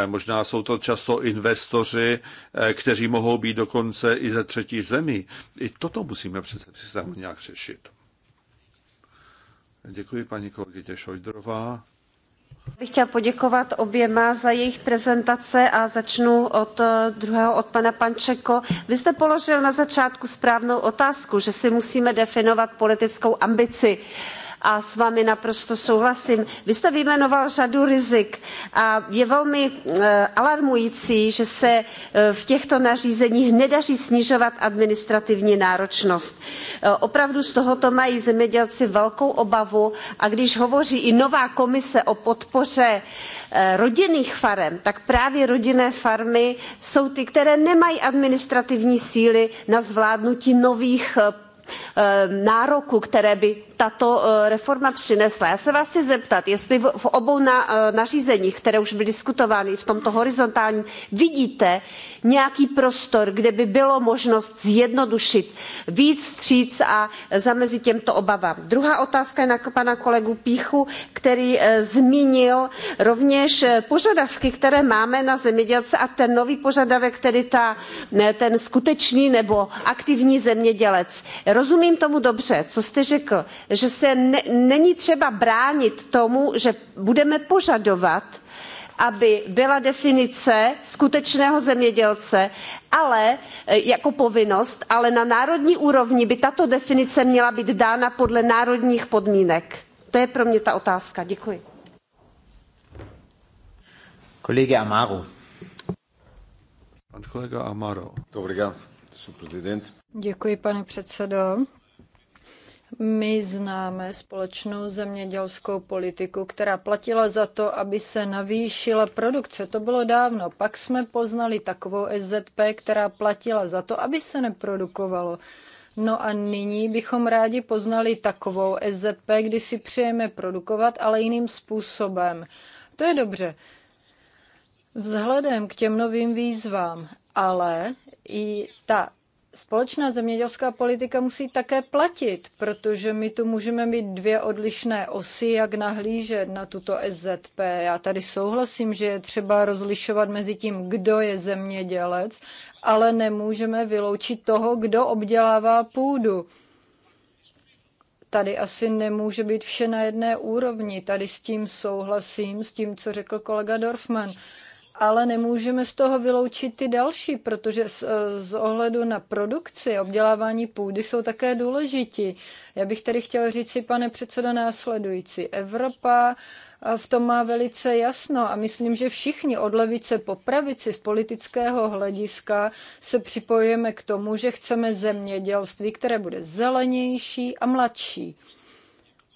Speaker 2: Možná jsou to často investoři, kteří mohou být dokonce i ze třetí zemí. I toto musíme přece v systému nějak řešit. Děkuji paní kolegyně Šojdrová.
Speaker 8: Bych chtěla poděkovat oběma za jejich prezentace a začnu od eh, druhého, od pana Pančeko. Vy jste položil na začátku správnou otázku, že si musíme definovat politickou ambici. Uh, a s vámi naprosto souhlasím. Vy jste vyjmenoval řadu rizik a je velmi eh, alarmující, že se eh, v těchto nařízeních nedaří snižovat administrativní náročnost. Eh, opravdu z tohoto mají zemědělci velkou obavu a když hovoří i nová komise o podpoře rodinných farem, tak právě rodinné farmy jsou ty, které nemají administrativní síly na zvládnutí nových nároků, které by tato eh, reforma přinesla. já se vás chci zeptat jestli v obou eh, nařízeních která už byla diskutována v tomto horizontálním vidíte nějaký prostor kde by bylo možnost zjednodušit víc vstříc a zamezit těmto obavám. druhá otázka je na pana kolegu píchu který eh, zmínil rovněž požadavky které máme na zemědělce a ten nový požadavek tedy ta, ten skutečný nebo aktivní zemědělec. rozumím tomu dobře co jste řekl že se ne, není třeba bránit tomu, že budeme požadovat, aby byla definice skutečného zemědělce ale, e, jako povinnost, ale na národní úrovni by tato definice měla být dána podle národních podmínek. To je pro mě ta otázka. Děkuji.
Speaker 1: Kolega Amaro. Pan kolega Amaro. Dobrý den,
Speaker 3: Děkuji, pane předsedo. My známe společnou zemědělskou politiku, která platila za to, aby se navýšila produkce. To bylo dávno. Pak jsme poznali takovou SZP, která platila za to, aby se neprodukovalo. No a nyní bychom rádi poznali takovou SZP, kdy si přejeme produkovat, ale jiným způsobem. To je dobře. Vzhledem k těm novým výzvám, ale i ta společná zemědělská politika musí také platit, protože my tu můžeme mít dvě odlišné osy, jak nahlížet na tuto SZP. Já tady souhlasím, že je třeba rozlišovat mezi tím, kdo je zemědělec, ale nemůžeme vyloučit toho, kdo obdělává půdu. Tady asi nemůže být vše na jedné úrovni. Tady s tím souhlasím, s tím, co řekl kolega Dorfman ale nemůžeme z toho vyloučit ty další, protože z, eh, z ohledu na produkci obdělávání půdy jsou také důležití. Já bych tady chtěla říct si, pane předsedo, následující. Evropa eh, v tom má velice jasno a myslím, že všichni od levice po pravici z politického hlediska se připojujeme k tomu, že chceme zemědělství, které bude zelenější a mladší.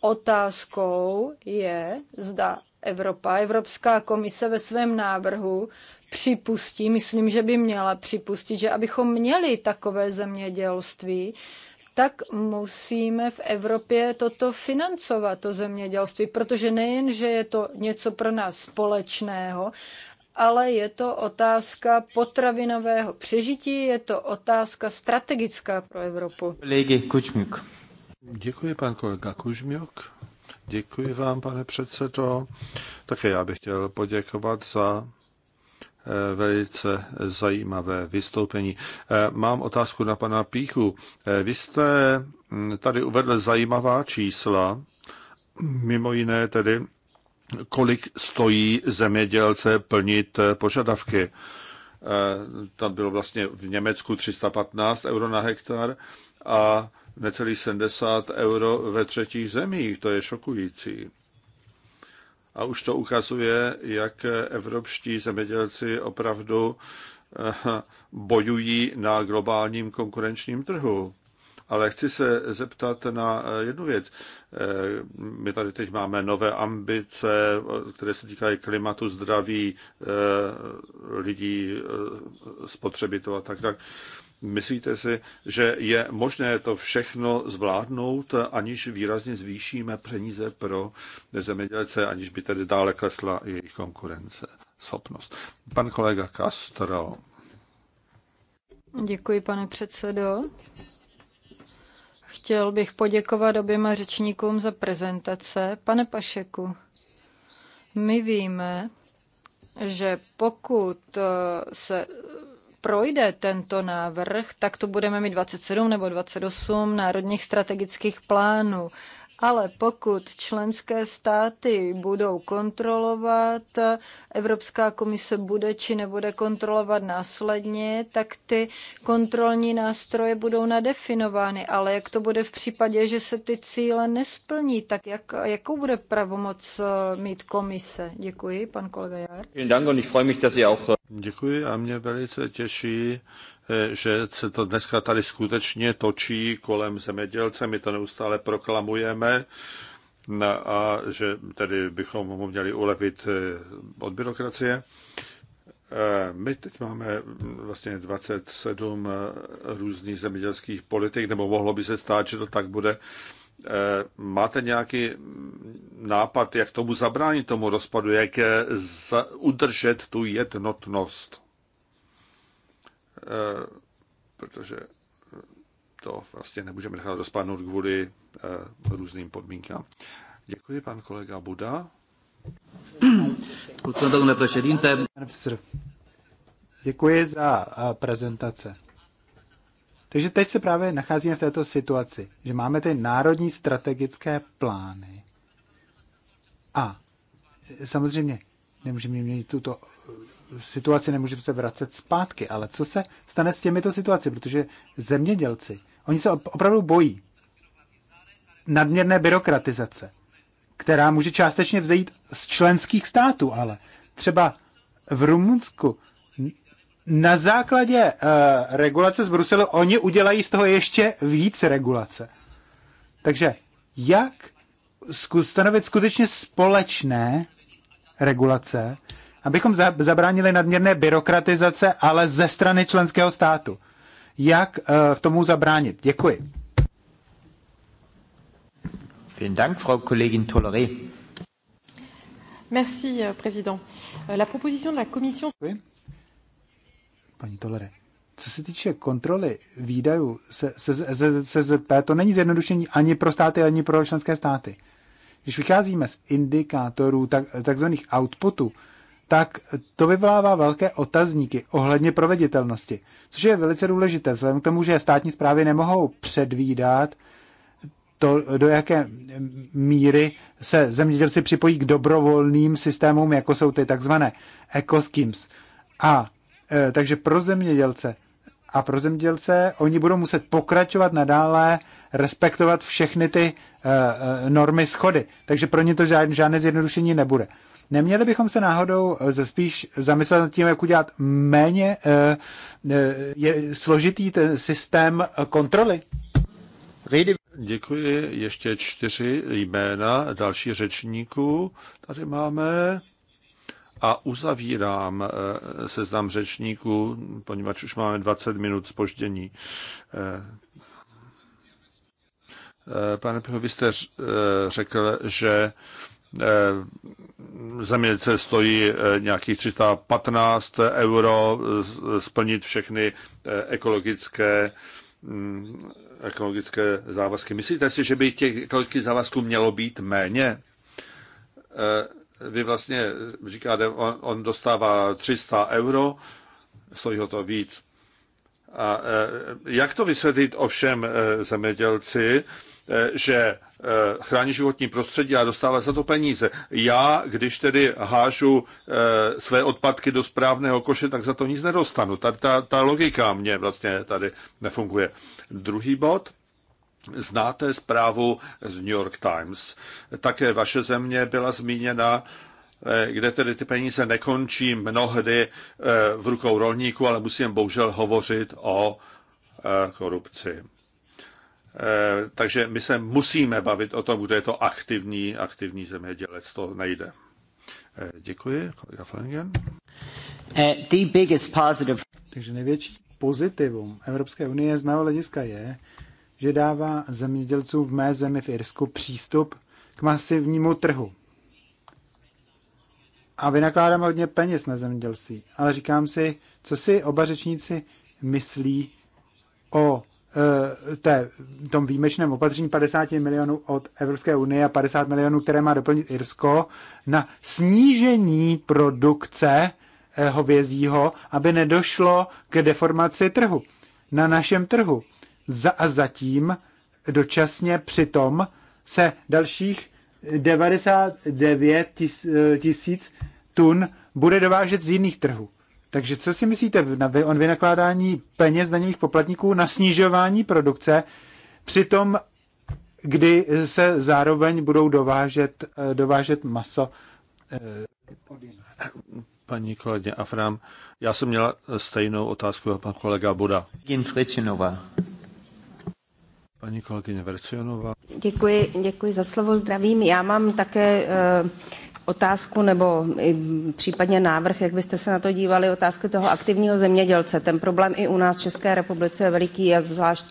Speaker 3: Otázkou je, zda Evropa, Evropská komise ve svém návrhu připustí, myslím, že by měla připustit, že abychom měli takové zemědělství, tak musíme v Evropě toto financovat, to zemědělství, protože nejen, že je to něco pro nás společného, ale je to otázka potravinového přežití, je to otázka strategická pro Evropu.
Speaker 2: Děkuji, pan kolega Kužmiuk. Děkuji vám, pane předsedo. Také já bych chtěl poděkovat za eh, velice zajímavé vystoupení. Eh, mám otázku na pana Píchu. Eh, vy jste hm, tady uvedl zajímavá čísla, mimo jiné tedy, kolik stojí zemědělce plnit požadavky. Tam bylo vlastně v Německu 315 euro na hektar a necelých 70 euro ve třetích zemích. To je šokující. A už to ukazuje, jak evropští zemědělci opravdu eh, bojují na globálním konkurenčním trhu. Ale chci se zeptat na eh, jednu věc. Eh, my tady teď máme nové ambice, které se týkají klimatu, zdraví lidí, spotřebitelů a tak dále. Myslíte si, že je možné to všechno zvládnout, aniž výrazně zvýšíme peníze pro zemědělce, aniž by tedy dále klesla jejich konkurence? Schopnost. Pan kolega Castro.
Speaker 3: Děkuji, pane předsedo. Chtěl bych poděkovat oběma řečníkům za prezentace. Pane Pašeku, my víme, že pokud se projde tento návrh, tak to budeme mít 27 nebo 28 národních strategických plánů. Ale pokud členské státy budou kontrolovat, Evropská komise bude či nebude kontrolovat následně, tak ty kontrolní nástroje budou nadefinovány. Ale jak to bude v případě, že se ty cíle nesplní, tak jak, jakou bude pravomoc eh, mít komise? Děkuji, pan kolega Jár. Eh,
Speaker 2: Děkuji a mě velice těší, že se to dneska tady skutečně točí kolem zemědělce, my to neustále proklamujeme a že tedy bychom mu měli ulevit eh, od byrokracie. Eh, my teď máme mm, vlastně 27 eh, různých zemědělských politik, nebo mohlo by se stát, že to tak bude. Máte nějaký mm, nápad, jak tomu zabránit tomu rozpadu, jak udržet tu jednotnost? Eh, protože eh, to vlastně nemůžeme nechat rozpadnout kvůli eh, různým podmínkám.
Speaker 6: Děkuji, pan kolega Buda. děkuji za prezentace. Takže teď se právě nacházíme v této situaci, že máme ty národní strategické plány. A samozřejmě nemůžeme měnit tuto situaci nemůžeme se vracet zpátky, ale co se stane s těmito situaci, protože zemědělci, oni se opravdu bojí nadměrné byrokratizace, která může částečně vzejít z členských států, ale třeba v Rumunsku na základě uh, regulace z Bruselu oni udělají z toho ještě víc regulace. Takže jak stanovit skutečně společné regulace, abychom zabránili nadměrné byrokratizace, ale ze strany členského státu. Jak eh, v tomu
Speaker 1: zabránit? Děkuji. Vielen Dank, Frau Kollegin Toleré.
Speaker 4: Merci, euh, président. Euh, la proposition de la commission... Děkuji.
Speaker 6: Paní Tolere, co se týče kontroly výdajů se, se, se, se to není zjednodušení ani pro státy, ani pro členské státy. Když vycházíme z indikátorů tak, takzvaných outputů, tak to vyvolává velké otazníky ohledně proveditelnosti, což je velice důležité, vzhledem k tomu, že státní zprávy nemohou předvídat, to, do jaké míry se zemědělci připojí k dobrovolným systémům, jako jsou ty takzvané ecoschemes. A e, takže pro zemědělce a pro zemědělce oni budou muset pokračovat nadále, respektovat všechny ty e, e normy schody. Takže pro ně to žádné, žádné zjednodušení nebude. Neměli bychom se náhodou eh, spíš zamyslet nad tím, jak udělat méně eh, eh, je, složitý ten systém kontroly?
Speaker 2: Děkuji. Ještě čtyři jména další řečníků. Tady máme a uzavírám seznam řečníků, poněvadž už máme 20 minut spoždění. Pane Picho, vy jste řekl, že Eh, zemědělce stojí eh, nějakých 315 euro eh, splnit všechny ekologické mm, ekologické závazky. Myslíte si, že by těch ekologických závazků mělo být méně? Vy vlastně říkáte, on, on dostává 300 euro, stojí ho to víc. A jak to vysvětlit ovšem zemědělci, Eh, že eh, chrání životní prostředí a dostává za to peníze. Já, když tedy hážu eh, své odpadky do správného koše, tak za to nic nedostanu. Ta, ta, ta logika mě vlastně tady nefunguje. Druhý bod. Znáte zprávu z New York Times. Také vaše země byla zmíněna kde tedy ty peníze nekončí mnohdy v rukou rolníků, ale musím bohužel hovořit o korupci. Eh, takže my se musíme bavit o tom, kdo je to aktivní, aktivní zemědělec, to nejde. Eh, děkuji, kolega
Speaker 6: Flanagan. Eh, the biggest positive. Takže největší pozitivum Evropské unie z mého hlediska je, že dává zemědělcům v mé zemi v Irsku přístup k masivnímu trhu. A vynakládáme hodně peněz na zemědělství. Ale říkám si, co si oba řečníci myslí o Eh, té, tom výjimečném opatření 50 milionů od Evropské unie a 50 milionů, které má doplnit Irsko, na snížení produkce eh, hovězího, aby nedošlo k deformaci trhu na našem trhu. Za a zatím dočasně přitom se dalších 99 eh, tisíc tun bude dovážet z jiných trhů. Takže co si myslíte o vynakládání peněz daňových poplatníků na snižování produkce, přitom kdy se zároveň budou dovážet, eh, dovážet maso? Eh,
Speaker 2: Paní kolegyně Afram, já jsem měla stejnou otázku jako pan kolega Buda. Paní kolegyně Vercionová.
Speaker 4: Děkuji, děkuji za slovo, zdravím. Já mám také eh, otázku nebo případně návrh, jak byste se na to dívali, otázku toho aktivního zemědělce. Ten problém i u nás v České republice je veliký jak zvlášť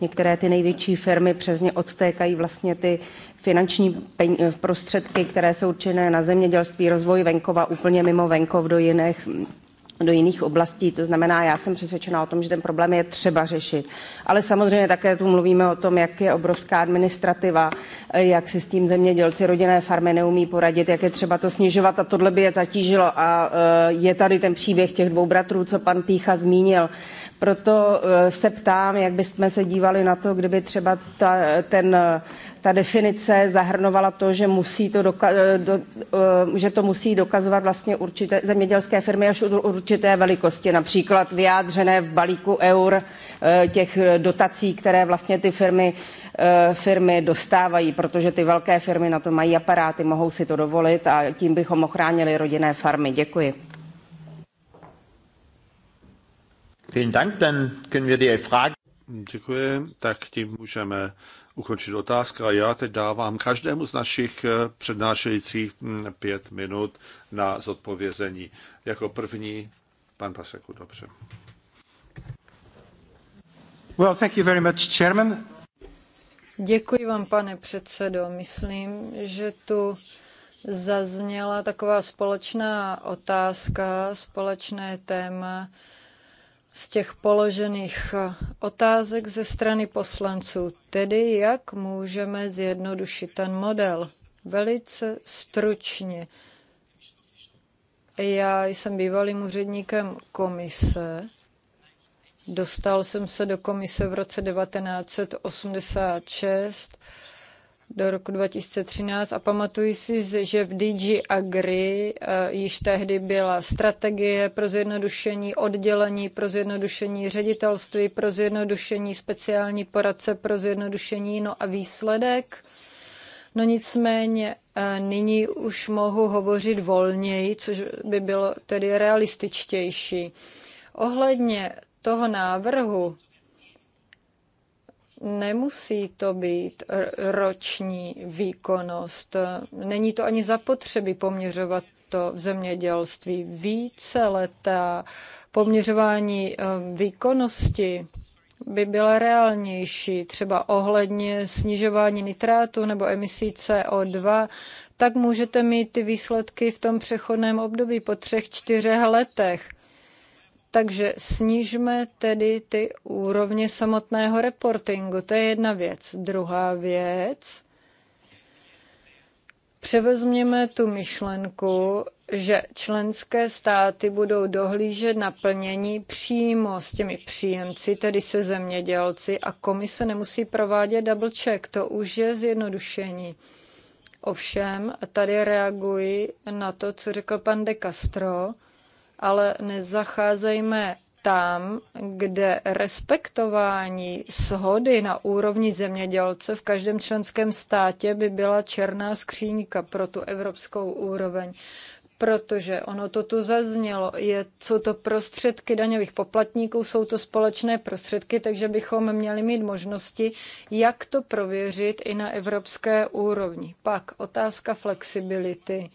Speaker 4: některé ty největší firmy přesně odtékají vlastně ty finanční prostředky, které jsou určené na zemědělství, rozvoj venkova úplně mimo venkov do jiných do jiných oblastí. To znamená, já jsem přesvědčena o tom, že ten problém je třeba řešit. Ale samozřejmě také tu mluvíme o tom, jak je obrovská administrativa, jak si s tím zemědělci rodinné farmy neumí poradit, jak je třeba to snižovat a tohle by je zatížilo. A e, je tady ten příběh těch dvou bratrů, co pan Pícha zmínil. Proto eh, se ptám, jak bychom se dívali na to, kdyby třeba ta, ten, ta definice zahrnovala to, že, musí to doka- eh, do, eh, že to musí dokazovat vlastně určité zemědělské firmy až u určité velikosti, například vyjádřené v balíku eur těch dotací, které vlastně ty firmy, firmy dostávají, protože ty velké firmy na to mají aparáty, mohou si to dovolit a tím bychom ochránili rodinné farmy. Děkuji.
Speaker 1: Děkuji,
Speaker 2: tak tím můžeme ukončit otázku a já teď dávám každému z našich eh, přednášejících hm, pět minut na zodpovězení. Jako první pan Paseku, dobře.
Speaker 6: Well, thank you very much, Chairman.
Speaker 3: Děkuji vám, pane předsedo. Myslím, že tu zazněla taková společná otázka, společné téma, z těch položených eh, otázek ze strany poslanců, tedy jak můžeme zjednodušit ten model. Velice stručně. Já jsem bývalým úředníkem komise. Dostal jsem se do komise v roce 1986 do roku 2013 a pamatuji si, že v DG Agri eh, již tehdy byla strategie pro zjednodušení oddělení, pro zjednodušení ředitelství, pro zjednodušení speciální poradce, pro zjednodušení, no a výsledek. No nicméně eh, nyní už mohu hovořit volněji, což by bylo tedy realističtější. Ohledně toho návrhu Nemusí to být roční výkonnost. Není to ani zapotřebí poměřovat to v zemědělství. Více leta poměřování ehm, výkonnosti by byla reálnější, třeba ohledně snižování nitrátu nebo emisí CO2, tak můžete mít ty výsledky v tom přechodném období po třech, čtyřech letech. Takže snižme tedy ty úrovně samotného reportingu. To je jedna věc. Druhá věc, převezměme tu myšlenku, že členské státy budou dohlížet na plnění přímo s těmi příjemci, tedy se zemědělci, a komise nemusí provádět double check. To už je zjednodušení. Ovšem, tady reaguji na to, co řekl pan De Castro, ale nezacházejme tam, kde respektování shody na úrovni zemědělce v každém členském státě by byla černá skříňka pro tu evropskou úroveň. Protože ono to tu zaznělo, je, jsou to prostředky daňových poplatníků, jsou to společné prostředky, takže bychom měli mít možnosti, jak to prověřit i na evropské úrovni. Pak otázka flexibility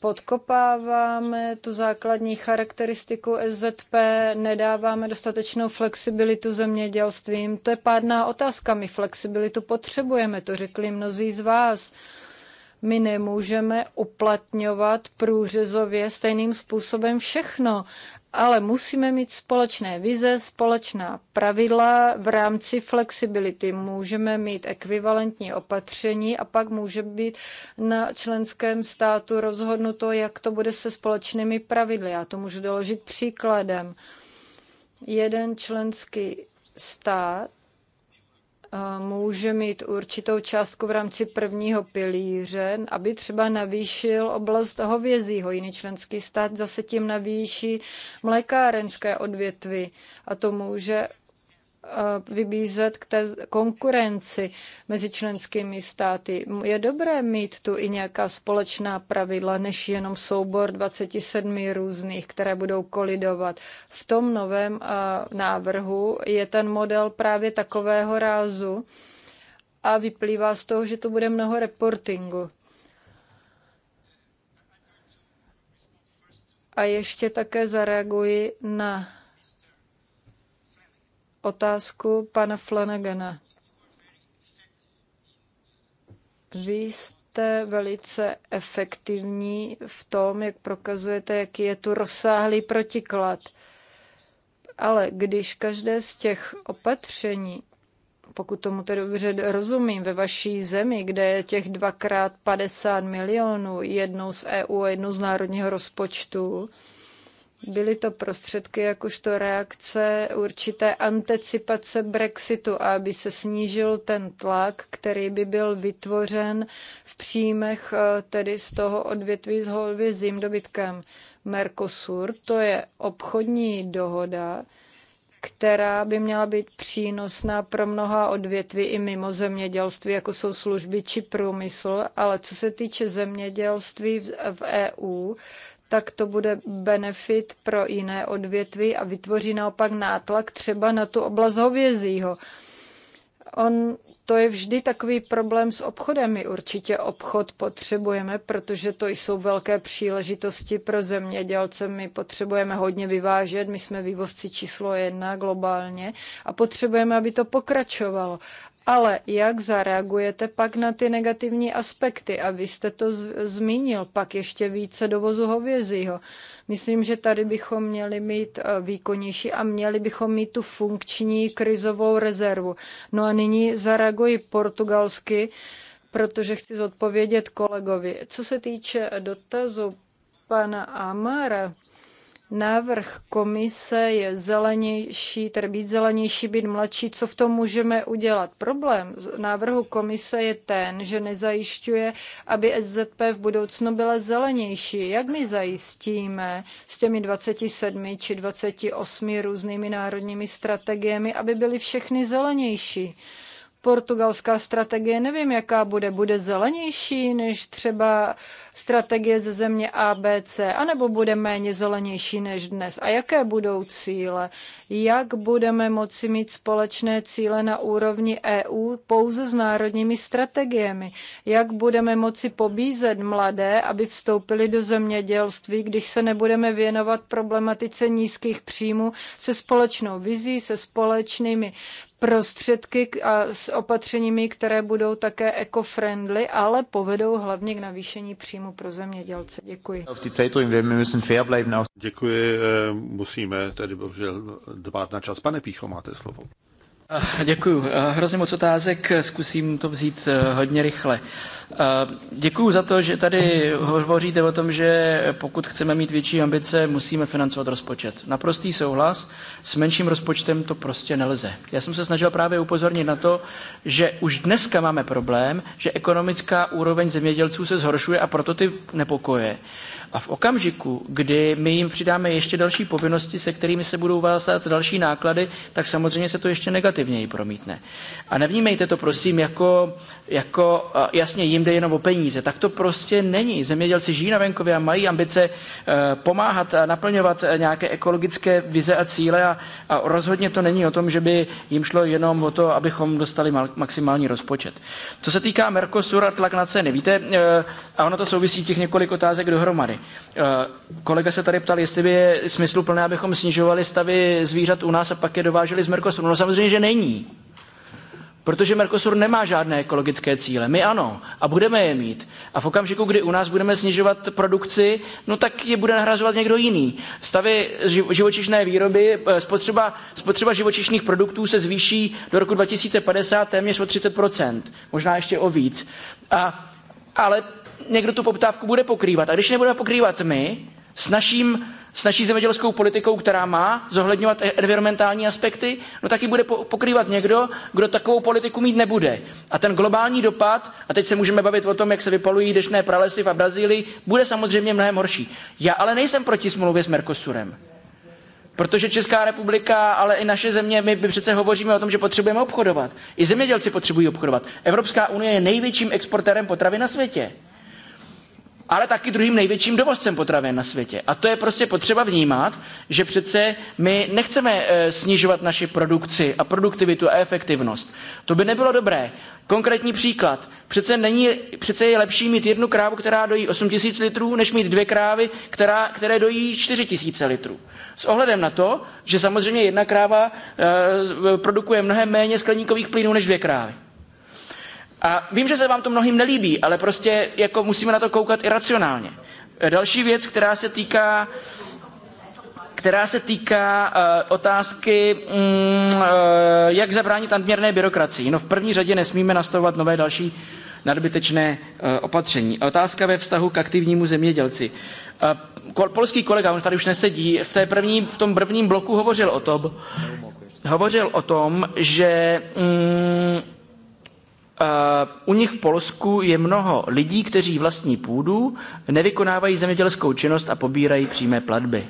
Speaker 3: podkopáváme tu základní charakteristiku SZP, nedáváme dostatečnou flexibilitu zemědělstvím. To je pádná otázka. My flexibilitu potřebujeme, to řekli mnozí z vás. My nemůžeme uplatňovat průřezově stejným způsobem všechno ale musíme mít společné vize, společná pravidla v rámci flexibility. Můžeme mít ekvivalentní opatření a pak může být na členském státu rozhodnuto, jak to bude se společnými pravidly. Já to můžu doložit příkladem. Jeden členský stát může mít určitou částku v rámci prvního pilíře, aby třeba navýšil oblast hovězího. Jiný členský stát zase tím navýší mlékárenské odvětvy a to může Eh, vybízet k té konkurenci mezi členskými státy. Je dobré mít tu i nějaká společná pravidla, než jenom soubor 27 různých, které budou kolidovat. V tom novém eh, návrhu je ten model právě takového rázu a vyplývá z toho, že tu bude mnoho reportingu. A ještě také zareaguji na otázku pana Flanagana. Vy jste velice efektivní v tom, jak prokazujete, jaký je tu rozsáhlý protiklad. Ale když každé z těch opatření, pokud tomu tedy dobře rozumím, ve vaší zemi, kde je těch dvakrát 50 milionů, jednou z EU a jednou z národního rozpočtu, Byly to prostředky jakožto reakce určité anticipace Brexitu, aby se snížil ten tlak, který by byl vytvořen v příjmech eh, tedy z toho odvětví s zim dobytkem. Mercosur to je obchodní dohoda, která by měla být přínosná pro mnoha odvětví i mimo zemědělství, jako jsou služby či průmysl, ale co se týče zemědělství v EU, tak to bude benefit pro jiné odvětví a vytvoří naopak nátlak třeba na tu oblast hovězího. On, to je vždy takový problém s obchodem. My určitě obchod potřebujeme, protože to jsou velké příležitosti pro zemědělce. My potřebujeme hodně vyvážet, my jsme vývozci číslo jedna globálně a potřebujeme, aby to pokračovalo. Ale jak zareagujete pak na ty negativní aspekty? A vy jste to zmínil, pak ještě více dovozu hovězího. Myslím, že tady bychom měli mít eh, výkonnější a měli bychom mít tu funkční krizovou rezervu. No a nyní zareaguji portugalsky, protože chci zodpovědět kolegovi. Co se týče dotazu pana Amara, Návrh komise je zelenější, tedy být zelenější, být mladší. Co v tom můžeme udělat? Problém z návrhu komise je ten, že nezajišťuje, aby SZP v budoucnu byla zelenější. Jak my zajistíme s těmi 27 či 28 různými národními strategiemi, aby byly všechny zelenější? Portugalská strategie, nevím, jaká bude, bude zelenější než třeba uh, strategie ze země ABC, anebo bude méně zelenější než dnes? A jaké budou cíle? Jak budeme moci mít společné cíle na úrovni EU pouze s národními strategiemi? Jak budeme moci pobízet mladé, aby vstoupili do zemědělství, když se nebudeme věnovat problematice nízkých příjmů se společnou vizí, se společnými prostředky a s opatřeními, které budou také eco-friendly, ale povedou hlavně k navýšení příjmů programu pro zemědělce. Děkuji.
Speaker 1: Děkuji,
Speaker 2: eh, musíme tedy bohužel dbát na čas. Pane Pícho, máte slovo.
Speaker 7: Eh, Děkuji. Eh, hrozně moc otázek, eh, zkusím to vzít hodně rychle. Děkuji za to, že tady hovoříte o tom, že pokud chceme mít větší ambice, musíme financovat rozpočet. Naprostý souhlas, s menším rozpočtem to prostě nelze. Já jsem se snažil právě upozornit na to, že už dneska máme problém, že ekonomická úroveň zemědělců se zhoršuje a proto ty nepokoje. A v okamžiku, kdy my jim přidáme ještě další povinnosti, se kterými se budou vázat další náklady, tak samozřejmě se to ještě negativněji promítne. A nevnímejte to prosím jako, jako jasně jim jde jenom o peníze. Tak to prostě není. Zemědělci žijí na venkově a mají ambice e, pomáhat a naplňovat e, nějaké ekologické vize a cíle a, a rozhodně to není o tom, že by jim šlo jenom o to, abychom dostali maximální rozpočet. Co se týká Mercosur a tlak na ceny, víte, e, a ono to souvisí těch několik otázek dohromady. Eh, kolega se tady ptal, jestli by je smysluplné, abychom snižovali stavy zvířat u nás a pak je dováželi z Mercosuru. No samozřejmě, že není. Protože Mercosur nemá žádné ekologické cíle. My ano. A budeme je mít. A v okamžiku, kdy u nás budeme snižovat produkci, no tak je bude nahrazovat někdo jiný. Stavy živočišné výroby, eh, spotřeba, spotřeba živočišných produktů se zvýší do roku 2050 téměř o 30%. Možná ještě o víc. A ale někdo tu poptávku bude pokrývat. A když nebudeme pokrývat my, s, naším, s naší zemědělskou politikou, která má zohledňovat e- environmentální aspekty, no taky bude pokrývat někdo, kdo takovou politiku mít nebude. A ten globální dopad, a teď se můžeme bavit o tom, jak se vypalují dešné pralesy v Brazílii, bude samozřejmě mnohem horší. Já ale nejsem proti smlouvě s Mercosurem. Protože Česká republika, ale i naše země, my přece hovoříme o tom, že potřebujeme obchodovat. I zemědělci potřebují obchodovat. Evropská unie je největším exportérem potravy na světě ale taky druhým největším dovozcem potravin na světě. A to je prostě potřeba vnímat, že přece my nechceme eh, snižovat naši produkci a produktivitu a efektivnost. To by nebylo dobré. Konkrétní příklad. Přece, není, přece je lepší mít jednu krávu, která dojí 8 tisíc litrů, než mít dvě krávy, která, které dojí 4 tisíce litrů. S ohledem na to, že samozřejmě jedna kráva e, produkuje mnohem méně skleníkových plynů než dvě krávy. A vím, že se vám to mnohým nelíbí, ale prostě jako musíme na to koukat i racionálně. E, další věc, která se týká která se týká uh, otázky, um, uh, jak zabránit nadměrné byrokracii. No v první řadě nesmíme nastavovat nové další nadbytečné uh, opatření. Otázka ve vztahu k aktivnímu zemědělci. Kol, polský kolega, on tady už nesedí, v, té první, v tom prvním bloku hovořil o tom, hovořil o tom, že um, Eh, u nich v Polsku je mnoho lidí, kteří vlastní půdu, nevykonávají zemědělskou činnost a pobírají přímé platby.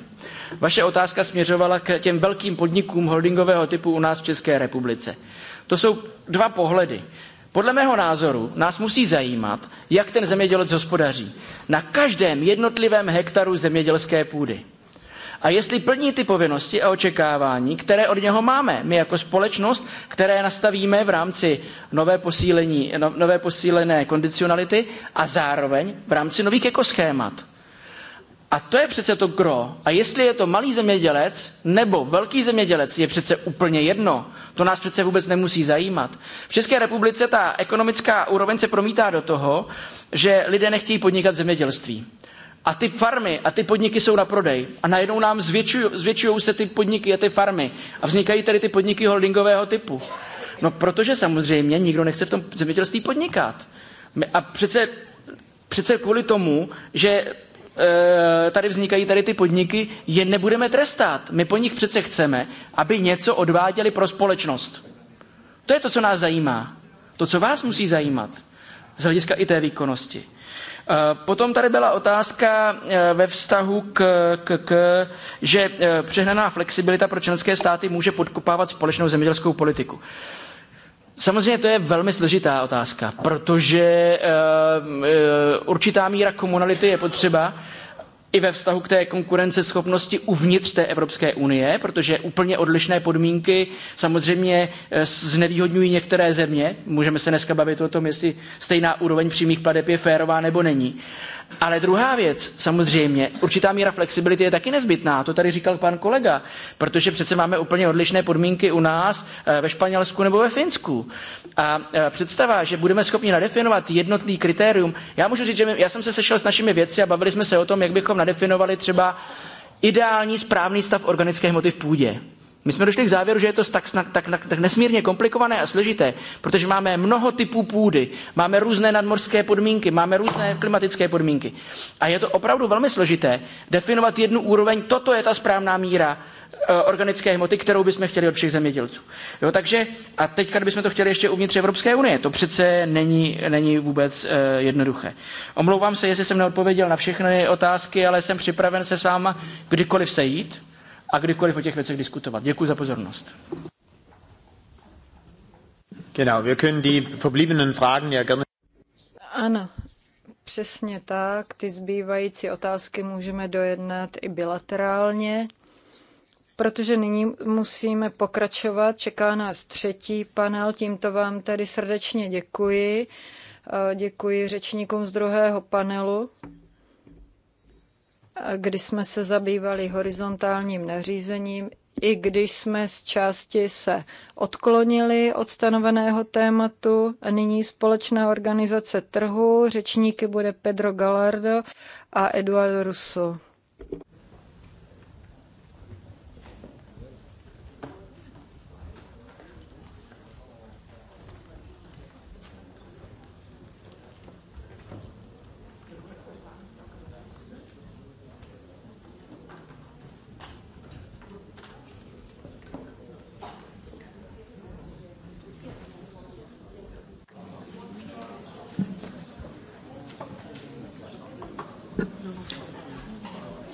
Speaker 7: Vaše otázka směřovala k těm velkým podnikům holdingového typu u nás v České republice. To jsou dva pohledy. Podle mého názoru nás musí zajímat, jak ten zemědělec hospodaří. Na každém jednotlivém hektaru zemědělské půdy. A jestli plní ty povinnosti a očekávání, které od něho máme, my jako společnost, které nastavíme v rámci nové, posílení, no, nové posílené kondicionality a zároveň v rámci nových ekoschémat. A to je přece to gro. A jestli je to malý zemědělec nebo velký zemědělec, je přece úplně jedno. To nás přece vůbec nemusí zajímat. V České republice ta ekonomická úroveň se promítá do toho, že lidé nechtějí podnikat v zemědělství a ty farmy a ty podniky jsou na prodej. A najednou nám zvětšují se ty podniky a ty farmy. A vznikají tady ty podniky holdingového typu. No protože samozřejmě nikdo nechce v tom zemědělství podnikat. A přece, přece kvůli tomu, že e, tady vznikají tady ty podniky, je nebudeme trestat. My po nich přece chceme, aby něco odváděli pro společnost. To je to, co nás zajímá. To, co vás musí zajímat. Z hlediska i té výkonnosti. Eh, potom tady byla otázka eh, ve vztahu k, k, k že eh, přehnaná flexibilita pro členské státy může podkopávat společnou zemědělskou politiku. Samozřejmě to je velmi složitá otázka, protože určitá míra komunality je potřeba, i ve vztahu k té konkurenceschopnosti uvnitř té Evropské unie, protože úplně odlišné podmínky samozřejmě eh, znevýhodňují některé země. Můžeme se dneska bavit o tom, jestli stejná úroveň přímých pladeb je férová nebo není. Ale druhá věc, samozřejmě, určitá míra flexibility je taky nezbytná, to tady říkal pan kolega, protože přece máme úplně odlišné podmínky u nás eh, ve Španělsku nebo ve Finsku. A eh, představa, že budeme schopni nadefinovat jednotný kritérium, já můžu říct, že já jsem se sešel s našimi vědci a bavili jsme se o tom, jak bychom nadefinovali třeba ideální správný stav organické hmoty v půdě. My jsme došli k závěru, že je to tak, tak, tak, tak nesmírně komplikované a složité, protože máme mnoho typů půdy, máme různé nadmorské podmínky, máme různé klimatické podmínky. A je to opravdu velmi složité definovat jednu úroveň, toto je ta správná míra e, organické hmoty, kterou bychom chtěli od všech zemědělců. Jo, takže a teď, kdybychom to chtěli ještě uvnitř Evropské unie, to přece není, není vůbec uh, jednoduché. Omlouvám se, jestli jsem neodpověděl na všechny otázky, ale jsem připraven se s váma kdykoliv sejít a kdykoliv o těch věcech diskutovat. Děkuji za pozornost.
Speaker 1: Genau, wir können die verbliebenen Fragen ja gerne.
Speaker 3: Ano, přesně tak. Ty zbývající otázky můžeme dojednat i bilaterálně, protože nyní musíme pokračovat. Čeká nás třetí panel. Tímto vám tedy srdečně děkuji. Eh, děkuji řečníkům z druhého panelu kdy jsme se zabývali horizontálním nařízením, i když jsme z části se odklonili od stanoveného tématu. A nyní společná organizace trhu, řečníky bude Pedro Gallardo a Eduardo Russo.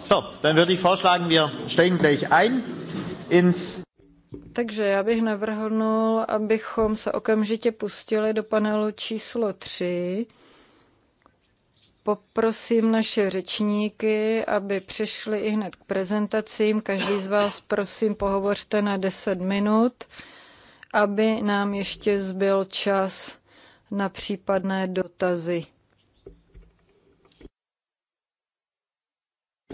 Speaker 1: So, dann würde ich vorschlagen, wir steigen gleich ein ins
Speaker 3: takže já bych navrhnul, abychom se okamžitě pustili do panelu číslo 3. Poprosím naše řečníky, aby přišli i hned k prezentacím. Každý z vás, prosím, pohovořte na 10 minut, aby nám ještě zbyl čas na případné dotazy.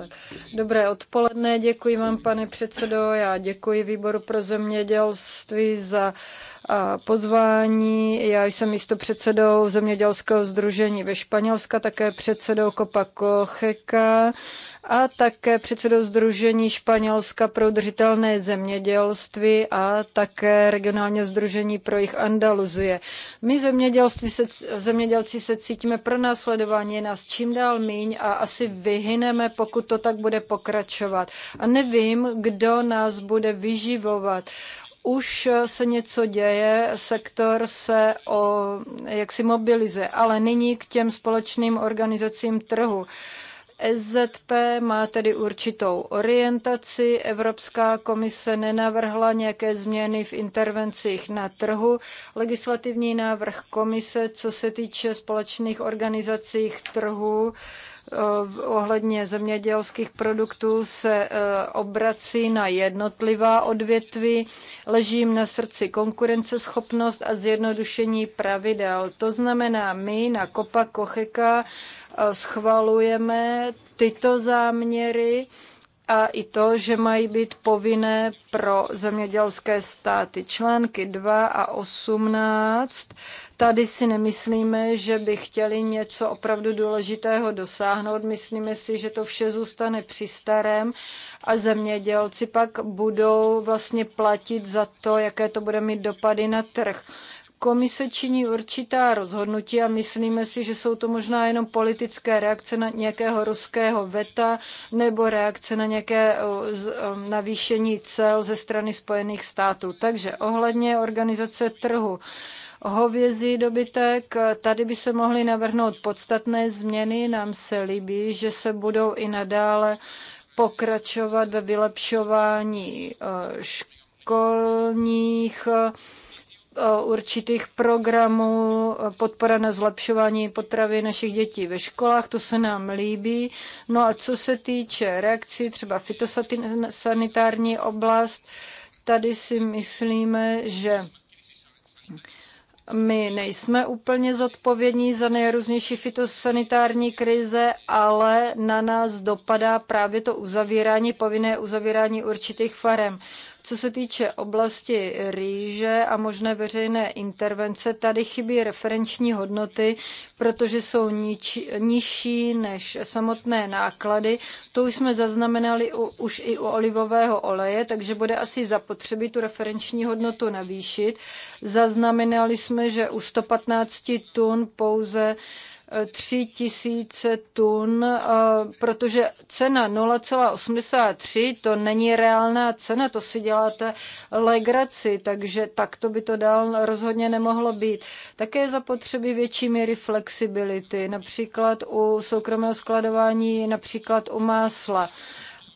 Speaker 3: Tak. Dobré odpoledne, děkuji vám, pane předsedo. Já děkuji výboru pro zemědělství za pozvání. Já jsem místo předsedou Zemědělského združení ve Španělska, také předsedou Copa Cocheca a také předsedou Združení Španělska pro udržitelné zemědělství a také regionálního Združení pro jich Andaluzie. My zemědělství se, zemědělci se cítíme pro následování, je nás čím dál míň a asi vyhyneme, pokud to tak bude pokračovat. A nevím, kdo nás bude vyživovat už se něco děje, sektor se o, jak si mobilizuje, ale nyní k těm společným organizacím trhu. Uh, SZP e má tedy určitou orientaci. Evropská komise nenavrhla nějaké změny v intervencích na trhu. Legislativní návrh komise, co se týče společných organizací trhu, e, ohledně zemědělských produktů se e, obrací na jednotlivá odvětví. Leží jim na srdci konkurenceschopnost a zjednodušení pravidel. To znamená, my na Kopa Kocheka schvalujeme tyto záměry a i to, že mají být povinné pro zemědělské státy. Články 2 a 18. Tady si nemyslíme, že by chtěli něco opravdu důležitého dosáhnout. Myslíme si, že to vše zůstane při starém a zemědělci pak budou vlastně platit za to, jaké to bude mít dopady na trh. Komise činí určitá rozhodnutí a myslíme si, že jsou to možná jenom politické reakce na nějakého ruského veta nebo reakce na nějaké eh, eh, navýšení cel ze strany Spojených států. Takže ohledně organizace trhu hovězí dobytek. Tady by se mohly navrhnout podstatné změny. Nám se líbí, že se budou i nadále pokračovat ve vylepšování eh, školních určitých programů podpora na zlepšování potravy našich dětí ve školách, to se nám líbí. No a co se týče reakcí, třeba fitosanitární oblast, tady si myslíme, že my nejsme úplně zodpovědní za nejrůznější fitosanitární krize, ale na nás dopadá právě to uzavírání, povinné uzavírání určitých farem. Co se týče oblasti rýže a možné veřejné intervence, tady chybí referenční hodnoty, protože jsou nič, nižší než samotné náklady. To už jsme zaznamenali u, už i u olivového oleje, takže bude asi zapotřebí tu referenční hodnotu navýšit. Zaznamenali jsme jsme, že u 115 tun pouze 3 e, tisíce tun, e, protože cena 0,83 to není reálná cena, to si děláte legraci, takže takto by to dál rozhodně nemohlo být. Také je zapotřebí větší míry flexibility, například u soukromého skladování, například u másla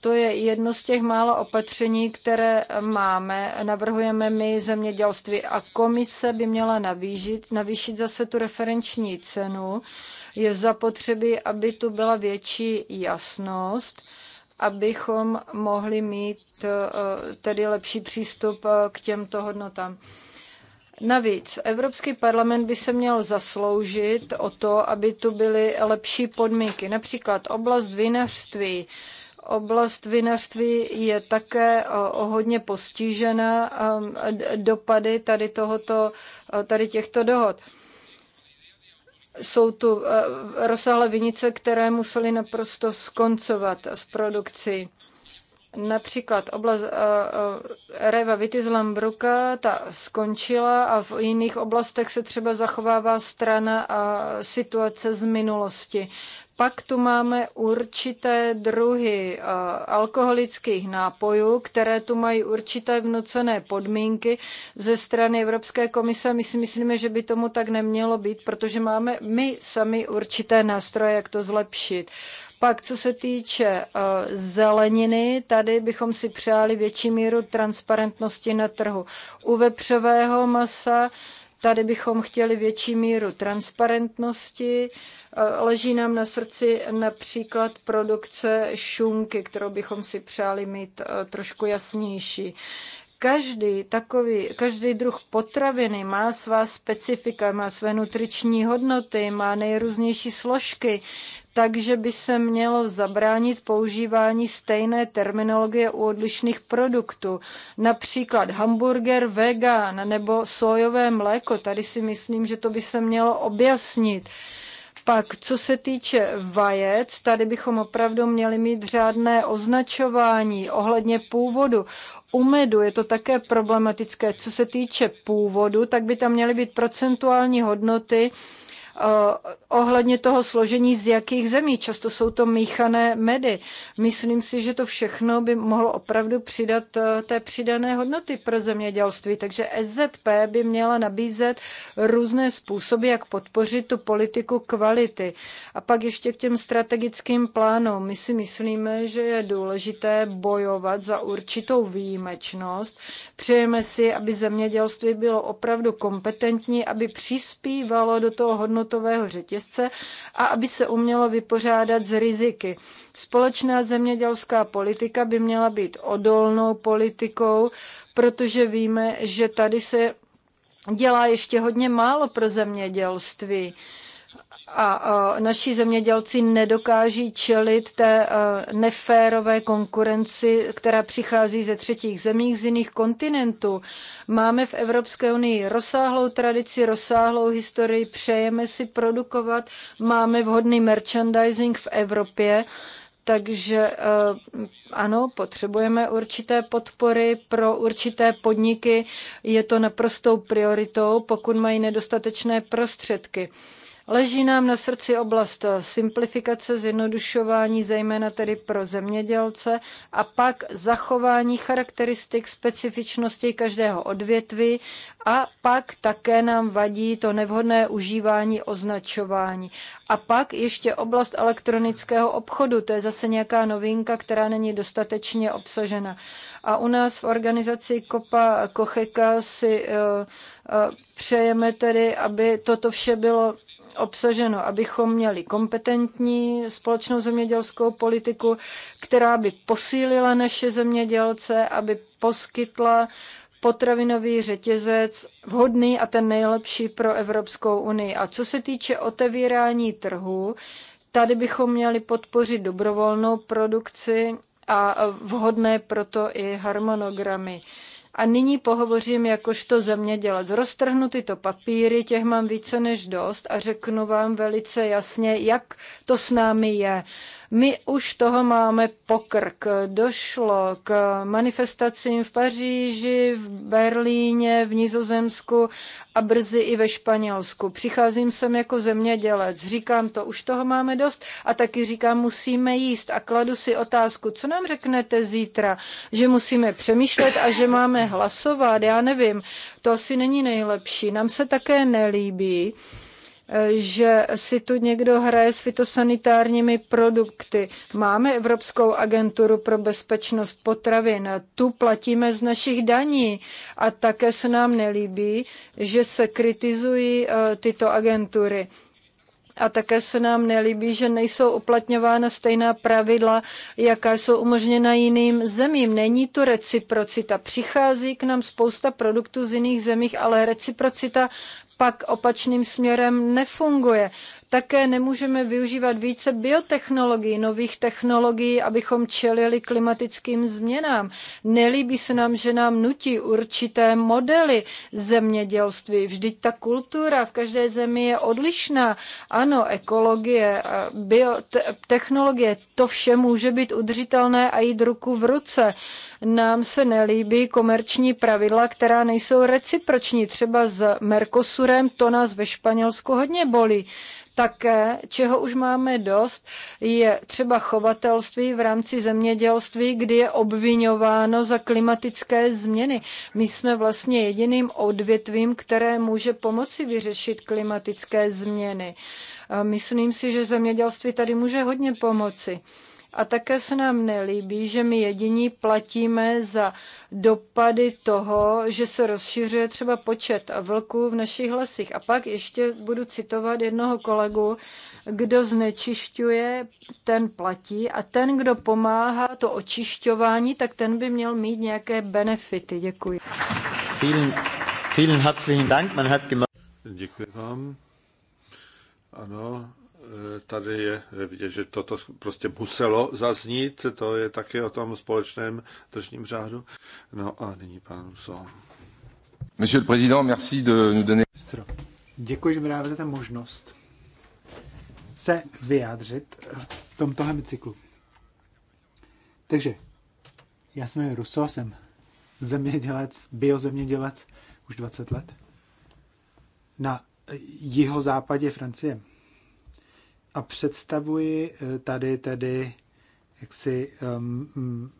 Speaker 3: to je jedno z těch mála opatření, které máme. Navrhujeme my zemědělství a komise by měla navýšit, navýšit zase tu referenční cenu. Je zapotřebí, aby tu byla větší jasnost, abychom mohli mít eh, tedy lepší přístup eh, k těmto hodnotám. Navíc Evropský parlament by se měl zasloužit o to, aby tu byly lepší podmínky, například oblast vinařství Oblast vinařství je také hodně postižena um, dopady tady, tohoto, tady těchto dohod. Jsou tu uh, rozsáhlé vinice, které musely naprosto skoncovat s produkcí. Například oblast eh, eh, Reva Lambruka, ta skončila a v jiných oblastech se třeba zachovává strana a situace z minulosti. Pak tu máme určité druhy eh, alkoholických nápojů, které tu mají určité vnucené podmínky ze strany Evropské komise. My si myslíme, že by tomu tak nemělo být, protože máme my sami určité nástroje, jak to zlepšit. Pak, co se týče eh, zeleniny, tady bychom si přáli větší míru transparentnosti na trhu. U vepřového masa Tady bychom chtěli větší míru transparentnosti. Eh, leží nám na srdci například produkce šunky, kterou bychom si přáli mít eh, trošku jasnější. Každý, takový, každý druh potraviny má svá specifika, má své nutriční hodnoty, má nejrůznější složky, takže by se mělo zabránit používání stejné terminologie u odlišných produktů. Například hamburger vegan nebo sojové mléko. Tady si myslím, že to by se mělo objasnit. Pak, co se týče vajec, tady bychom opravdu měli mít řádné označování ohledně původu. U medu je to také problematické. Co se týče původu, tak by tam měly být procentuální hodnoty eh, ohledně toho složení, z jakých zemí. Často jsou to míchané medy. Myslím si, že to všechno by mohlo opravdu přidat eh, té přidané hodnoty pro zemědělství. Takže SZP by měla nabízet různé způsoby, jak podpořit tu politiku kvality. A pak ještě k těm strategickým plánům. My si myslíme, že je důležité bojovat za určitou výjimečnost. Přejeme si, aby zemědělství bylo opravdu kompetentní, aby přispívalo do toho hodnotového řetězce řetězce a aby se umělo vypořádat s riziky. Společná zemědělská politika by měla být odolnou politikou, protože víme, že tady se dělá ještě hodně málo pro zemědělství a naši zemědělci nedokáží čelit té neférové konkurenci, která přichází ze třetích zemí, z jiných kontinentů. Máme v Evropské unii rozsáhlou tradici, rozsáhlou historii, přejeme si produkovat, máme vhodný merchandising v Evropě, takže ano, potřebujeme určité podpory pro určité podniky. Je to naprostou prioritou, pokud mají nedostatečné prostředky. Leží nám na srdci oblast simplifikace, zjednodušování, zejména tedy pro zemědělce, a pak zachování charakteristik specifičnosti každého odvětví a pak také nám vadí to nevhodné užívání označování. A pak ještě oblast elektronického obchodu, to je zase nějaká novinka, která není dostatečně obsažena. A u nás v organizaci Kopa Kocheka si eh, eh, přejeme tedy, aby toto vše bylo obsaženo, abychom měli kompetentní společnou zemědělskou politiku, která by posílila naše zemědělce, aby poskytla potravinový řetězec vhodný a ten nejlepší pro Evropskou unii. A co se týče otevírání trhu, tady bychom měli podpořit dobrovolnou produkci a vhodné proto i harmonogramy. A nyní pohovořím jakožto zemědělec. Roztrhnu tyto papíry, těch mám více než dost a řeknu vám velice jasně, jak to s námi je. My už toho máme pokrk. Došlo k manifestacím v Paříži, v Berlíně, v Nizozemsku a brzy i ve Španělsku. Přicházím sem jako zemědělec, říkám to, už toho máme dost a taky říkám, musíme jíst a kladu si otázku, co nám řeknete zítra, že musíme přemýšlet a že máme hlasovat, já nevím, to asi není nejlepší. Nám se také nelíbí, že si tu někdo hraje s fitosanitárními produkty. Máme Evropskou agenturu pro bezpečnost potravin, tu platíme z našich daní a také se nám nelíbí, že se kritizují eh, tyto agentury. A také se nám nelíbí, že nejsou uplatňována stejná pravidla, jaká jsou umožněna jiným zemím. Není tu reciprocita. Přichází k nám spousta produktů z jiných zemích, ale reciprocita pak opačným směrem nefunguje. Také nemůžeme využívat více biotechnologií, nových technologií, abychom čelili klimatickým změnám. Nelíbí se nám, že nám nutí určité modely zemědělství. Vždyť ta kultura v každé zemi je odlišná. Ano, ekologie, biotechnologie, to vše může být udržitelné a jít ruku v ruce. Nám se nelíbí komerční pravidla, která nejsou reciproční. Třeba s Mercosurem to nás ve Španělsku hodně bolí. Také, čeho už máme dost, je třeba chovatelství v rámci zemědělství, kdy je obvinováno za klimatické změny. My jsme vlastně jediným odvětvím, které může pomoci vyřešit klimatické změny. Myslím si, že zemědělství tady může hodně pomoci. A také se nám nelíbí, že my jediní platíme za dopady toho, že se rozšiřuje třeba počet vlků v našich lesích. A pak ještě budu citovat jednoho kolegu, kdo znečišťuje, ten platí a ten, kdo pomáhá to očišťování, tak ten by měl mít nějaké benefity. Děkuji.
Speaker 1: Vielen, vielen herzlichen Dank. Man hat Děkuji vám. Ano, E, tady je vidět,
Speaker 2: že toto prostě muselo zaznít, to je taky o tom společném tržním řádu.
Speaker 6: No a nyní pan Russo.
Speaker 8: Monsieur le Président, merci de nous donner...
Speaker 6: Děkuji, že mi dáváte možnost se vyjádřit v tomto hemicyklu. Takže, já jsem Ruso, jsem zemědělec, biozemědělec už 20 let na jihozápadě Francie a představuji eh, tady tedy jaksi um,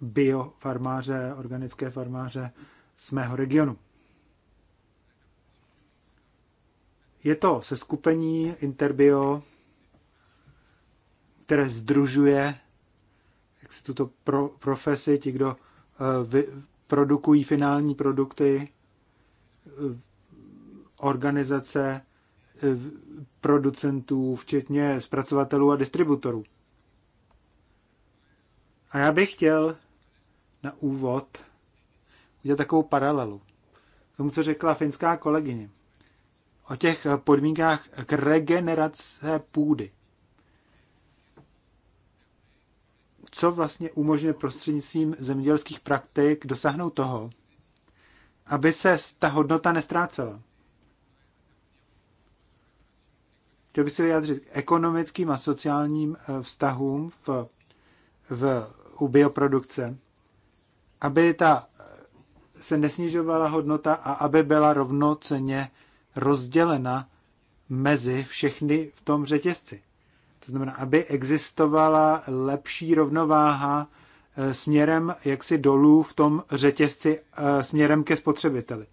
Speaker 6: biofarmáře, organické farmáře z mého regionu. Je to se skupení Interbio, které združuje jak si tuto pro, profesi, ti, kdo uh, vy, produkují finální produkty, uh, organizace Eh, producentů, včetně zpracovatelů a distributorů. A já bych chtěl na úvod udělat takovou paralelu k tomu, co řekla finská kolegyně o těch podmínkách k regenerace půdy. Co vlastně umožňuje prostřednictvím zemědělských praktik dosáhnout toho, aby se ta hodnota nestrácela? Chtěl bych se vyjádřit k ekonomickým a sociálním eh, vztahům v, v, u bioprodukce, aby ta eh, se nesnižovala hodnota a aby byla rovnoceně rozdělena mezi všechny v tom řetězci. To znamená, aby existovala lepší rovnováha eh, směrem jaksi dolů v tom řetězci směrem ke spotřebiteli.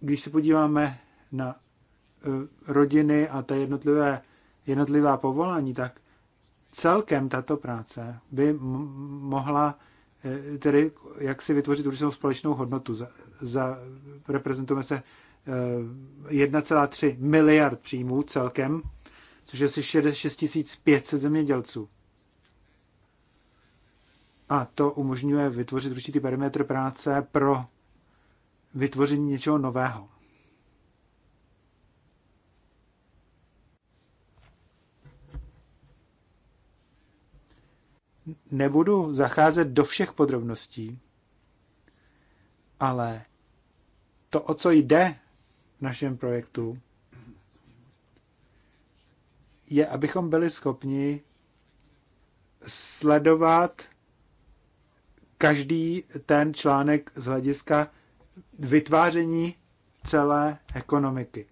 Speaker 6: Když se podíváme na e, rodiny a ta jednotlivé, jednotlivá povolání, tak celkem tato práce by mohla e, tedy jak si vytvořit určitou společnou hodnotu. Za, za, reprezentujeme se 1,3 e, miliard příjmů celkem, což je asi 6500 zemědělců. A to umožňuje vytvořit určitý perimetr práce pro vytvoření něčeho nového. Nebudu zacházet do všech podrobností, ale to, o co jde v našem projektu, je, abychom byli schopni sledovat každý ten článek z hlediska vytváření celé ekonomiky.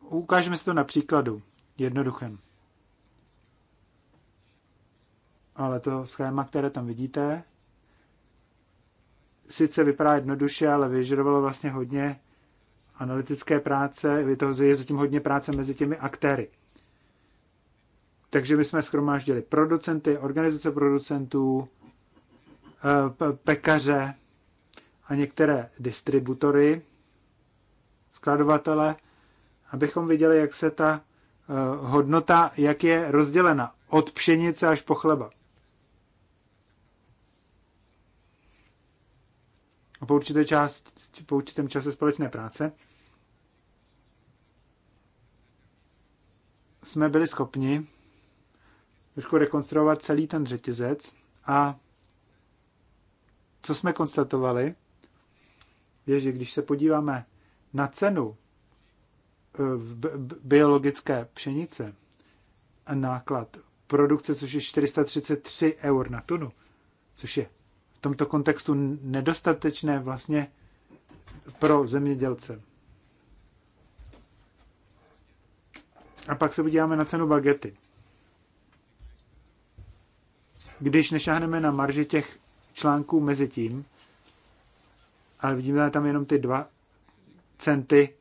Speaker 6: Ukážeme si to na příkladu, jednoduchém. Ale to schéma, které tam vidíte, sice vypadá jednoduše, ale vyžadovalo vlastně hodně analytické práce, je, toho, je zatím hodně práce mezi těmi aktéry. Takže my jsme schromáždili producenty, organizace producentů, Eh, pekaře a některé distributory, skladovatele, abychom viděli, jak se ta eh, hodnota, jak je rozdělena od pšenice až po chleba. A po, určité část, po určitém čase společné práce jsme byli schopni trošku rekonstruovat celý ten řetězec a co jsme konstatovali, je, že když se podíváme na cenu eh, biologické pšenice a náklad produkce, což je 433 eur na tunu, což je v tomto kontextu nedostatečné vlastně pro zemědělce. A pak se podíváme na cenu bagety. Když nešáhneme na marži těch článků mezi tím, ale vidíme tam jenom ty dva centy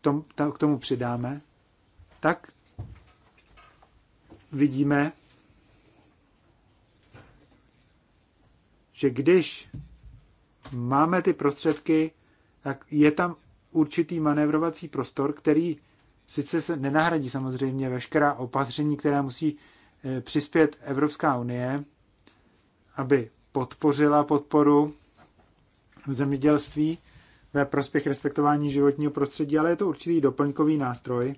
Speaker 6: tom, tam, k tomu přidáme, tak vidíme, že když máme ty prostředky, tak je tam určitý manévrovací prostor, který sice se nenahradí samozřejmě veškerá opatření, která musí eh, přispět Evropská unie, aby podpořila podporu v zemědělství ve prospěch respektování životního prostředí, ale je to určitý doplňkový nástroj,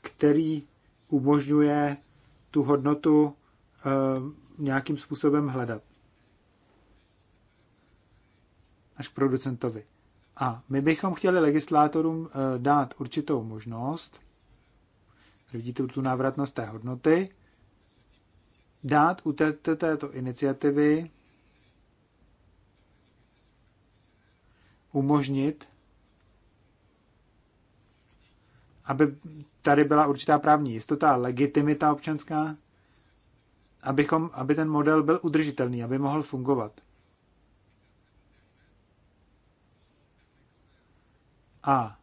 Speaker 6: který umožňuje tu hodnotu e, nějakým způsobem hledat až k producentovi. A my bychom chtěli legislátorům eh, dát určitou možnost, vidíte tu návratnost té hodnoty, dát u této iniciativy umožnit, aby tady byla určitá právní jistota, legitimita občanská, abychom, aby ten model byl udržitelný, aby mohl fungovat. A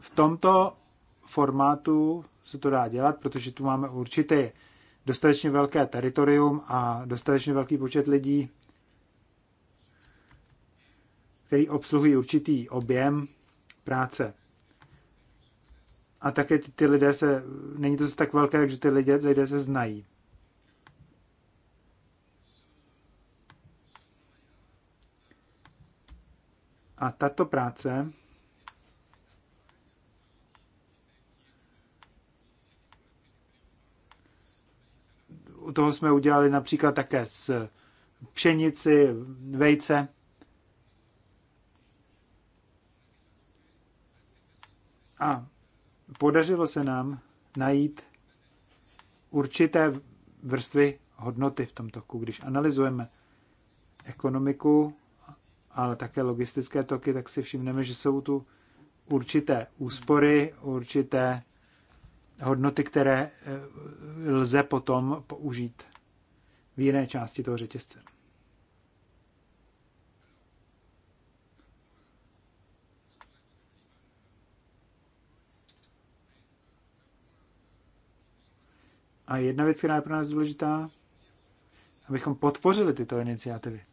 Speaker 6: v tomto formátu se to dá dělat, protože tu máme určité dostatečně velké teritorium a dostatečně velký počet lidí, který obsluhují určitý objem práce. A také ty lidé se, není to tak velké, že ty lidé, lidé se znají. A tato práce u toho jsme udělali například také s pšenici, vejce. A podařilo se nám najít určité vrstvy hodnoty v tom toku. Když analyzujeme ekonomiku, ale také logistické toky, tak si všimneme, že jsou tu určité úspory, určité hodnoty, které eh, lze potom použít v jiné části toho řetězce. A jedna věc, která je pro nás důležitá, abychom podpořili tyto iniciativy.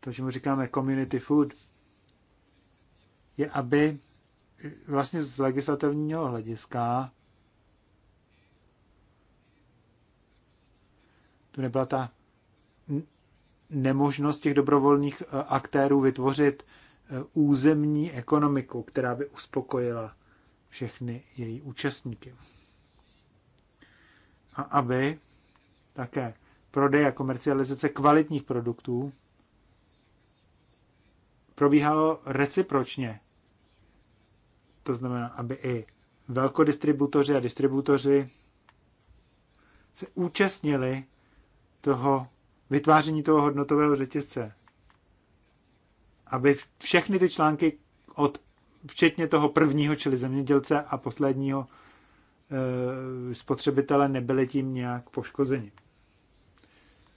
Speaker 6: To, čemu říkáme community food, je, aby vlastně z legislativního hlediska tu nebyla ta nemožnost těch dobrovolných eh, aktérů vytvořit eh, územní ekonomiku, která by uspokojila všechny její účastníky. A aby také prodej a komercializace kvalitních produktů probíhalo recipročně to znamená, aby i velkodistributoři a distributoři se účastnili toho vytváření toho hodnotového řetězce. Aby všechny ty články od včetně toho prvního, čili zemědělce a posledního e, spotřebitele nebyly tím nějak poškozeni.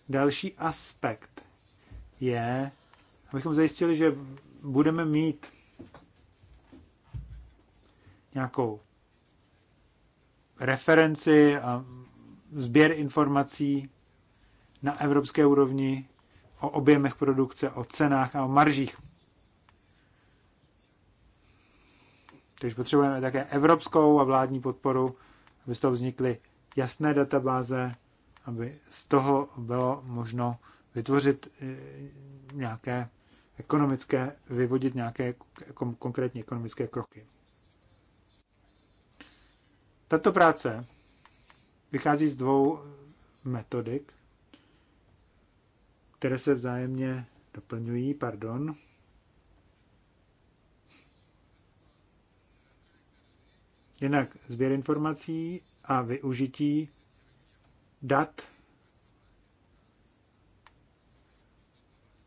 Speaker 6: Další aspekt je, abychom zajistili, že budeme mít nějakou referenci a sběr informací na evropské úrovni o objemech produkce, o cenách a o maržích. Takže potřebujeme také evropskou a vládní podporu, aby z toho vznikly jasné databáze, aby z toho bylo možno vytvořit eh, nějaké ekonomické, vyvodit nějaké konkrétní ekonomické kroky. Tato práce vychází z dvou metodik, které se vzájemně doplňují, pardon. Jinak sběr informací a využití dat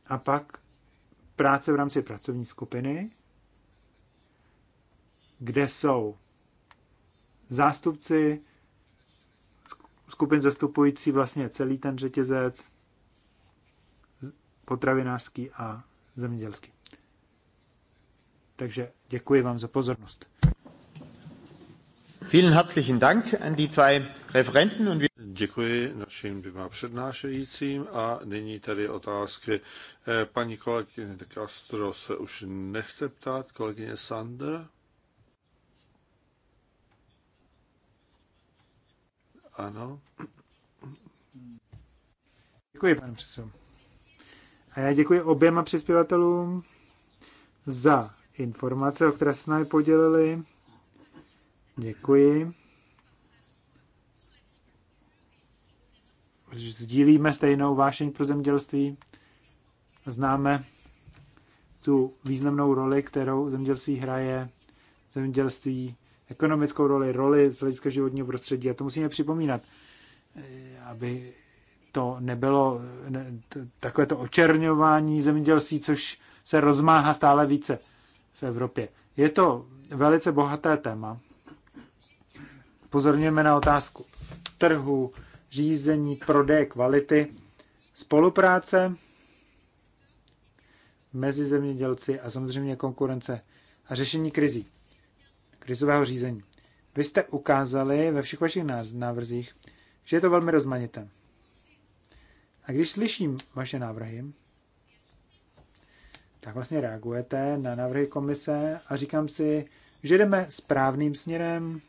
Speaker 6: a pak práce v rámci pracovní skupiny, kde jsou zástupci skupin zastupující vlastně celý ten řetězec potravinářský a zemědělský.
Speaker 1: Takže děkuji vám za pozornost. Vielen herzlichen Dank an die zwei Referenten und Děkuji našim dvěma přednášejícím a nyní
Speaker 2: tady otázky. Eh, paní kolegyně de Castro se už nechce ptát, kolegyně Sander.
Speaker 6: Ano. Děkuji, pane předsedo. A já děkuji oběma přispěvatelům za informace, o které se s námi podělili. Děkuji. Sdílíme stejnou vášeň pro zemědělství. Známe tu významnou roli, kterou zemědělství hraje. Zemědělství ekonomickou roli, roli z hlediska životního prostředí. A to musíme připomínat, eh, aby to nebylo takové to očerňování zemědělství, což se rozmáhá stále více v Evropě. Je to velice bohaté téma. Pozorněme na otázku trhu, řízení, prodeje, kvality, spolupráce mezi zemědělci a samozřejmě konkurence a řešení krizí krizového řízení. Vy jste ukázali ve všech vašich návrzích, že je to velmi rozmanité. A když slyším vaše návrhy, tak vlastně reagujete na návrhy komise a říkám si, že jdeme správným směrem,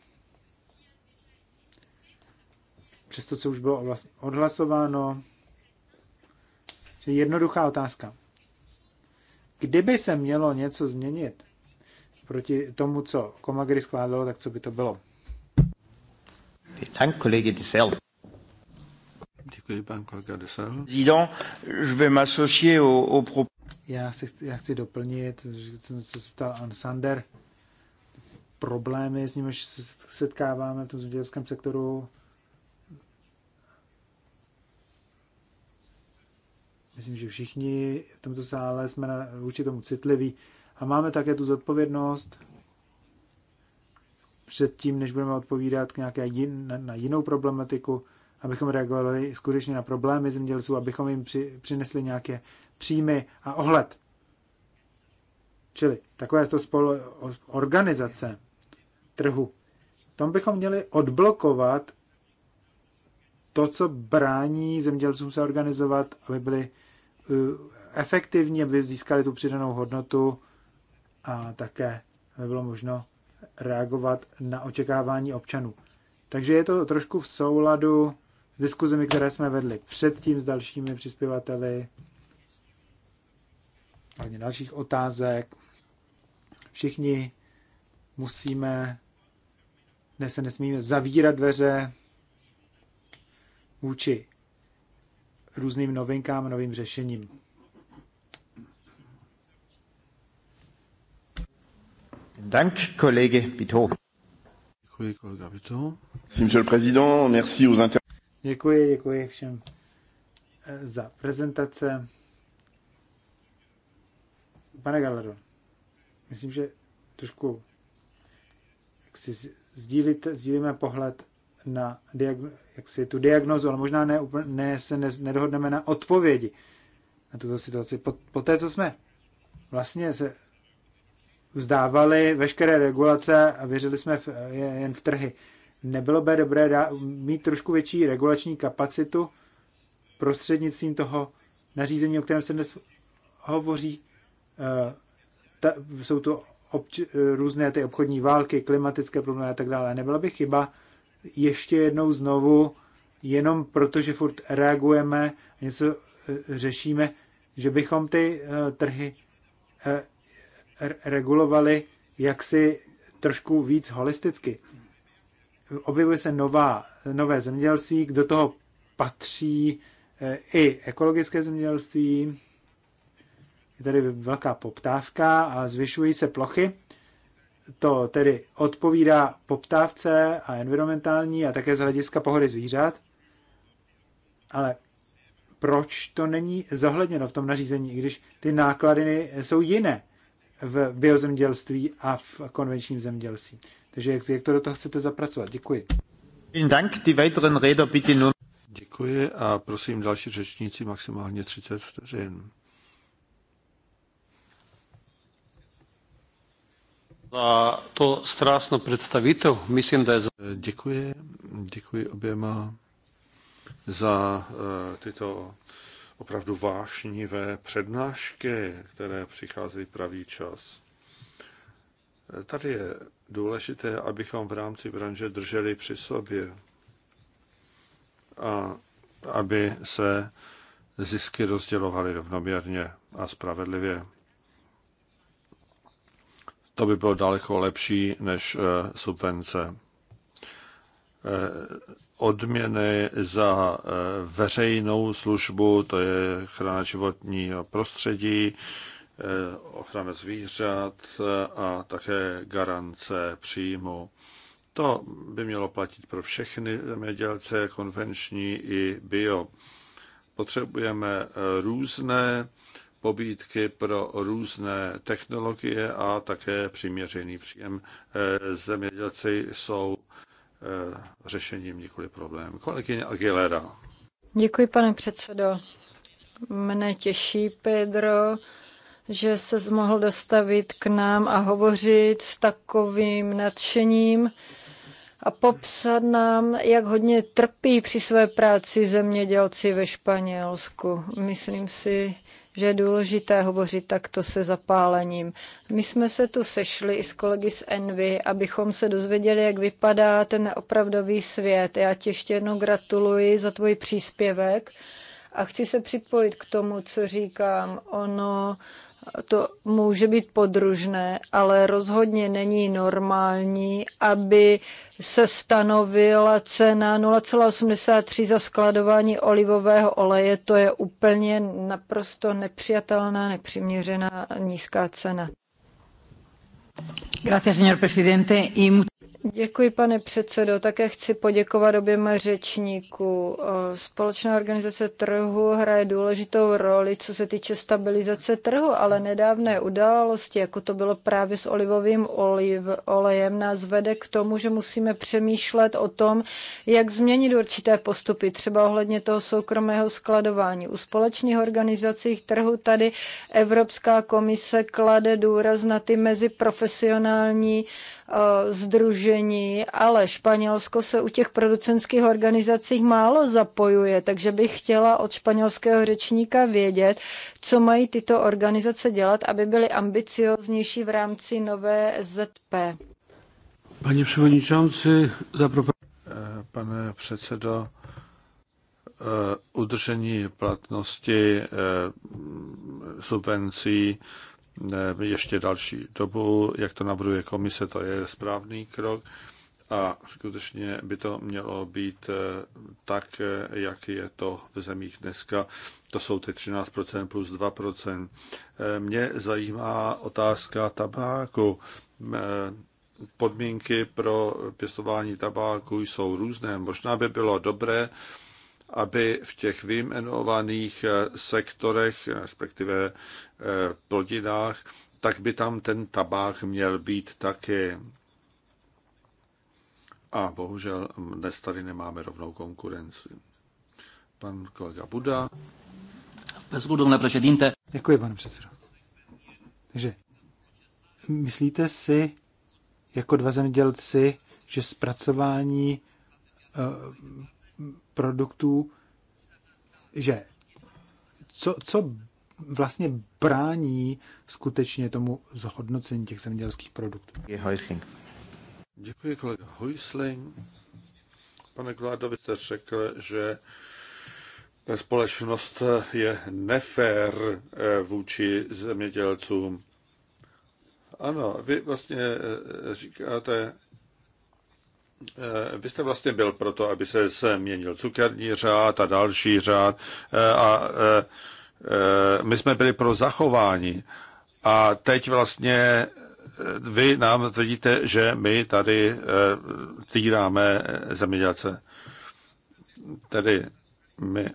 Speaker 6: přesto co už bylo odhlasováno. Že jednoduchá otázka. Kdyby se mělo něco změnit, proti tomu, co Komagry skládalo, tak co by to bylo.
Speaker 1: Dank, kolegy Dissel. Děkuji, pan kolega Dessel. Zidon, je vais m'associer au, au propos.
Speaker 6: Já, si, já chci doplnit, jsem se zeptal Ansander, problémy, s nimi se setkáváme v tom zemědělském sektoru. Myslím, že všichni v tomto sále jsme na, určitě tomu citliví. A máme také tu zodpovědnost předtím, než budeme odpovídat k nějaké jin, na jinou problematiku, abychom reagovali skutečně na problémy zemědělců, abychom jim při, přinesli nějaké příjmy a ohled. Čili takové to spolu organizace trhu. Tam bychom měli odblokovat to, co brání zemědělcům se organizovat, aby byli uh, efektivní, aby získali tu přidanou hodnotu, a také by bylo možno reagovat na očekávání občanů. Takže je to trošku v souladu s diskuzemi, které jsme vedli předtím s dalšími přispěvateli, hlavně dalších otázek. Všichni musíme, ne se nesmíme zavírat dveře vůči různým novinkám, novým řešením.
Speaker 1: Dank, kolege Pito. Děkuji, kolega Pito. Monsieur le Président, merci aux inter...
Speaker 6: Děkuji, děkuji všem eh, za prezentace. Pane Galero, myslím, že trošku jak si sdílit, sdílíme pohled na diagno, jak si tu diagnozu, ale možná ne, ne se ne, nedohodneme na odpovědi na tuto situaci. Po, po té, co jsme vlastně se vzdávali veškeré regulace a věřili jsme v, jen v trhy. Nebylo by dobré dá, mít trošku větší regulační kapacitu prostřednictvím toho nařízení, o kterém se dnes hovoří. Eh, ta, jsou to obč, eh, různé ty obchodní války, klimatické problémy a tak dále. Nebyla by chyba ještě jednou znovu, jenom protože furt reagujeme, něco eh, řešíme, že bychom ty trhy regulovali jaksi trošku víc holisticky. Objevuje se nová, nové zemědělství, do toho patří eh, i ekologické zemědělství, je tady velká poptávka a zvyšují se plochy. To tedy odpovídá poptávce a environmentální a také z hlediska pohody zvířat. Ale proč to není zohledněno v tom nařízení, i když ty náklady jsou jiné? v biozemědělství a v konvenčním zemědělství. Takže jak, jak to do toho chcete zapracovat? Děkuji.
Speaker 2: Děkuji a prosím další řečníci maximálně 30 vteřin. Za to strásno představitel, myslím, že je... Eh, děkuji, děkuji oběma za eh, tyto opravdu vášnivé přednášky, které přicházejí pravý čas. Tady je důležité, abychom v rámci branže drželi při sobě a aby se zisky rozdělovaly rovnoměrně a spravedlivě. To by bylo daleko lepší než eh, subvence. Eh, odměny za eh, veřejnou službu, to je ochrana životního prostředí, eh, ochrana zvířat a také garance příjmu. To by mělo platit pro všechny zemědělce, konvenční i bio. Potřebujeme různé pobídky pro různé technologie a také přiměřený příjem. Zemědělci jsou Eh, řešením, nikoli problém. Kolegyně Aguilera.
Speaker 3: Děkuji, pane předsedo. Mne těší, Pedro, že se mohl dostavit k nám a hovořit s takovým nadšením a popsat nám, jak hodně trpí při své práci zemědělci ve Španělsku. Myslím si, že je důležité hovořit takto se zapálením. My jsme se tu sešli i s kolegy z Envy, abychom se dozvěděli, jak vypadá ten opravdový svět. Já ti ještě jednou gratuluji za tvůj příspěvek. A chci se připojit k tomu, co říkám. Ono to může být podružné, ale rozhodně není normální, aby se stanovila cena 0,83 za skladování olivového oleje. To je úplně naprosto nepřijatelná, nepřiměřená nízká cena. Gracias, señor presidente. Děkuji, pane předsedo. Také chci poděkovat oběma řečníkům. Společná organizace trhu hraje důležitou roli, co se týče stabilizace trhu, ale nedávné události, jako to bylo právě s olivovým oliv, olejem, nás vede k tomu, že musíme přemýšlet o tom, jak změnit určité postupy, třeba ohledně toho soukromého skladování. U společných organizací trhu tady Evropská komise klade důraz na ty meziprofesionální Eh, združení, ale Španělsko se u těch producentských organizací málo zapojuje, takže bych chtěla od španělského řečníka vědět, co mají tyto organizace dělat, aby byly ambicioznější v rámci nové ZP.
Speaker 2: Pane předsedající, Pane předsedo, eh, udržení platnosti eh, subvencí ještě další dobu, jak to navrhuje komise, to je správný krok a skutečně by to mělo být eh, tak, eh, jak je to v zemích dneska. To jsou ty 13% plus 2%. Eh, mě zajímá otázka tabáku. Podmínky pro pěstování tabáku jsou různé. Možná by bylo dobré aby v těch vyjmenovaných eh, sektorech, eh, respektive eh, plodinách, tak by tam ten tabák měl být taky. A bohužel dnes tady nemáme rovnou konkurenci. Pan kolega Buda.
Speaker 6: Domnule președinte. Děkuji, pane předsedo. Takže myslíte si, jako dva zemědělci, že zpracování produktů, že co, co vlastně brání skutečně tomu zhodnocení těch zemědělských
Speaker 1: produktů. Je Heusling.
Speaker 2: Děkuji, kolega Heusling. Pane Gládovi, jste řekl, že společnost je nefér eh, vůči zemědělcům. Ano, vy vlastně eh, říkáte, Eh, vy jste vlastně byl proto, aby se změnil cukerní řád a další řád eh, a eh, my jsme byli pro zachování a teď vlastně vy nám tvrdíte, že my tady týráme zemědělce. Tedy my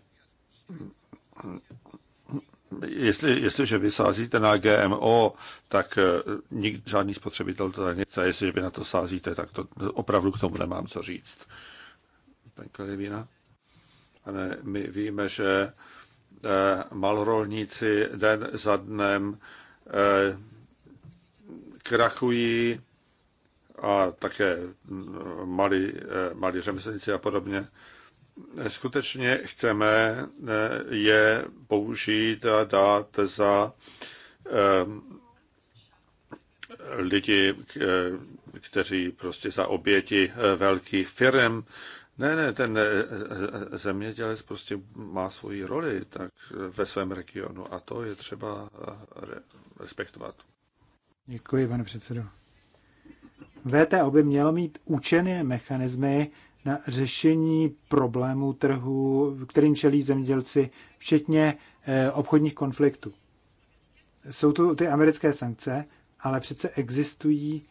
Speaker 2: jestli, jestliže vysázíte na GMO, tak eh, nik, žádný spotřebitel to není. A jestli vy na to sázíte, tak to opravdu k tomu nemám co říct. Pan Kalivína? Pane, my víme, že eh, malorolníci den za dnem eh, krachují a také hm, malí, malí řemeslníci a podobně skutečně chceme, eh, je použít a dát za eh, lidi, eh, kteří prostě za oběti velkých firm. Ne, ne, ten zemědělec prostě má svoji roli tak ve svém regionu a to je třeba respektovat.
Speaker 6: Děkuji, pane předsedo. VTO by mělo mít účené mechanismy na řešení problémů trhu, kterým čelí zemědělci, včetně eh, obchodních konfliktů. Jsou tu ty americké sankce, ale přece existují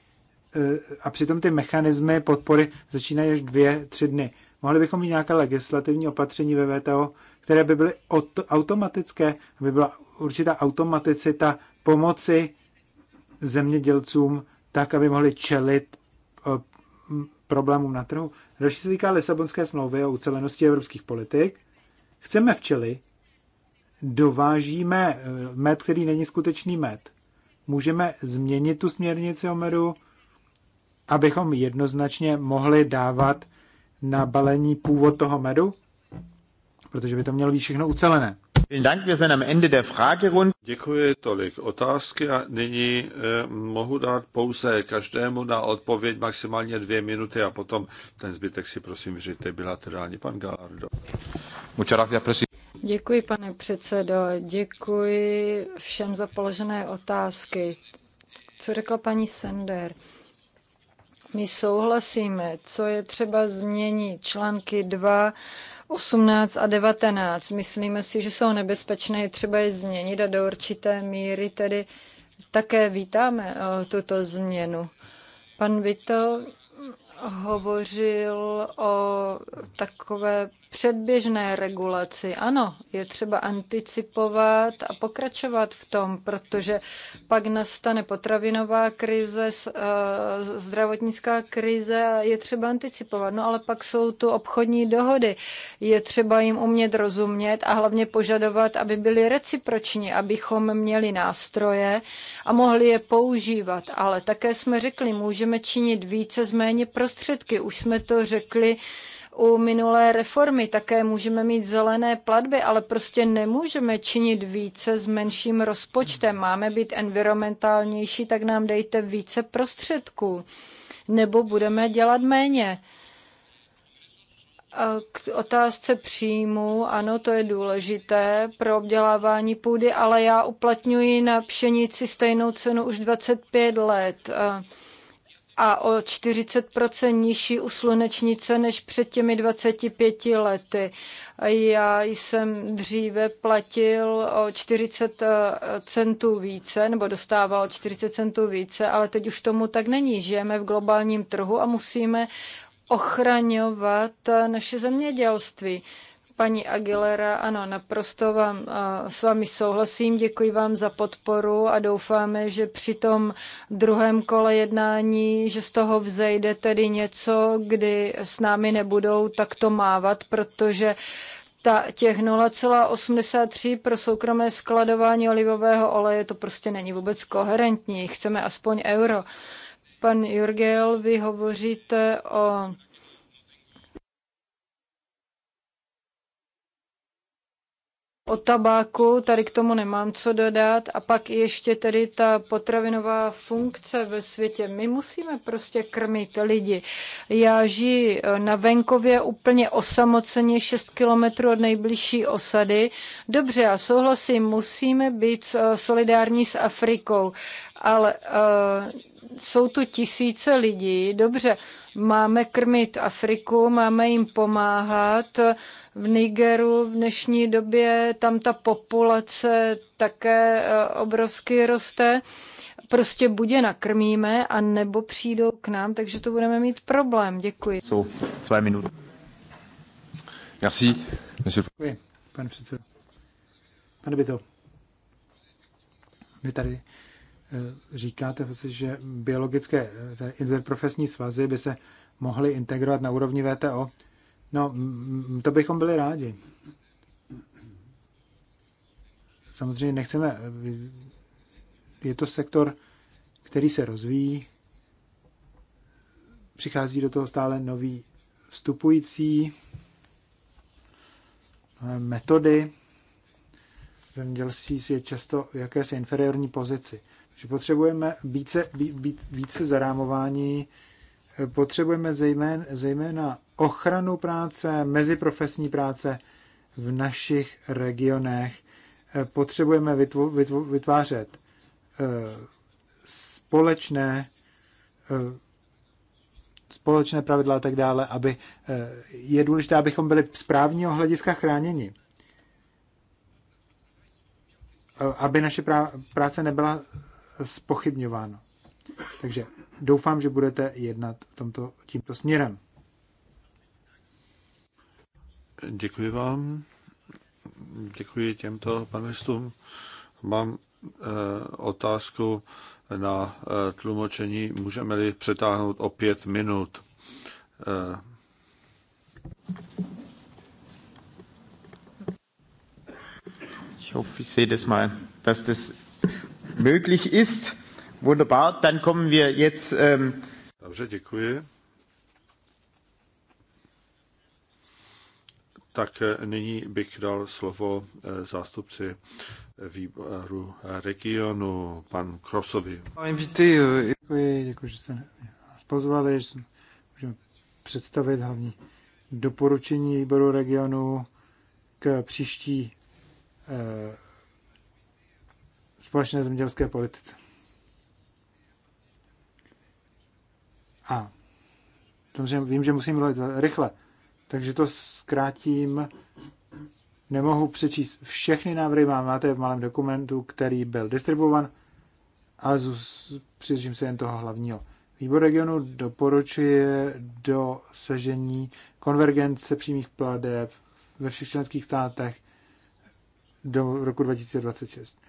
Speaker 6: eh, a přitom ty mechanismy podpory začínají až dvě, tři dny. Mohli bychom mít nějaké legislativní opatření ve VTO, které by byly automatické, aby byla určitá automaticita pomoci zemědělcům tak, aby mohli čelit problémům na trhu. Další se týká Lisabonské smlouvy o ucelenosti evropských politik. Chceme včely, dovážíme eh, med, který není skutečný med. Můžeme změnit tu směrnici o medu, abychom jednoznačně mohli dávat na balení původ toho medu, protože by to mělo být všechno ucelené.
Speaker 2: Děkuji tolik otázky a nyní eh, mohu dát pouze každému na odpověď maximálně dvě minuty a potom ten zbytek si prosím vyřiďte bilaterálně. Pan Galardo.
Speaker 3: Děkuji, pane předsedo. Děkuji všem za položené otázky. Co řekla paní Sender? My souhlasíme, co je třeba změnit. Články 2 18 a 19. Myslíme si, že jsou nebezpečné, je třeba je změnit a do určité míry tedy také vítáme eh, tuto změnu. Pan Vito hovořil o takové předběžné regulaci. Ano, je třeba anticipovat a pokračovat v tom, protože pak nastane potravinová krize, eh, zdravotnická krize, je třeba anticipovat. No ale pak jsou tu obchodní dohody. Je třeba jim umět rozumět a hlavně požadovat, aby byly reciproční, abychom měli nástroje a mohli je používat. Ale také jsme řekli, můžeme činit více z méně prostředky. Už jsme to řekli u minulé reformy. Také můžeme mít zelené platby, ale prostě nemůžeme činit více s menším rozpočtem. Máme být environmentálnější, tak nám dejte více prostředků. Nebo budeme dělat méně. K otázce příjmu, ano, to je důležité pro obdělávání půdy, ale já uplatňuji na pšenici stejnou cenu už 25 let a o 40% nižší u slunečnice než před těmi 25 lety. Já jsem dříve platil o 40 eh, centů více, nebo dostával 40 centů více, ale teď už tomu tak není. Žijeme v globálním trhu a musíme ochraňovat eh, naše zemědělství. Paní Aguilera, ano, naprosto vám, eh, s vámi souhlasím, děkuji vám za podporu a doufáme, že při tom druhém kole jednání, že z toho vzejde tedy něco, kdy s námi nebudou takto mávat, protože ta, těch 0,83 pro soukromé skladování olivového oleje to prostě není vůbec koherentní. Chceme aspoň euro. Pan Jurgel, vy hovoříte o O tabáku tady k tomu nemám co dodat. A pak ještě tedy ta potravinová funkce ve světě. My musíme prostě krmit lidi. Já žiji eh, na venkově úplně osamoceně 6 kilometrů od nejbližší osady. Dobře, já souhlasím, musíme být eh, solidární s Afrikou, ale uh, jsou tu tisíce lidí. Dobře, máme krmit Afriku, máme jim pomáhat. V Nigeru v dnešní době tam ta populace také eh, obrovsky roste. Prostě bude nakrmíme, a nebo přijdou k nám, takže to budeme mít problém. Děkuji. Jsou
Speaker 1: své minuty. Merci.
Speaker 3: Děkuji,
Speaker 6: pane předsedo. Pane Byto, vy tady říkáte, že biologické eh, profesní svazy by se mohly integrovat na úrovni VTO. No, to bychom byli rádi. Samozřejmě nechceme, eh, je to sektor, který se rozvíjí, přichází do toho stále noví vstupující eh, metody, zemědělství je často v jakési inferiorní pozici že potřebujeme více, být, více zarámování, potřebujeme zejména, zejména ochranu práce, meziprofesní práce v našich regionech, potřebujeme vytvo, vytvo, vytvářet eh, společné eh, společné pravidla a tak dále, aby eh, je důležité, abychom byli z právního hlediska chráněni. Aby naše práce nebyla spochybňováno. Takže doufám, že budete jednat tomto, tímto směrem.
Speaker 2: Děkuji vám. Děkuji těmto panelistům. Mám e, otázku na e, tlumočení. Můžeme-li přetáhnout o pět minut? E,
Speaker 1: ich hoffe, ich sehe das mal, dass das möglich ist. Wunderbar, dann kommen wir jetzt. Ähm Dobře, děkuji.
Speaker 2: Tak eh, nyní bych dal slovo eh, zástupci eh, výboru regionu, pan Krosovi.
Speaker 6: Děkuji, děkuji, že jste nás pozvali, že jsme, můžeme představit hlavní doporučení výboru regionu k příští společné zemědělské politice. A samozřejmě vím, že musím mluvit rychle, takže to zkrátím. Nemohu přečíst všechny návrhy, mám, máte v malém dokumentu, který byl distribuovan, ale přidržím se jen toho hlavního. Výbor regionu doporučuje do sežení konvergence přímých pladeb ve všech členských státech do roku 2026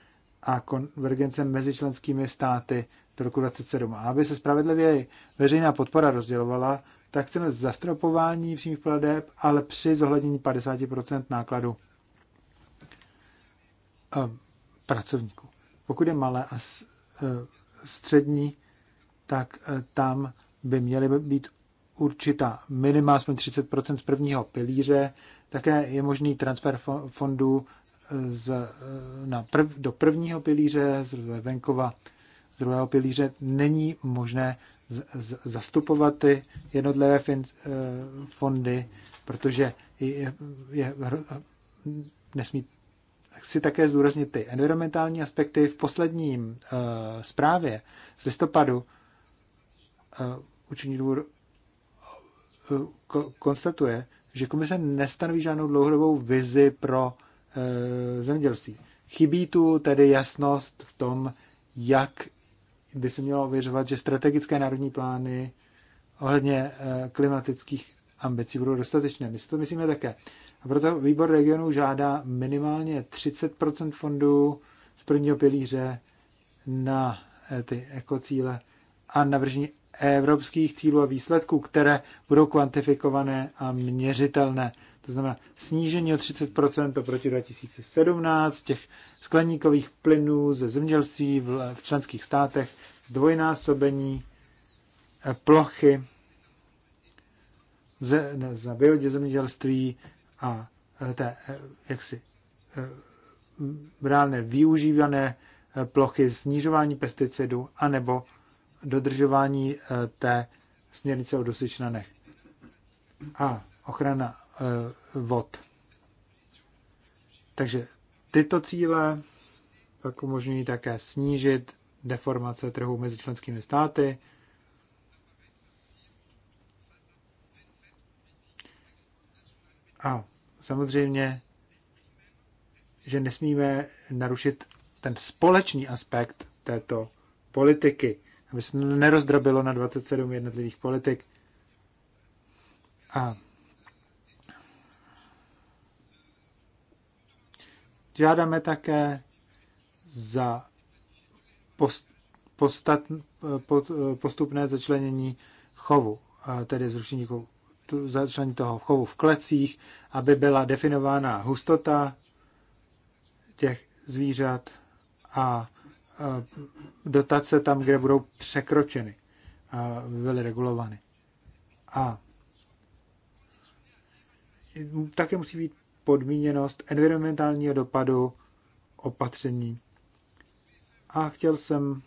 Speaker 6: a konvergence mezi členskými státy do roku 2027. A aby se spravedlivě veřejná podpora rozdělovala, tak chceme zastropování přímých plateb, ale při zohlednění 50% nákladu eh, pracovníků. Pokud je malé a eh, střední, tak eh, tam by měly být určitá minimálně 30% z prvního pilíře. Také je možný transfer fondů z, na prv, do prvního pilíře, z venkova z druhého pilíře, není možné z, z, zastupovat ty jednotlivé fin, eh, fondy, protože je, je, nesmí chci také zúraznit ty environmentální aspekty. V posledním eh, zprávě z listopadu eh, Učení dvůr eh, ko- konstatuje, že komise nestanoví žádnou dlouhodobou vizi pro Eh, zemědělství. Chybí tu tedy jasnost v tom, jak by se mělo ověřovat, že strategické národní plány ohledně eh, klimatických ambicí budou dostatečné. My si to myslíme také. A proto výbor regionů žádá minimálně 30 fondů z prvního pilíře na eh, ty ekocíle a navržení evropských cílů a výsledků, které budou kvantifikované a měřitelné. To znamená snížení o 30% oproti 2017 těch skleníkových plynů ze zemědělství v, v členských státech, zdvojnásobení eh, plochy ze, ne, za biodě zemědělství a eh, té eh, jaksi reálné využívané plochy, snižování pesticidů anebo dodržování té směrnice o dosyčnanech. A ochrana vod. Takže tyto cíle pak umožňují také snížit deformace trhu mezi členskými státy. A samozřejmě, že nesmíme narušit ten společný aspekt této politiky, aby se nerozdrobilo na 27 jednotlivých politik. A Žádáme také za post, postat, pod, postupné začlenění chovu, tedy zrušení chovu, začlení toho chovu v klecích, aby byla definována hustota těch zvířat a dotace tam, kde budou překročeny, a byly regulovány. A také musí být podmíněnost environmentálního dopadu opatření. A chtěl jsem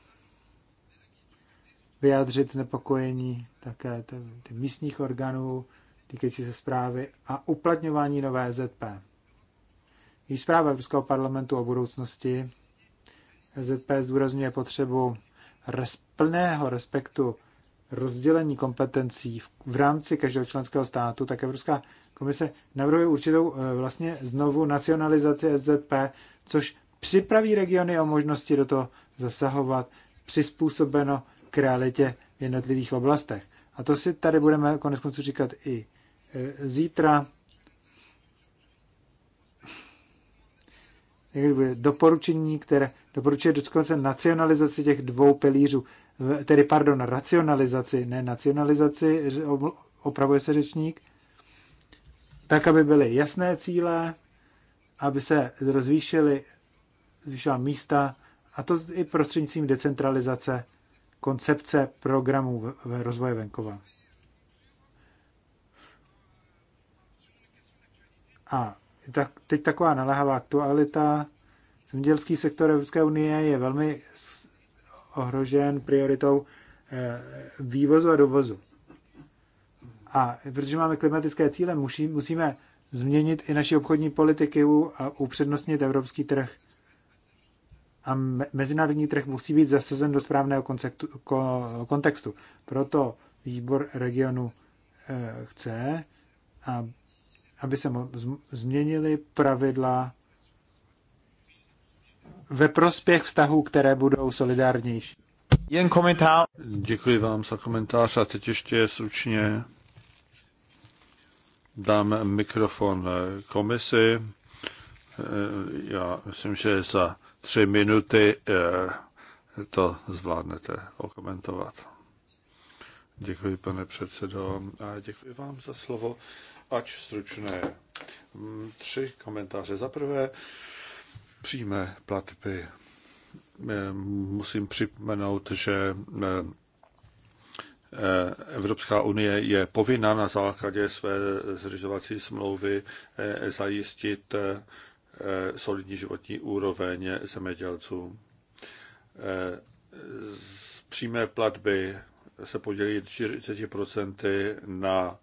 Speaker 6: vyjádřit nepokojení také ty, místních orgánů týkající se zprávy a uplatňování nové ZP. Již zpráva Evropského parlamentu o budoucnosti ZP zdůrazňuje potřebu res, plného respektu rozdělení kompetencí v, v rámci každého členského státu, tak Evropská komise navrhuje určitou eh, vlastně znovu nacionalizaci SZP, což připraví regiony o možnosti do toho zasahovat, přizpůsobeno k realitě v jednotlivých oblastech. A to si tady budeme konec konců říkat i eh, zítra. doporučení, které doporučuje dokonce nacionalizaci těch dvou pilířů tedy pardon, racionalizaci, ne nacionalizaci, opravuje se řečník, tak, aby byly jasné cíle, aby se rozvýšily, zvýšila místa, a to i prostřednictvím decentralizace koncepce programů v rozvoje venkova. A tak, teď taková naléhavá aktualita. Zemědělský sektor Evropské unie je velmi ohrožen prioritou eh, vývozu a dovozu. A protože máme klimatické cíle, musíme změnit i naši obchodní politiky a upřednostnit evropský trh. A mezinárodní trh musí být zasazen do správného kontextu. Proto výbor regionu eh, chce, aby se změnily pravidla ve prospěch vztahů, které budou solidárnější.
Speaker 1: Jen komentář. Děkuji vám
Speaker 2: za komentář a teď ještě stručně dám mikrofon komisi. Já myslím, že za tři minuty eh, to zvládnete okomentovat. Děkuji, pane předsedo, a děkuji vám za slovo, ač stručné. Mm, tři komentáře. Za prvé, Přímé platby. Eh, musím připomenout, že eh, Evropská unie je povinna na základě své zřizovací smlouvy eh, zajistit solidní životní úroveň zemědělců. Přímé platby se podělí 40% na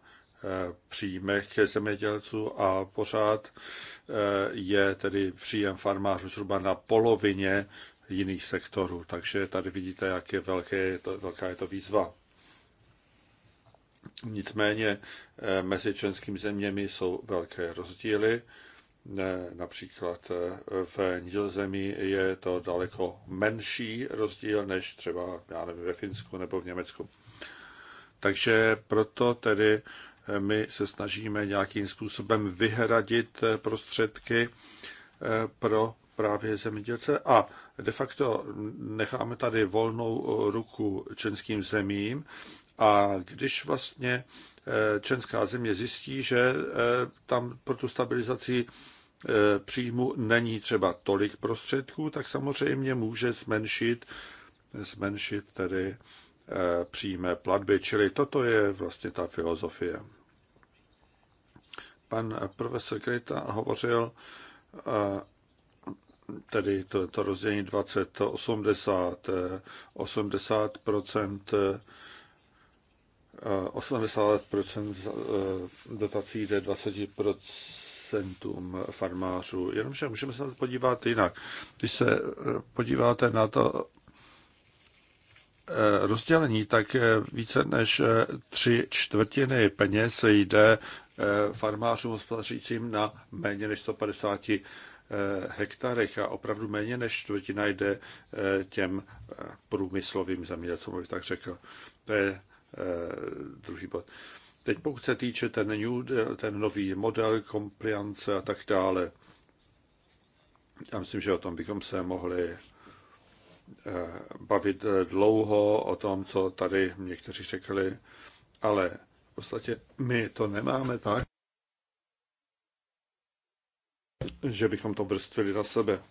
Speaker 2: příjmech zemědělců a pořád eh, je tedy příjem farmářů zhruba na polovině jiných sektorů. Takže tady vidíte, jak je, velké, velká je to výzva. Nicméně eh, mezi členskými zeměmi jsou velké rozdíly. Eh, například v Nizozemí je to daleko menší rozdíl než třeba, já nevím, ve Finsku nebo v Německu. Takže proto tedy my se snažíme nějakým způsobem vyhradit eh, prostředky eh, pro právě zemědělce a de facto necháme tady volnou eh, ruku členským zemím a když vlastně členská země zjistí, že tam pro tu stabilizaci příjmu není třeba tolik prostředků, tak samozřejmě může zmenšit, zmenšit tedy přímé platby. Čili toto je vlastně ta filozofie. Pan profesor Krejta hovořil tedy to, to rozdělení 20, 80, 80 80% dotací jde 20% farmářů. Jenomže můžeme se na to podívat jinak. Když se eh, podíváte na to Eh, rozdělení, tak eh, více než eh, tři čtvrtiny peněz jde farmářům hospodařícím na méně než 150 hektarech a opravdu méně než čtvrtina jde těm průmyslovým zemědělcům, bych tak řekl. To je druhý bod. Teď pokud se týče ten, new, ten nový model kompliance a tak dále, já myslím, že o tom bychom se mohli Eh, bavit eh, dlouho o tom, co tady někteří řekli, ale v podstatě my to nemáme tak, že bychom to vrstvili na sebe.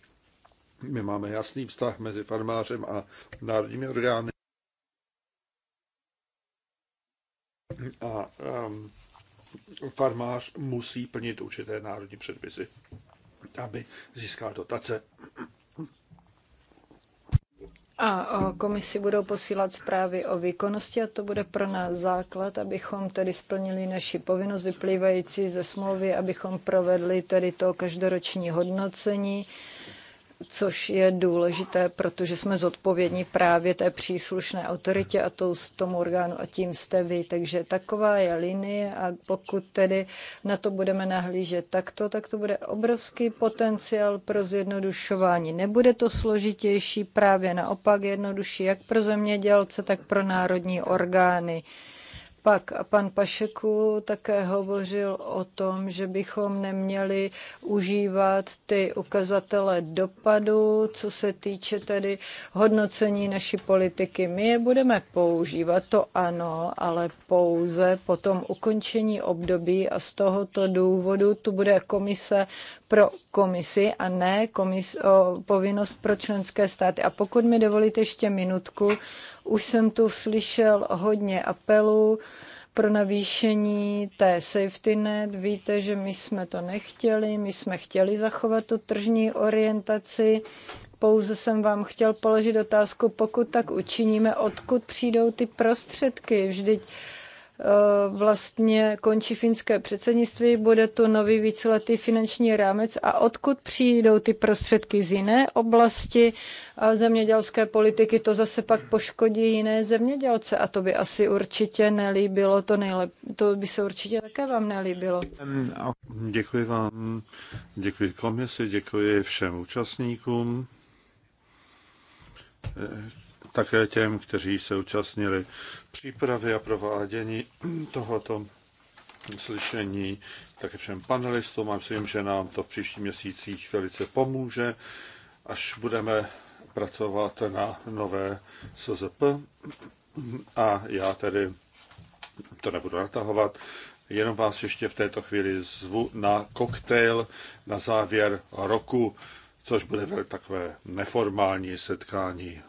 Speaker 2: My máme jasný vztah mezi farmářem a národními orgány. A um, farmář musí plnit určité národní předpisy, aby získal dotace.
Speaker 3: A o komisi budou posílat zprávy o výkonnosti a to bude pro nás základ, abychom tedy splnili naši povinnost vyplývající ze smlouvy, abychom provedli tedy to každoroční hodnocení což je důležité, protože jsme zodpovědní právě té příslušné autoritě a tou, tomu orgánu a tím jste vy. Takže taková je linie a pokud tedy na to budeme nahlížet takto, tak to bude obrovský potenciál pro zjednodušování. Nebude to složitější, právě naopak jednodušší, jak pro zemědělce, tak pro národní orgány. Pak pan Pašeku také hovořil o tom, že bychom neměli užívat ty ukazatele dopadu, co se týče tedy hodnocení naší politiky. My je budeme používat, to ano, ale pouze po tom ukončení období a z tohoto důvodu tu bude komise pro komisi a ne komis, o, povinnost pro členské státy. A pokud mi dovolíte ještě minutku, už jsem tu slyšel hodně apelů pro navýšení té safety net. Víte, že my jsme to nechtěli, my jsme chtěli zachovat tu tržní orientaci. Pouze jsem vám chtěl položit otázku, pokud tak učiníme, odkud přijdou ty prostředky. Vždyť Eh, vlastně končí finské předsednictví, bude to nový víceletý finanční rámec a odkud přijdou ty prostředky z jiné oblasti eh, zemědělské politiky, to zase pak poškodí jiné zemědělce a to by asi určitě nelíbilo, to, nejlep, to by se určitě také vám nelíbilo.
Speaker 2: Děkuji vám, děkuji komisi, děkuji všem účastníkům eh, také těm, kteří se účastnili přípravy a provádění tohoto slyšení, také všem panelistům a myslím, že nám to v příštích měsících velice pomůže, až budeme pracovat na nové SZP. A já tedy to nebudu natahovat, jenom vás ještě v této chvíli zvu na koktejl na závěr roku, což bude takové neformální setkání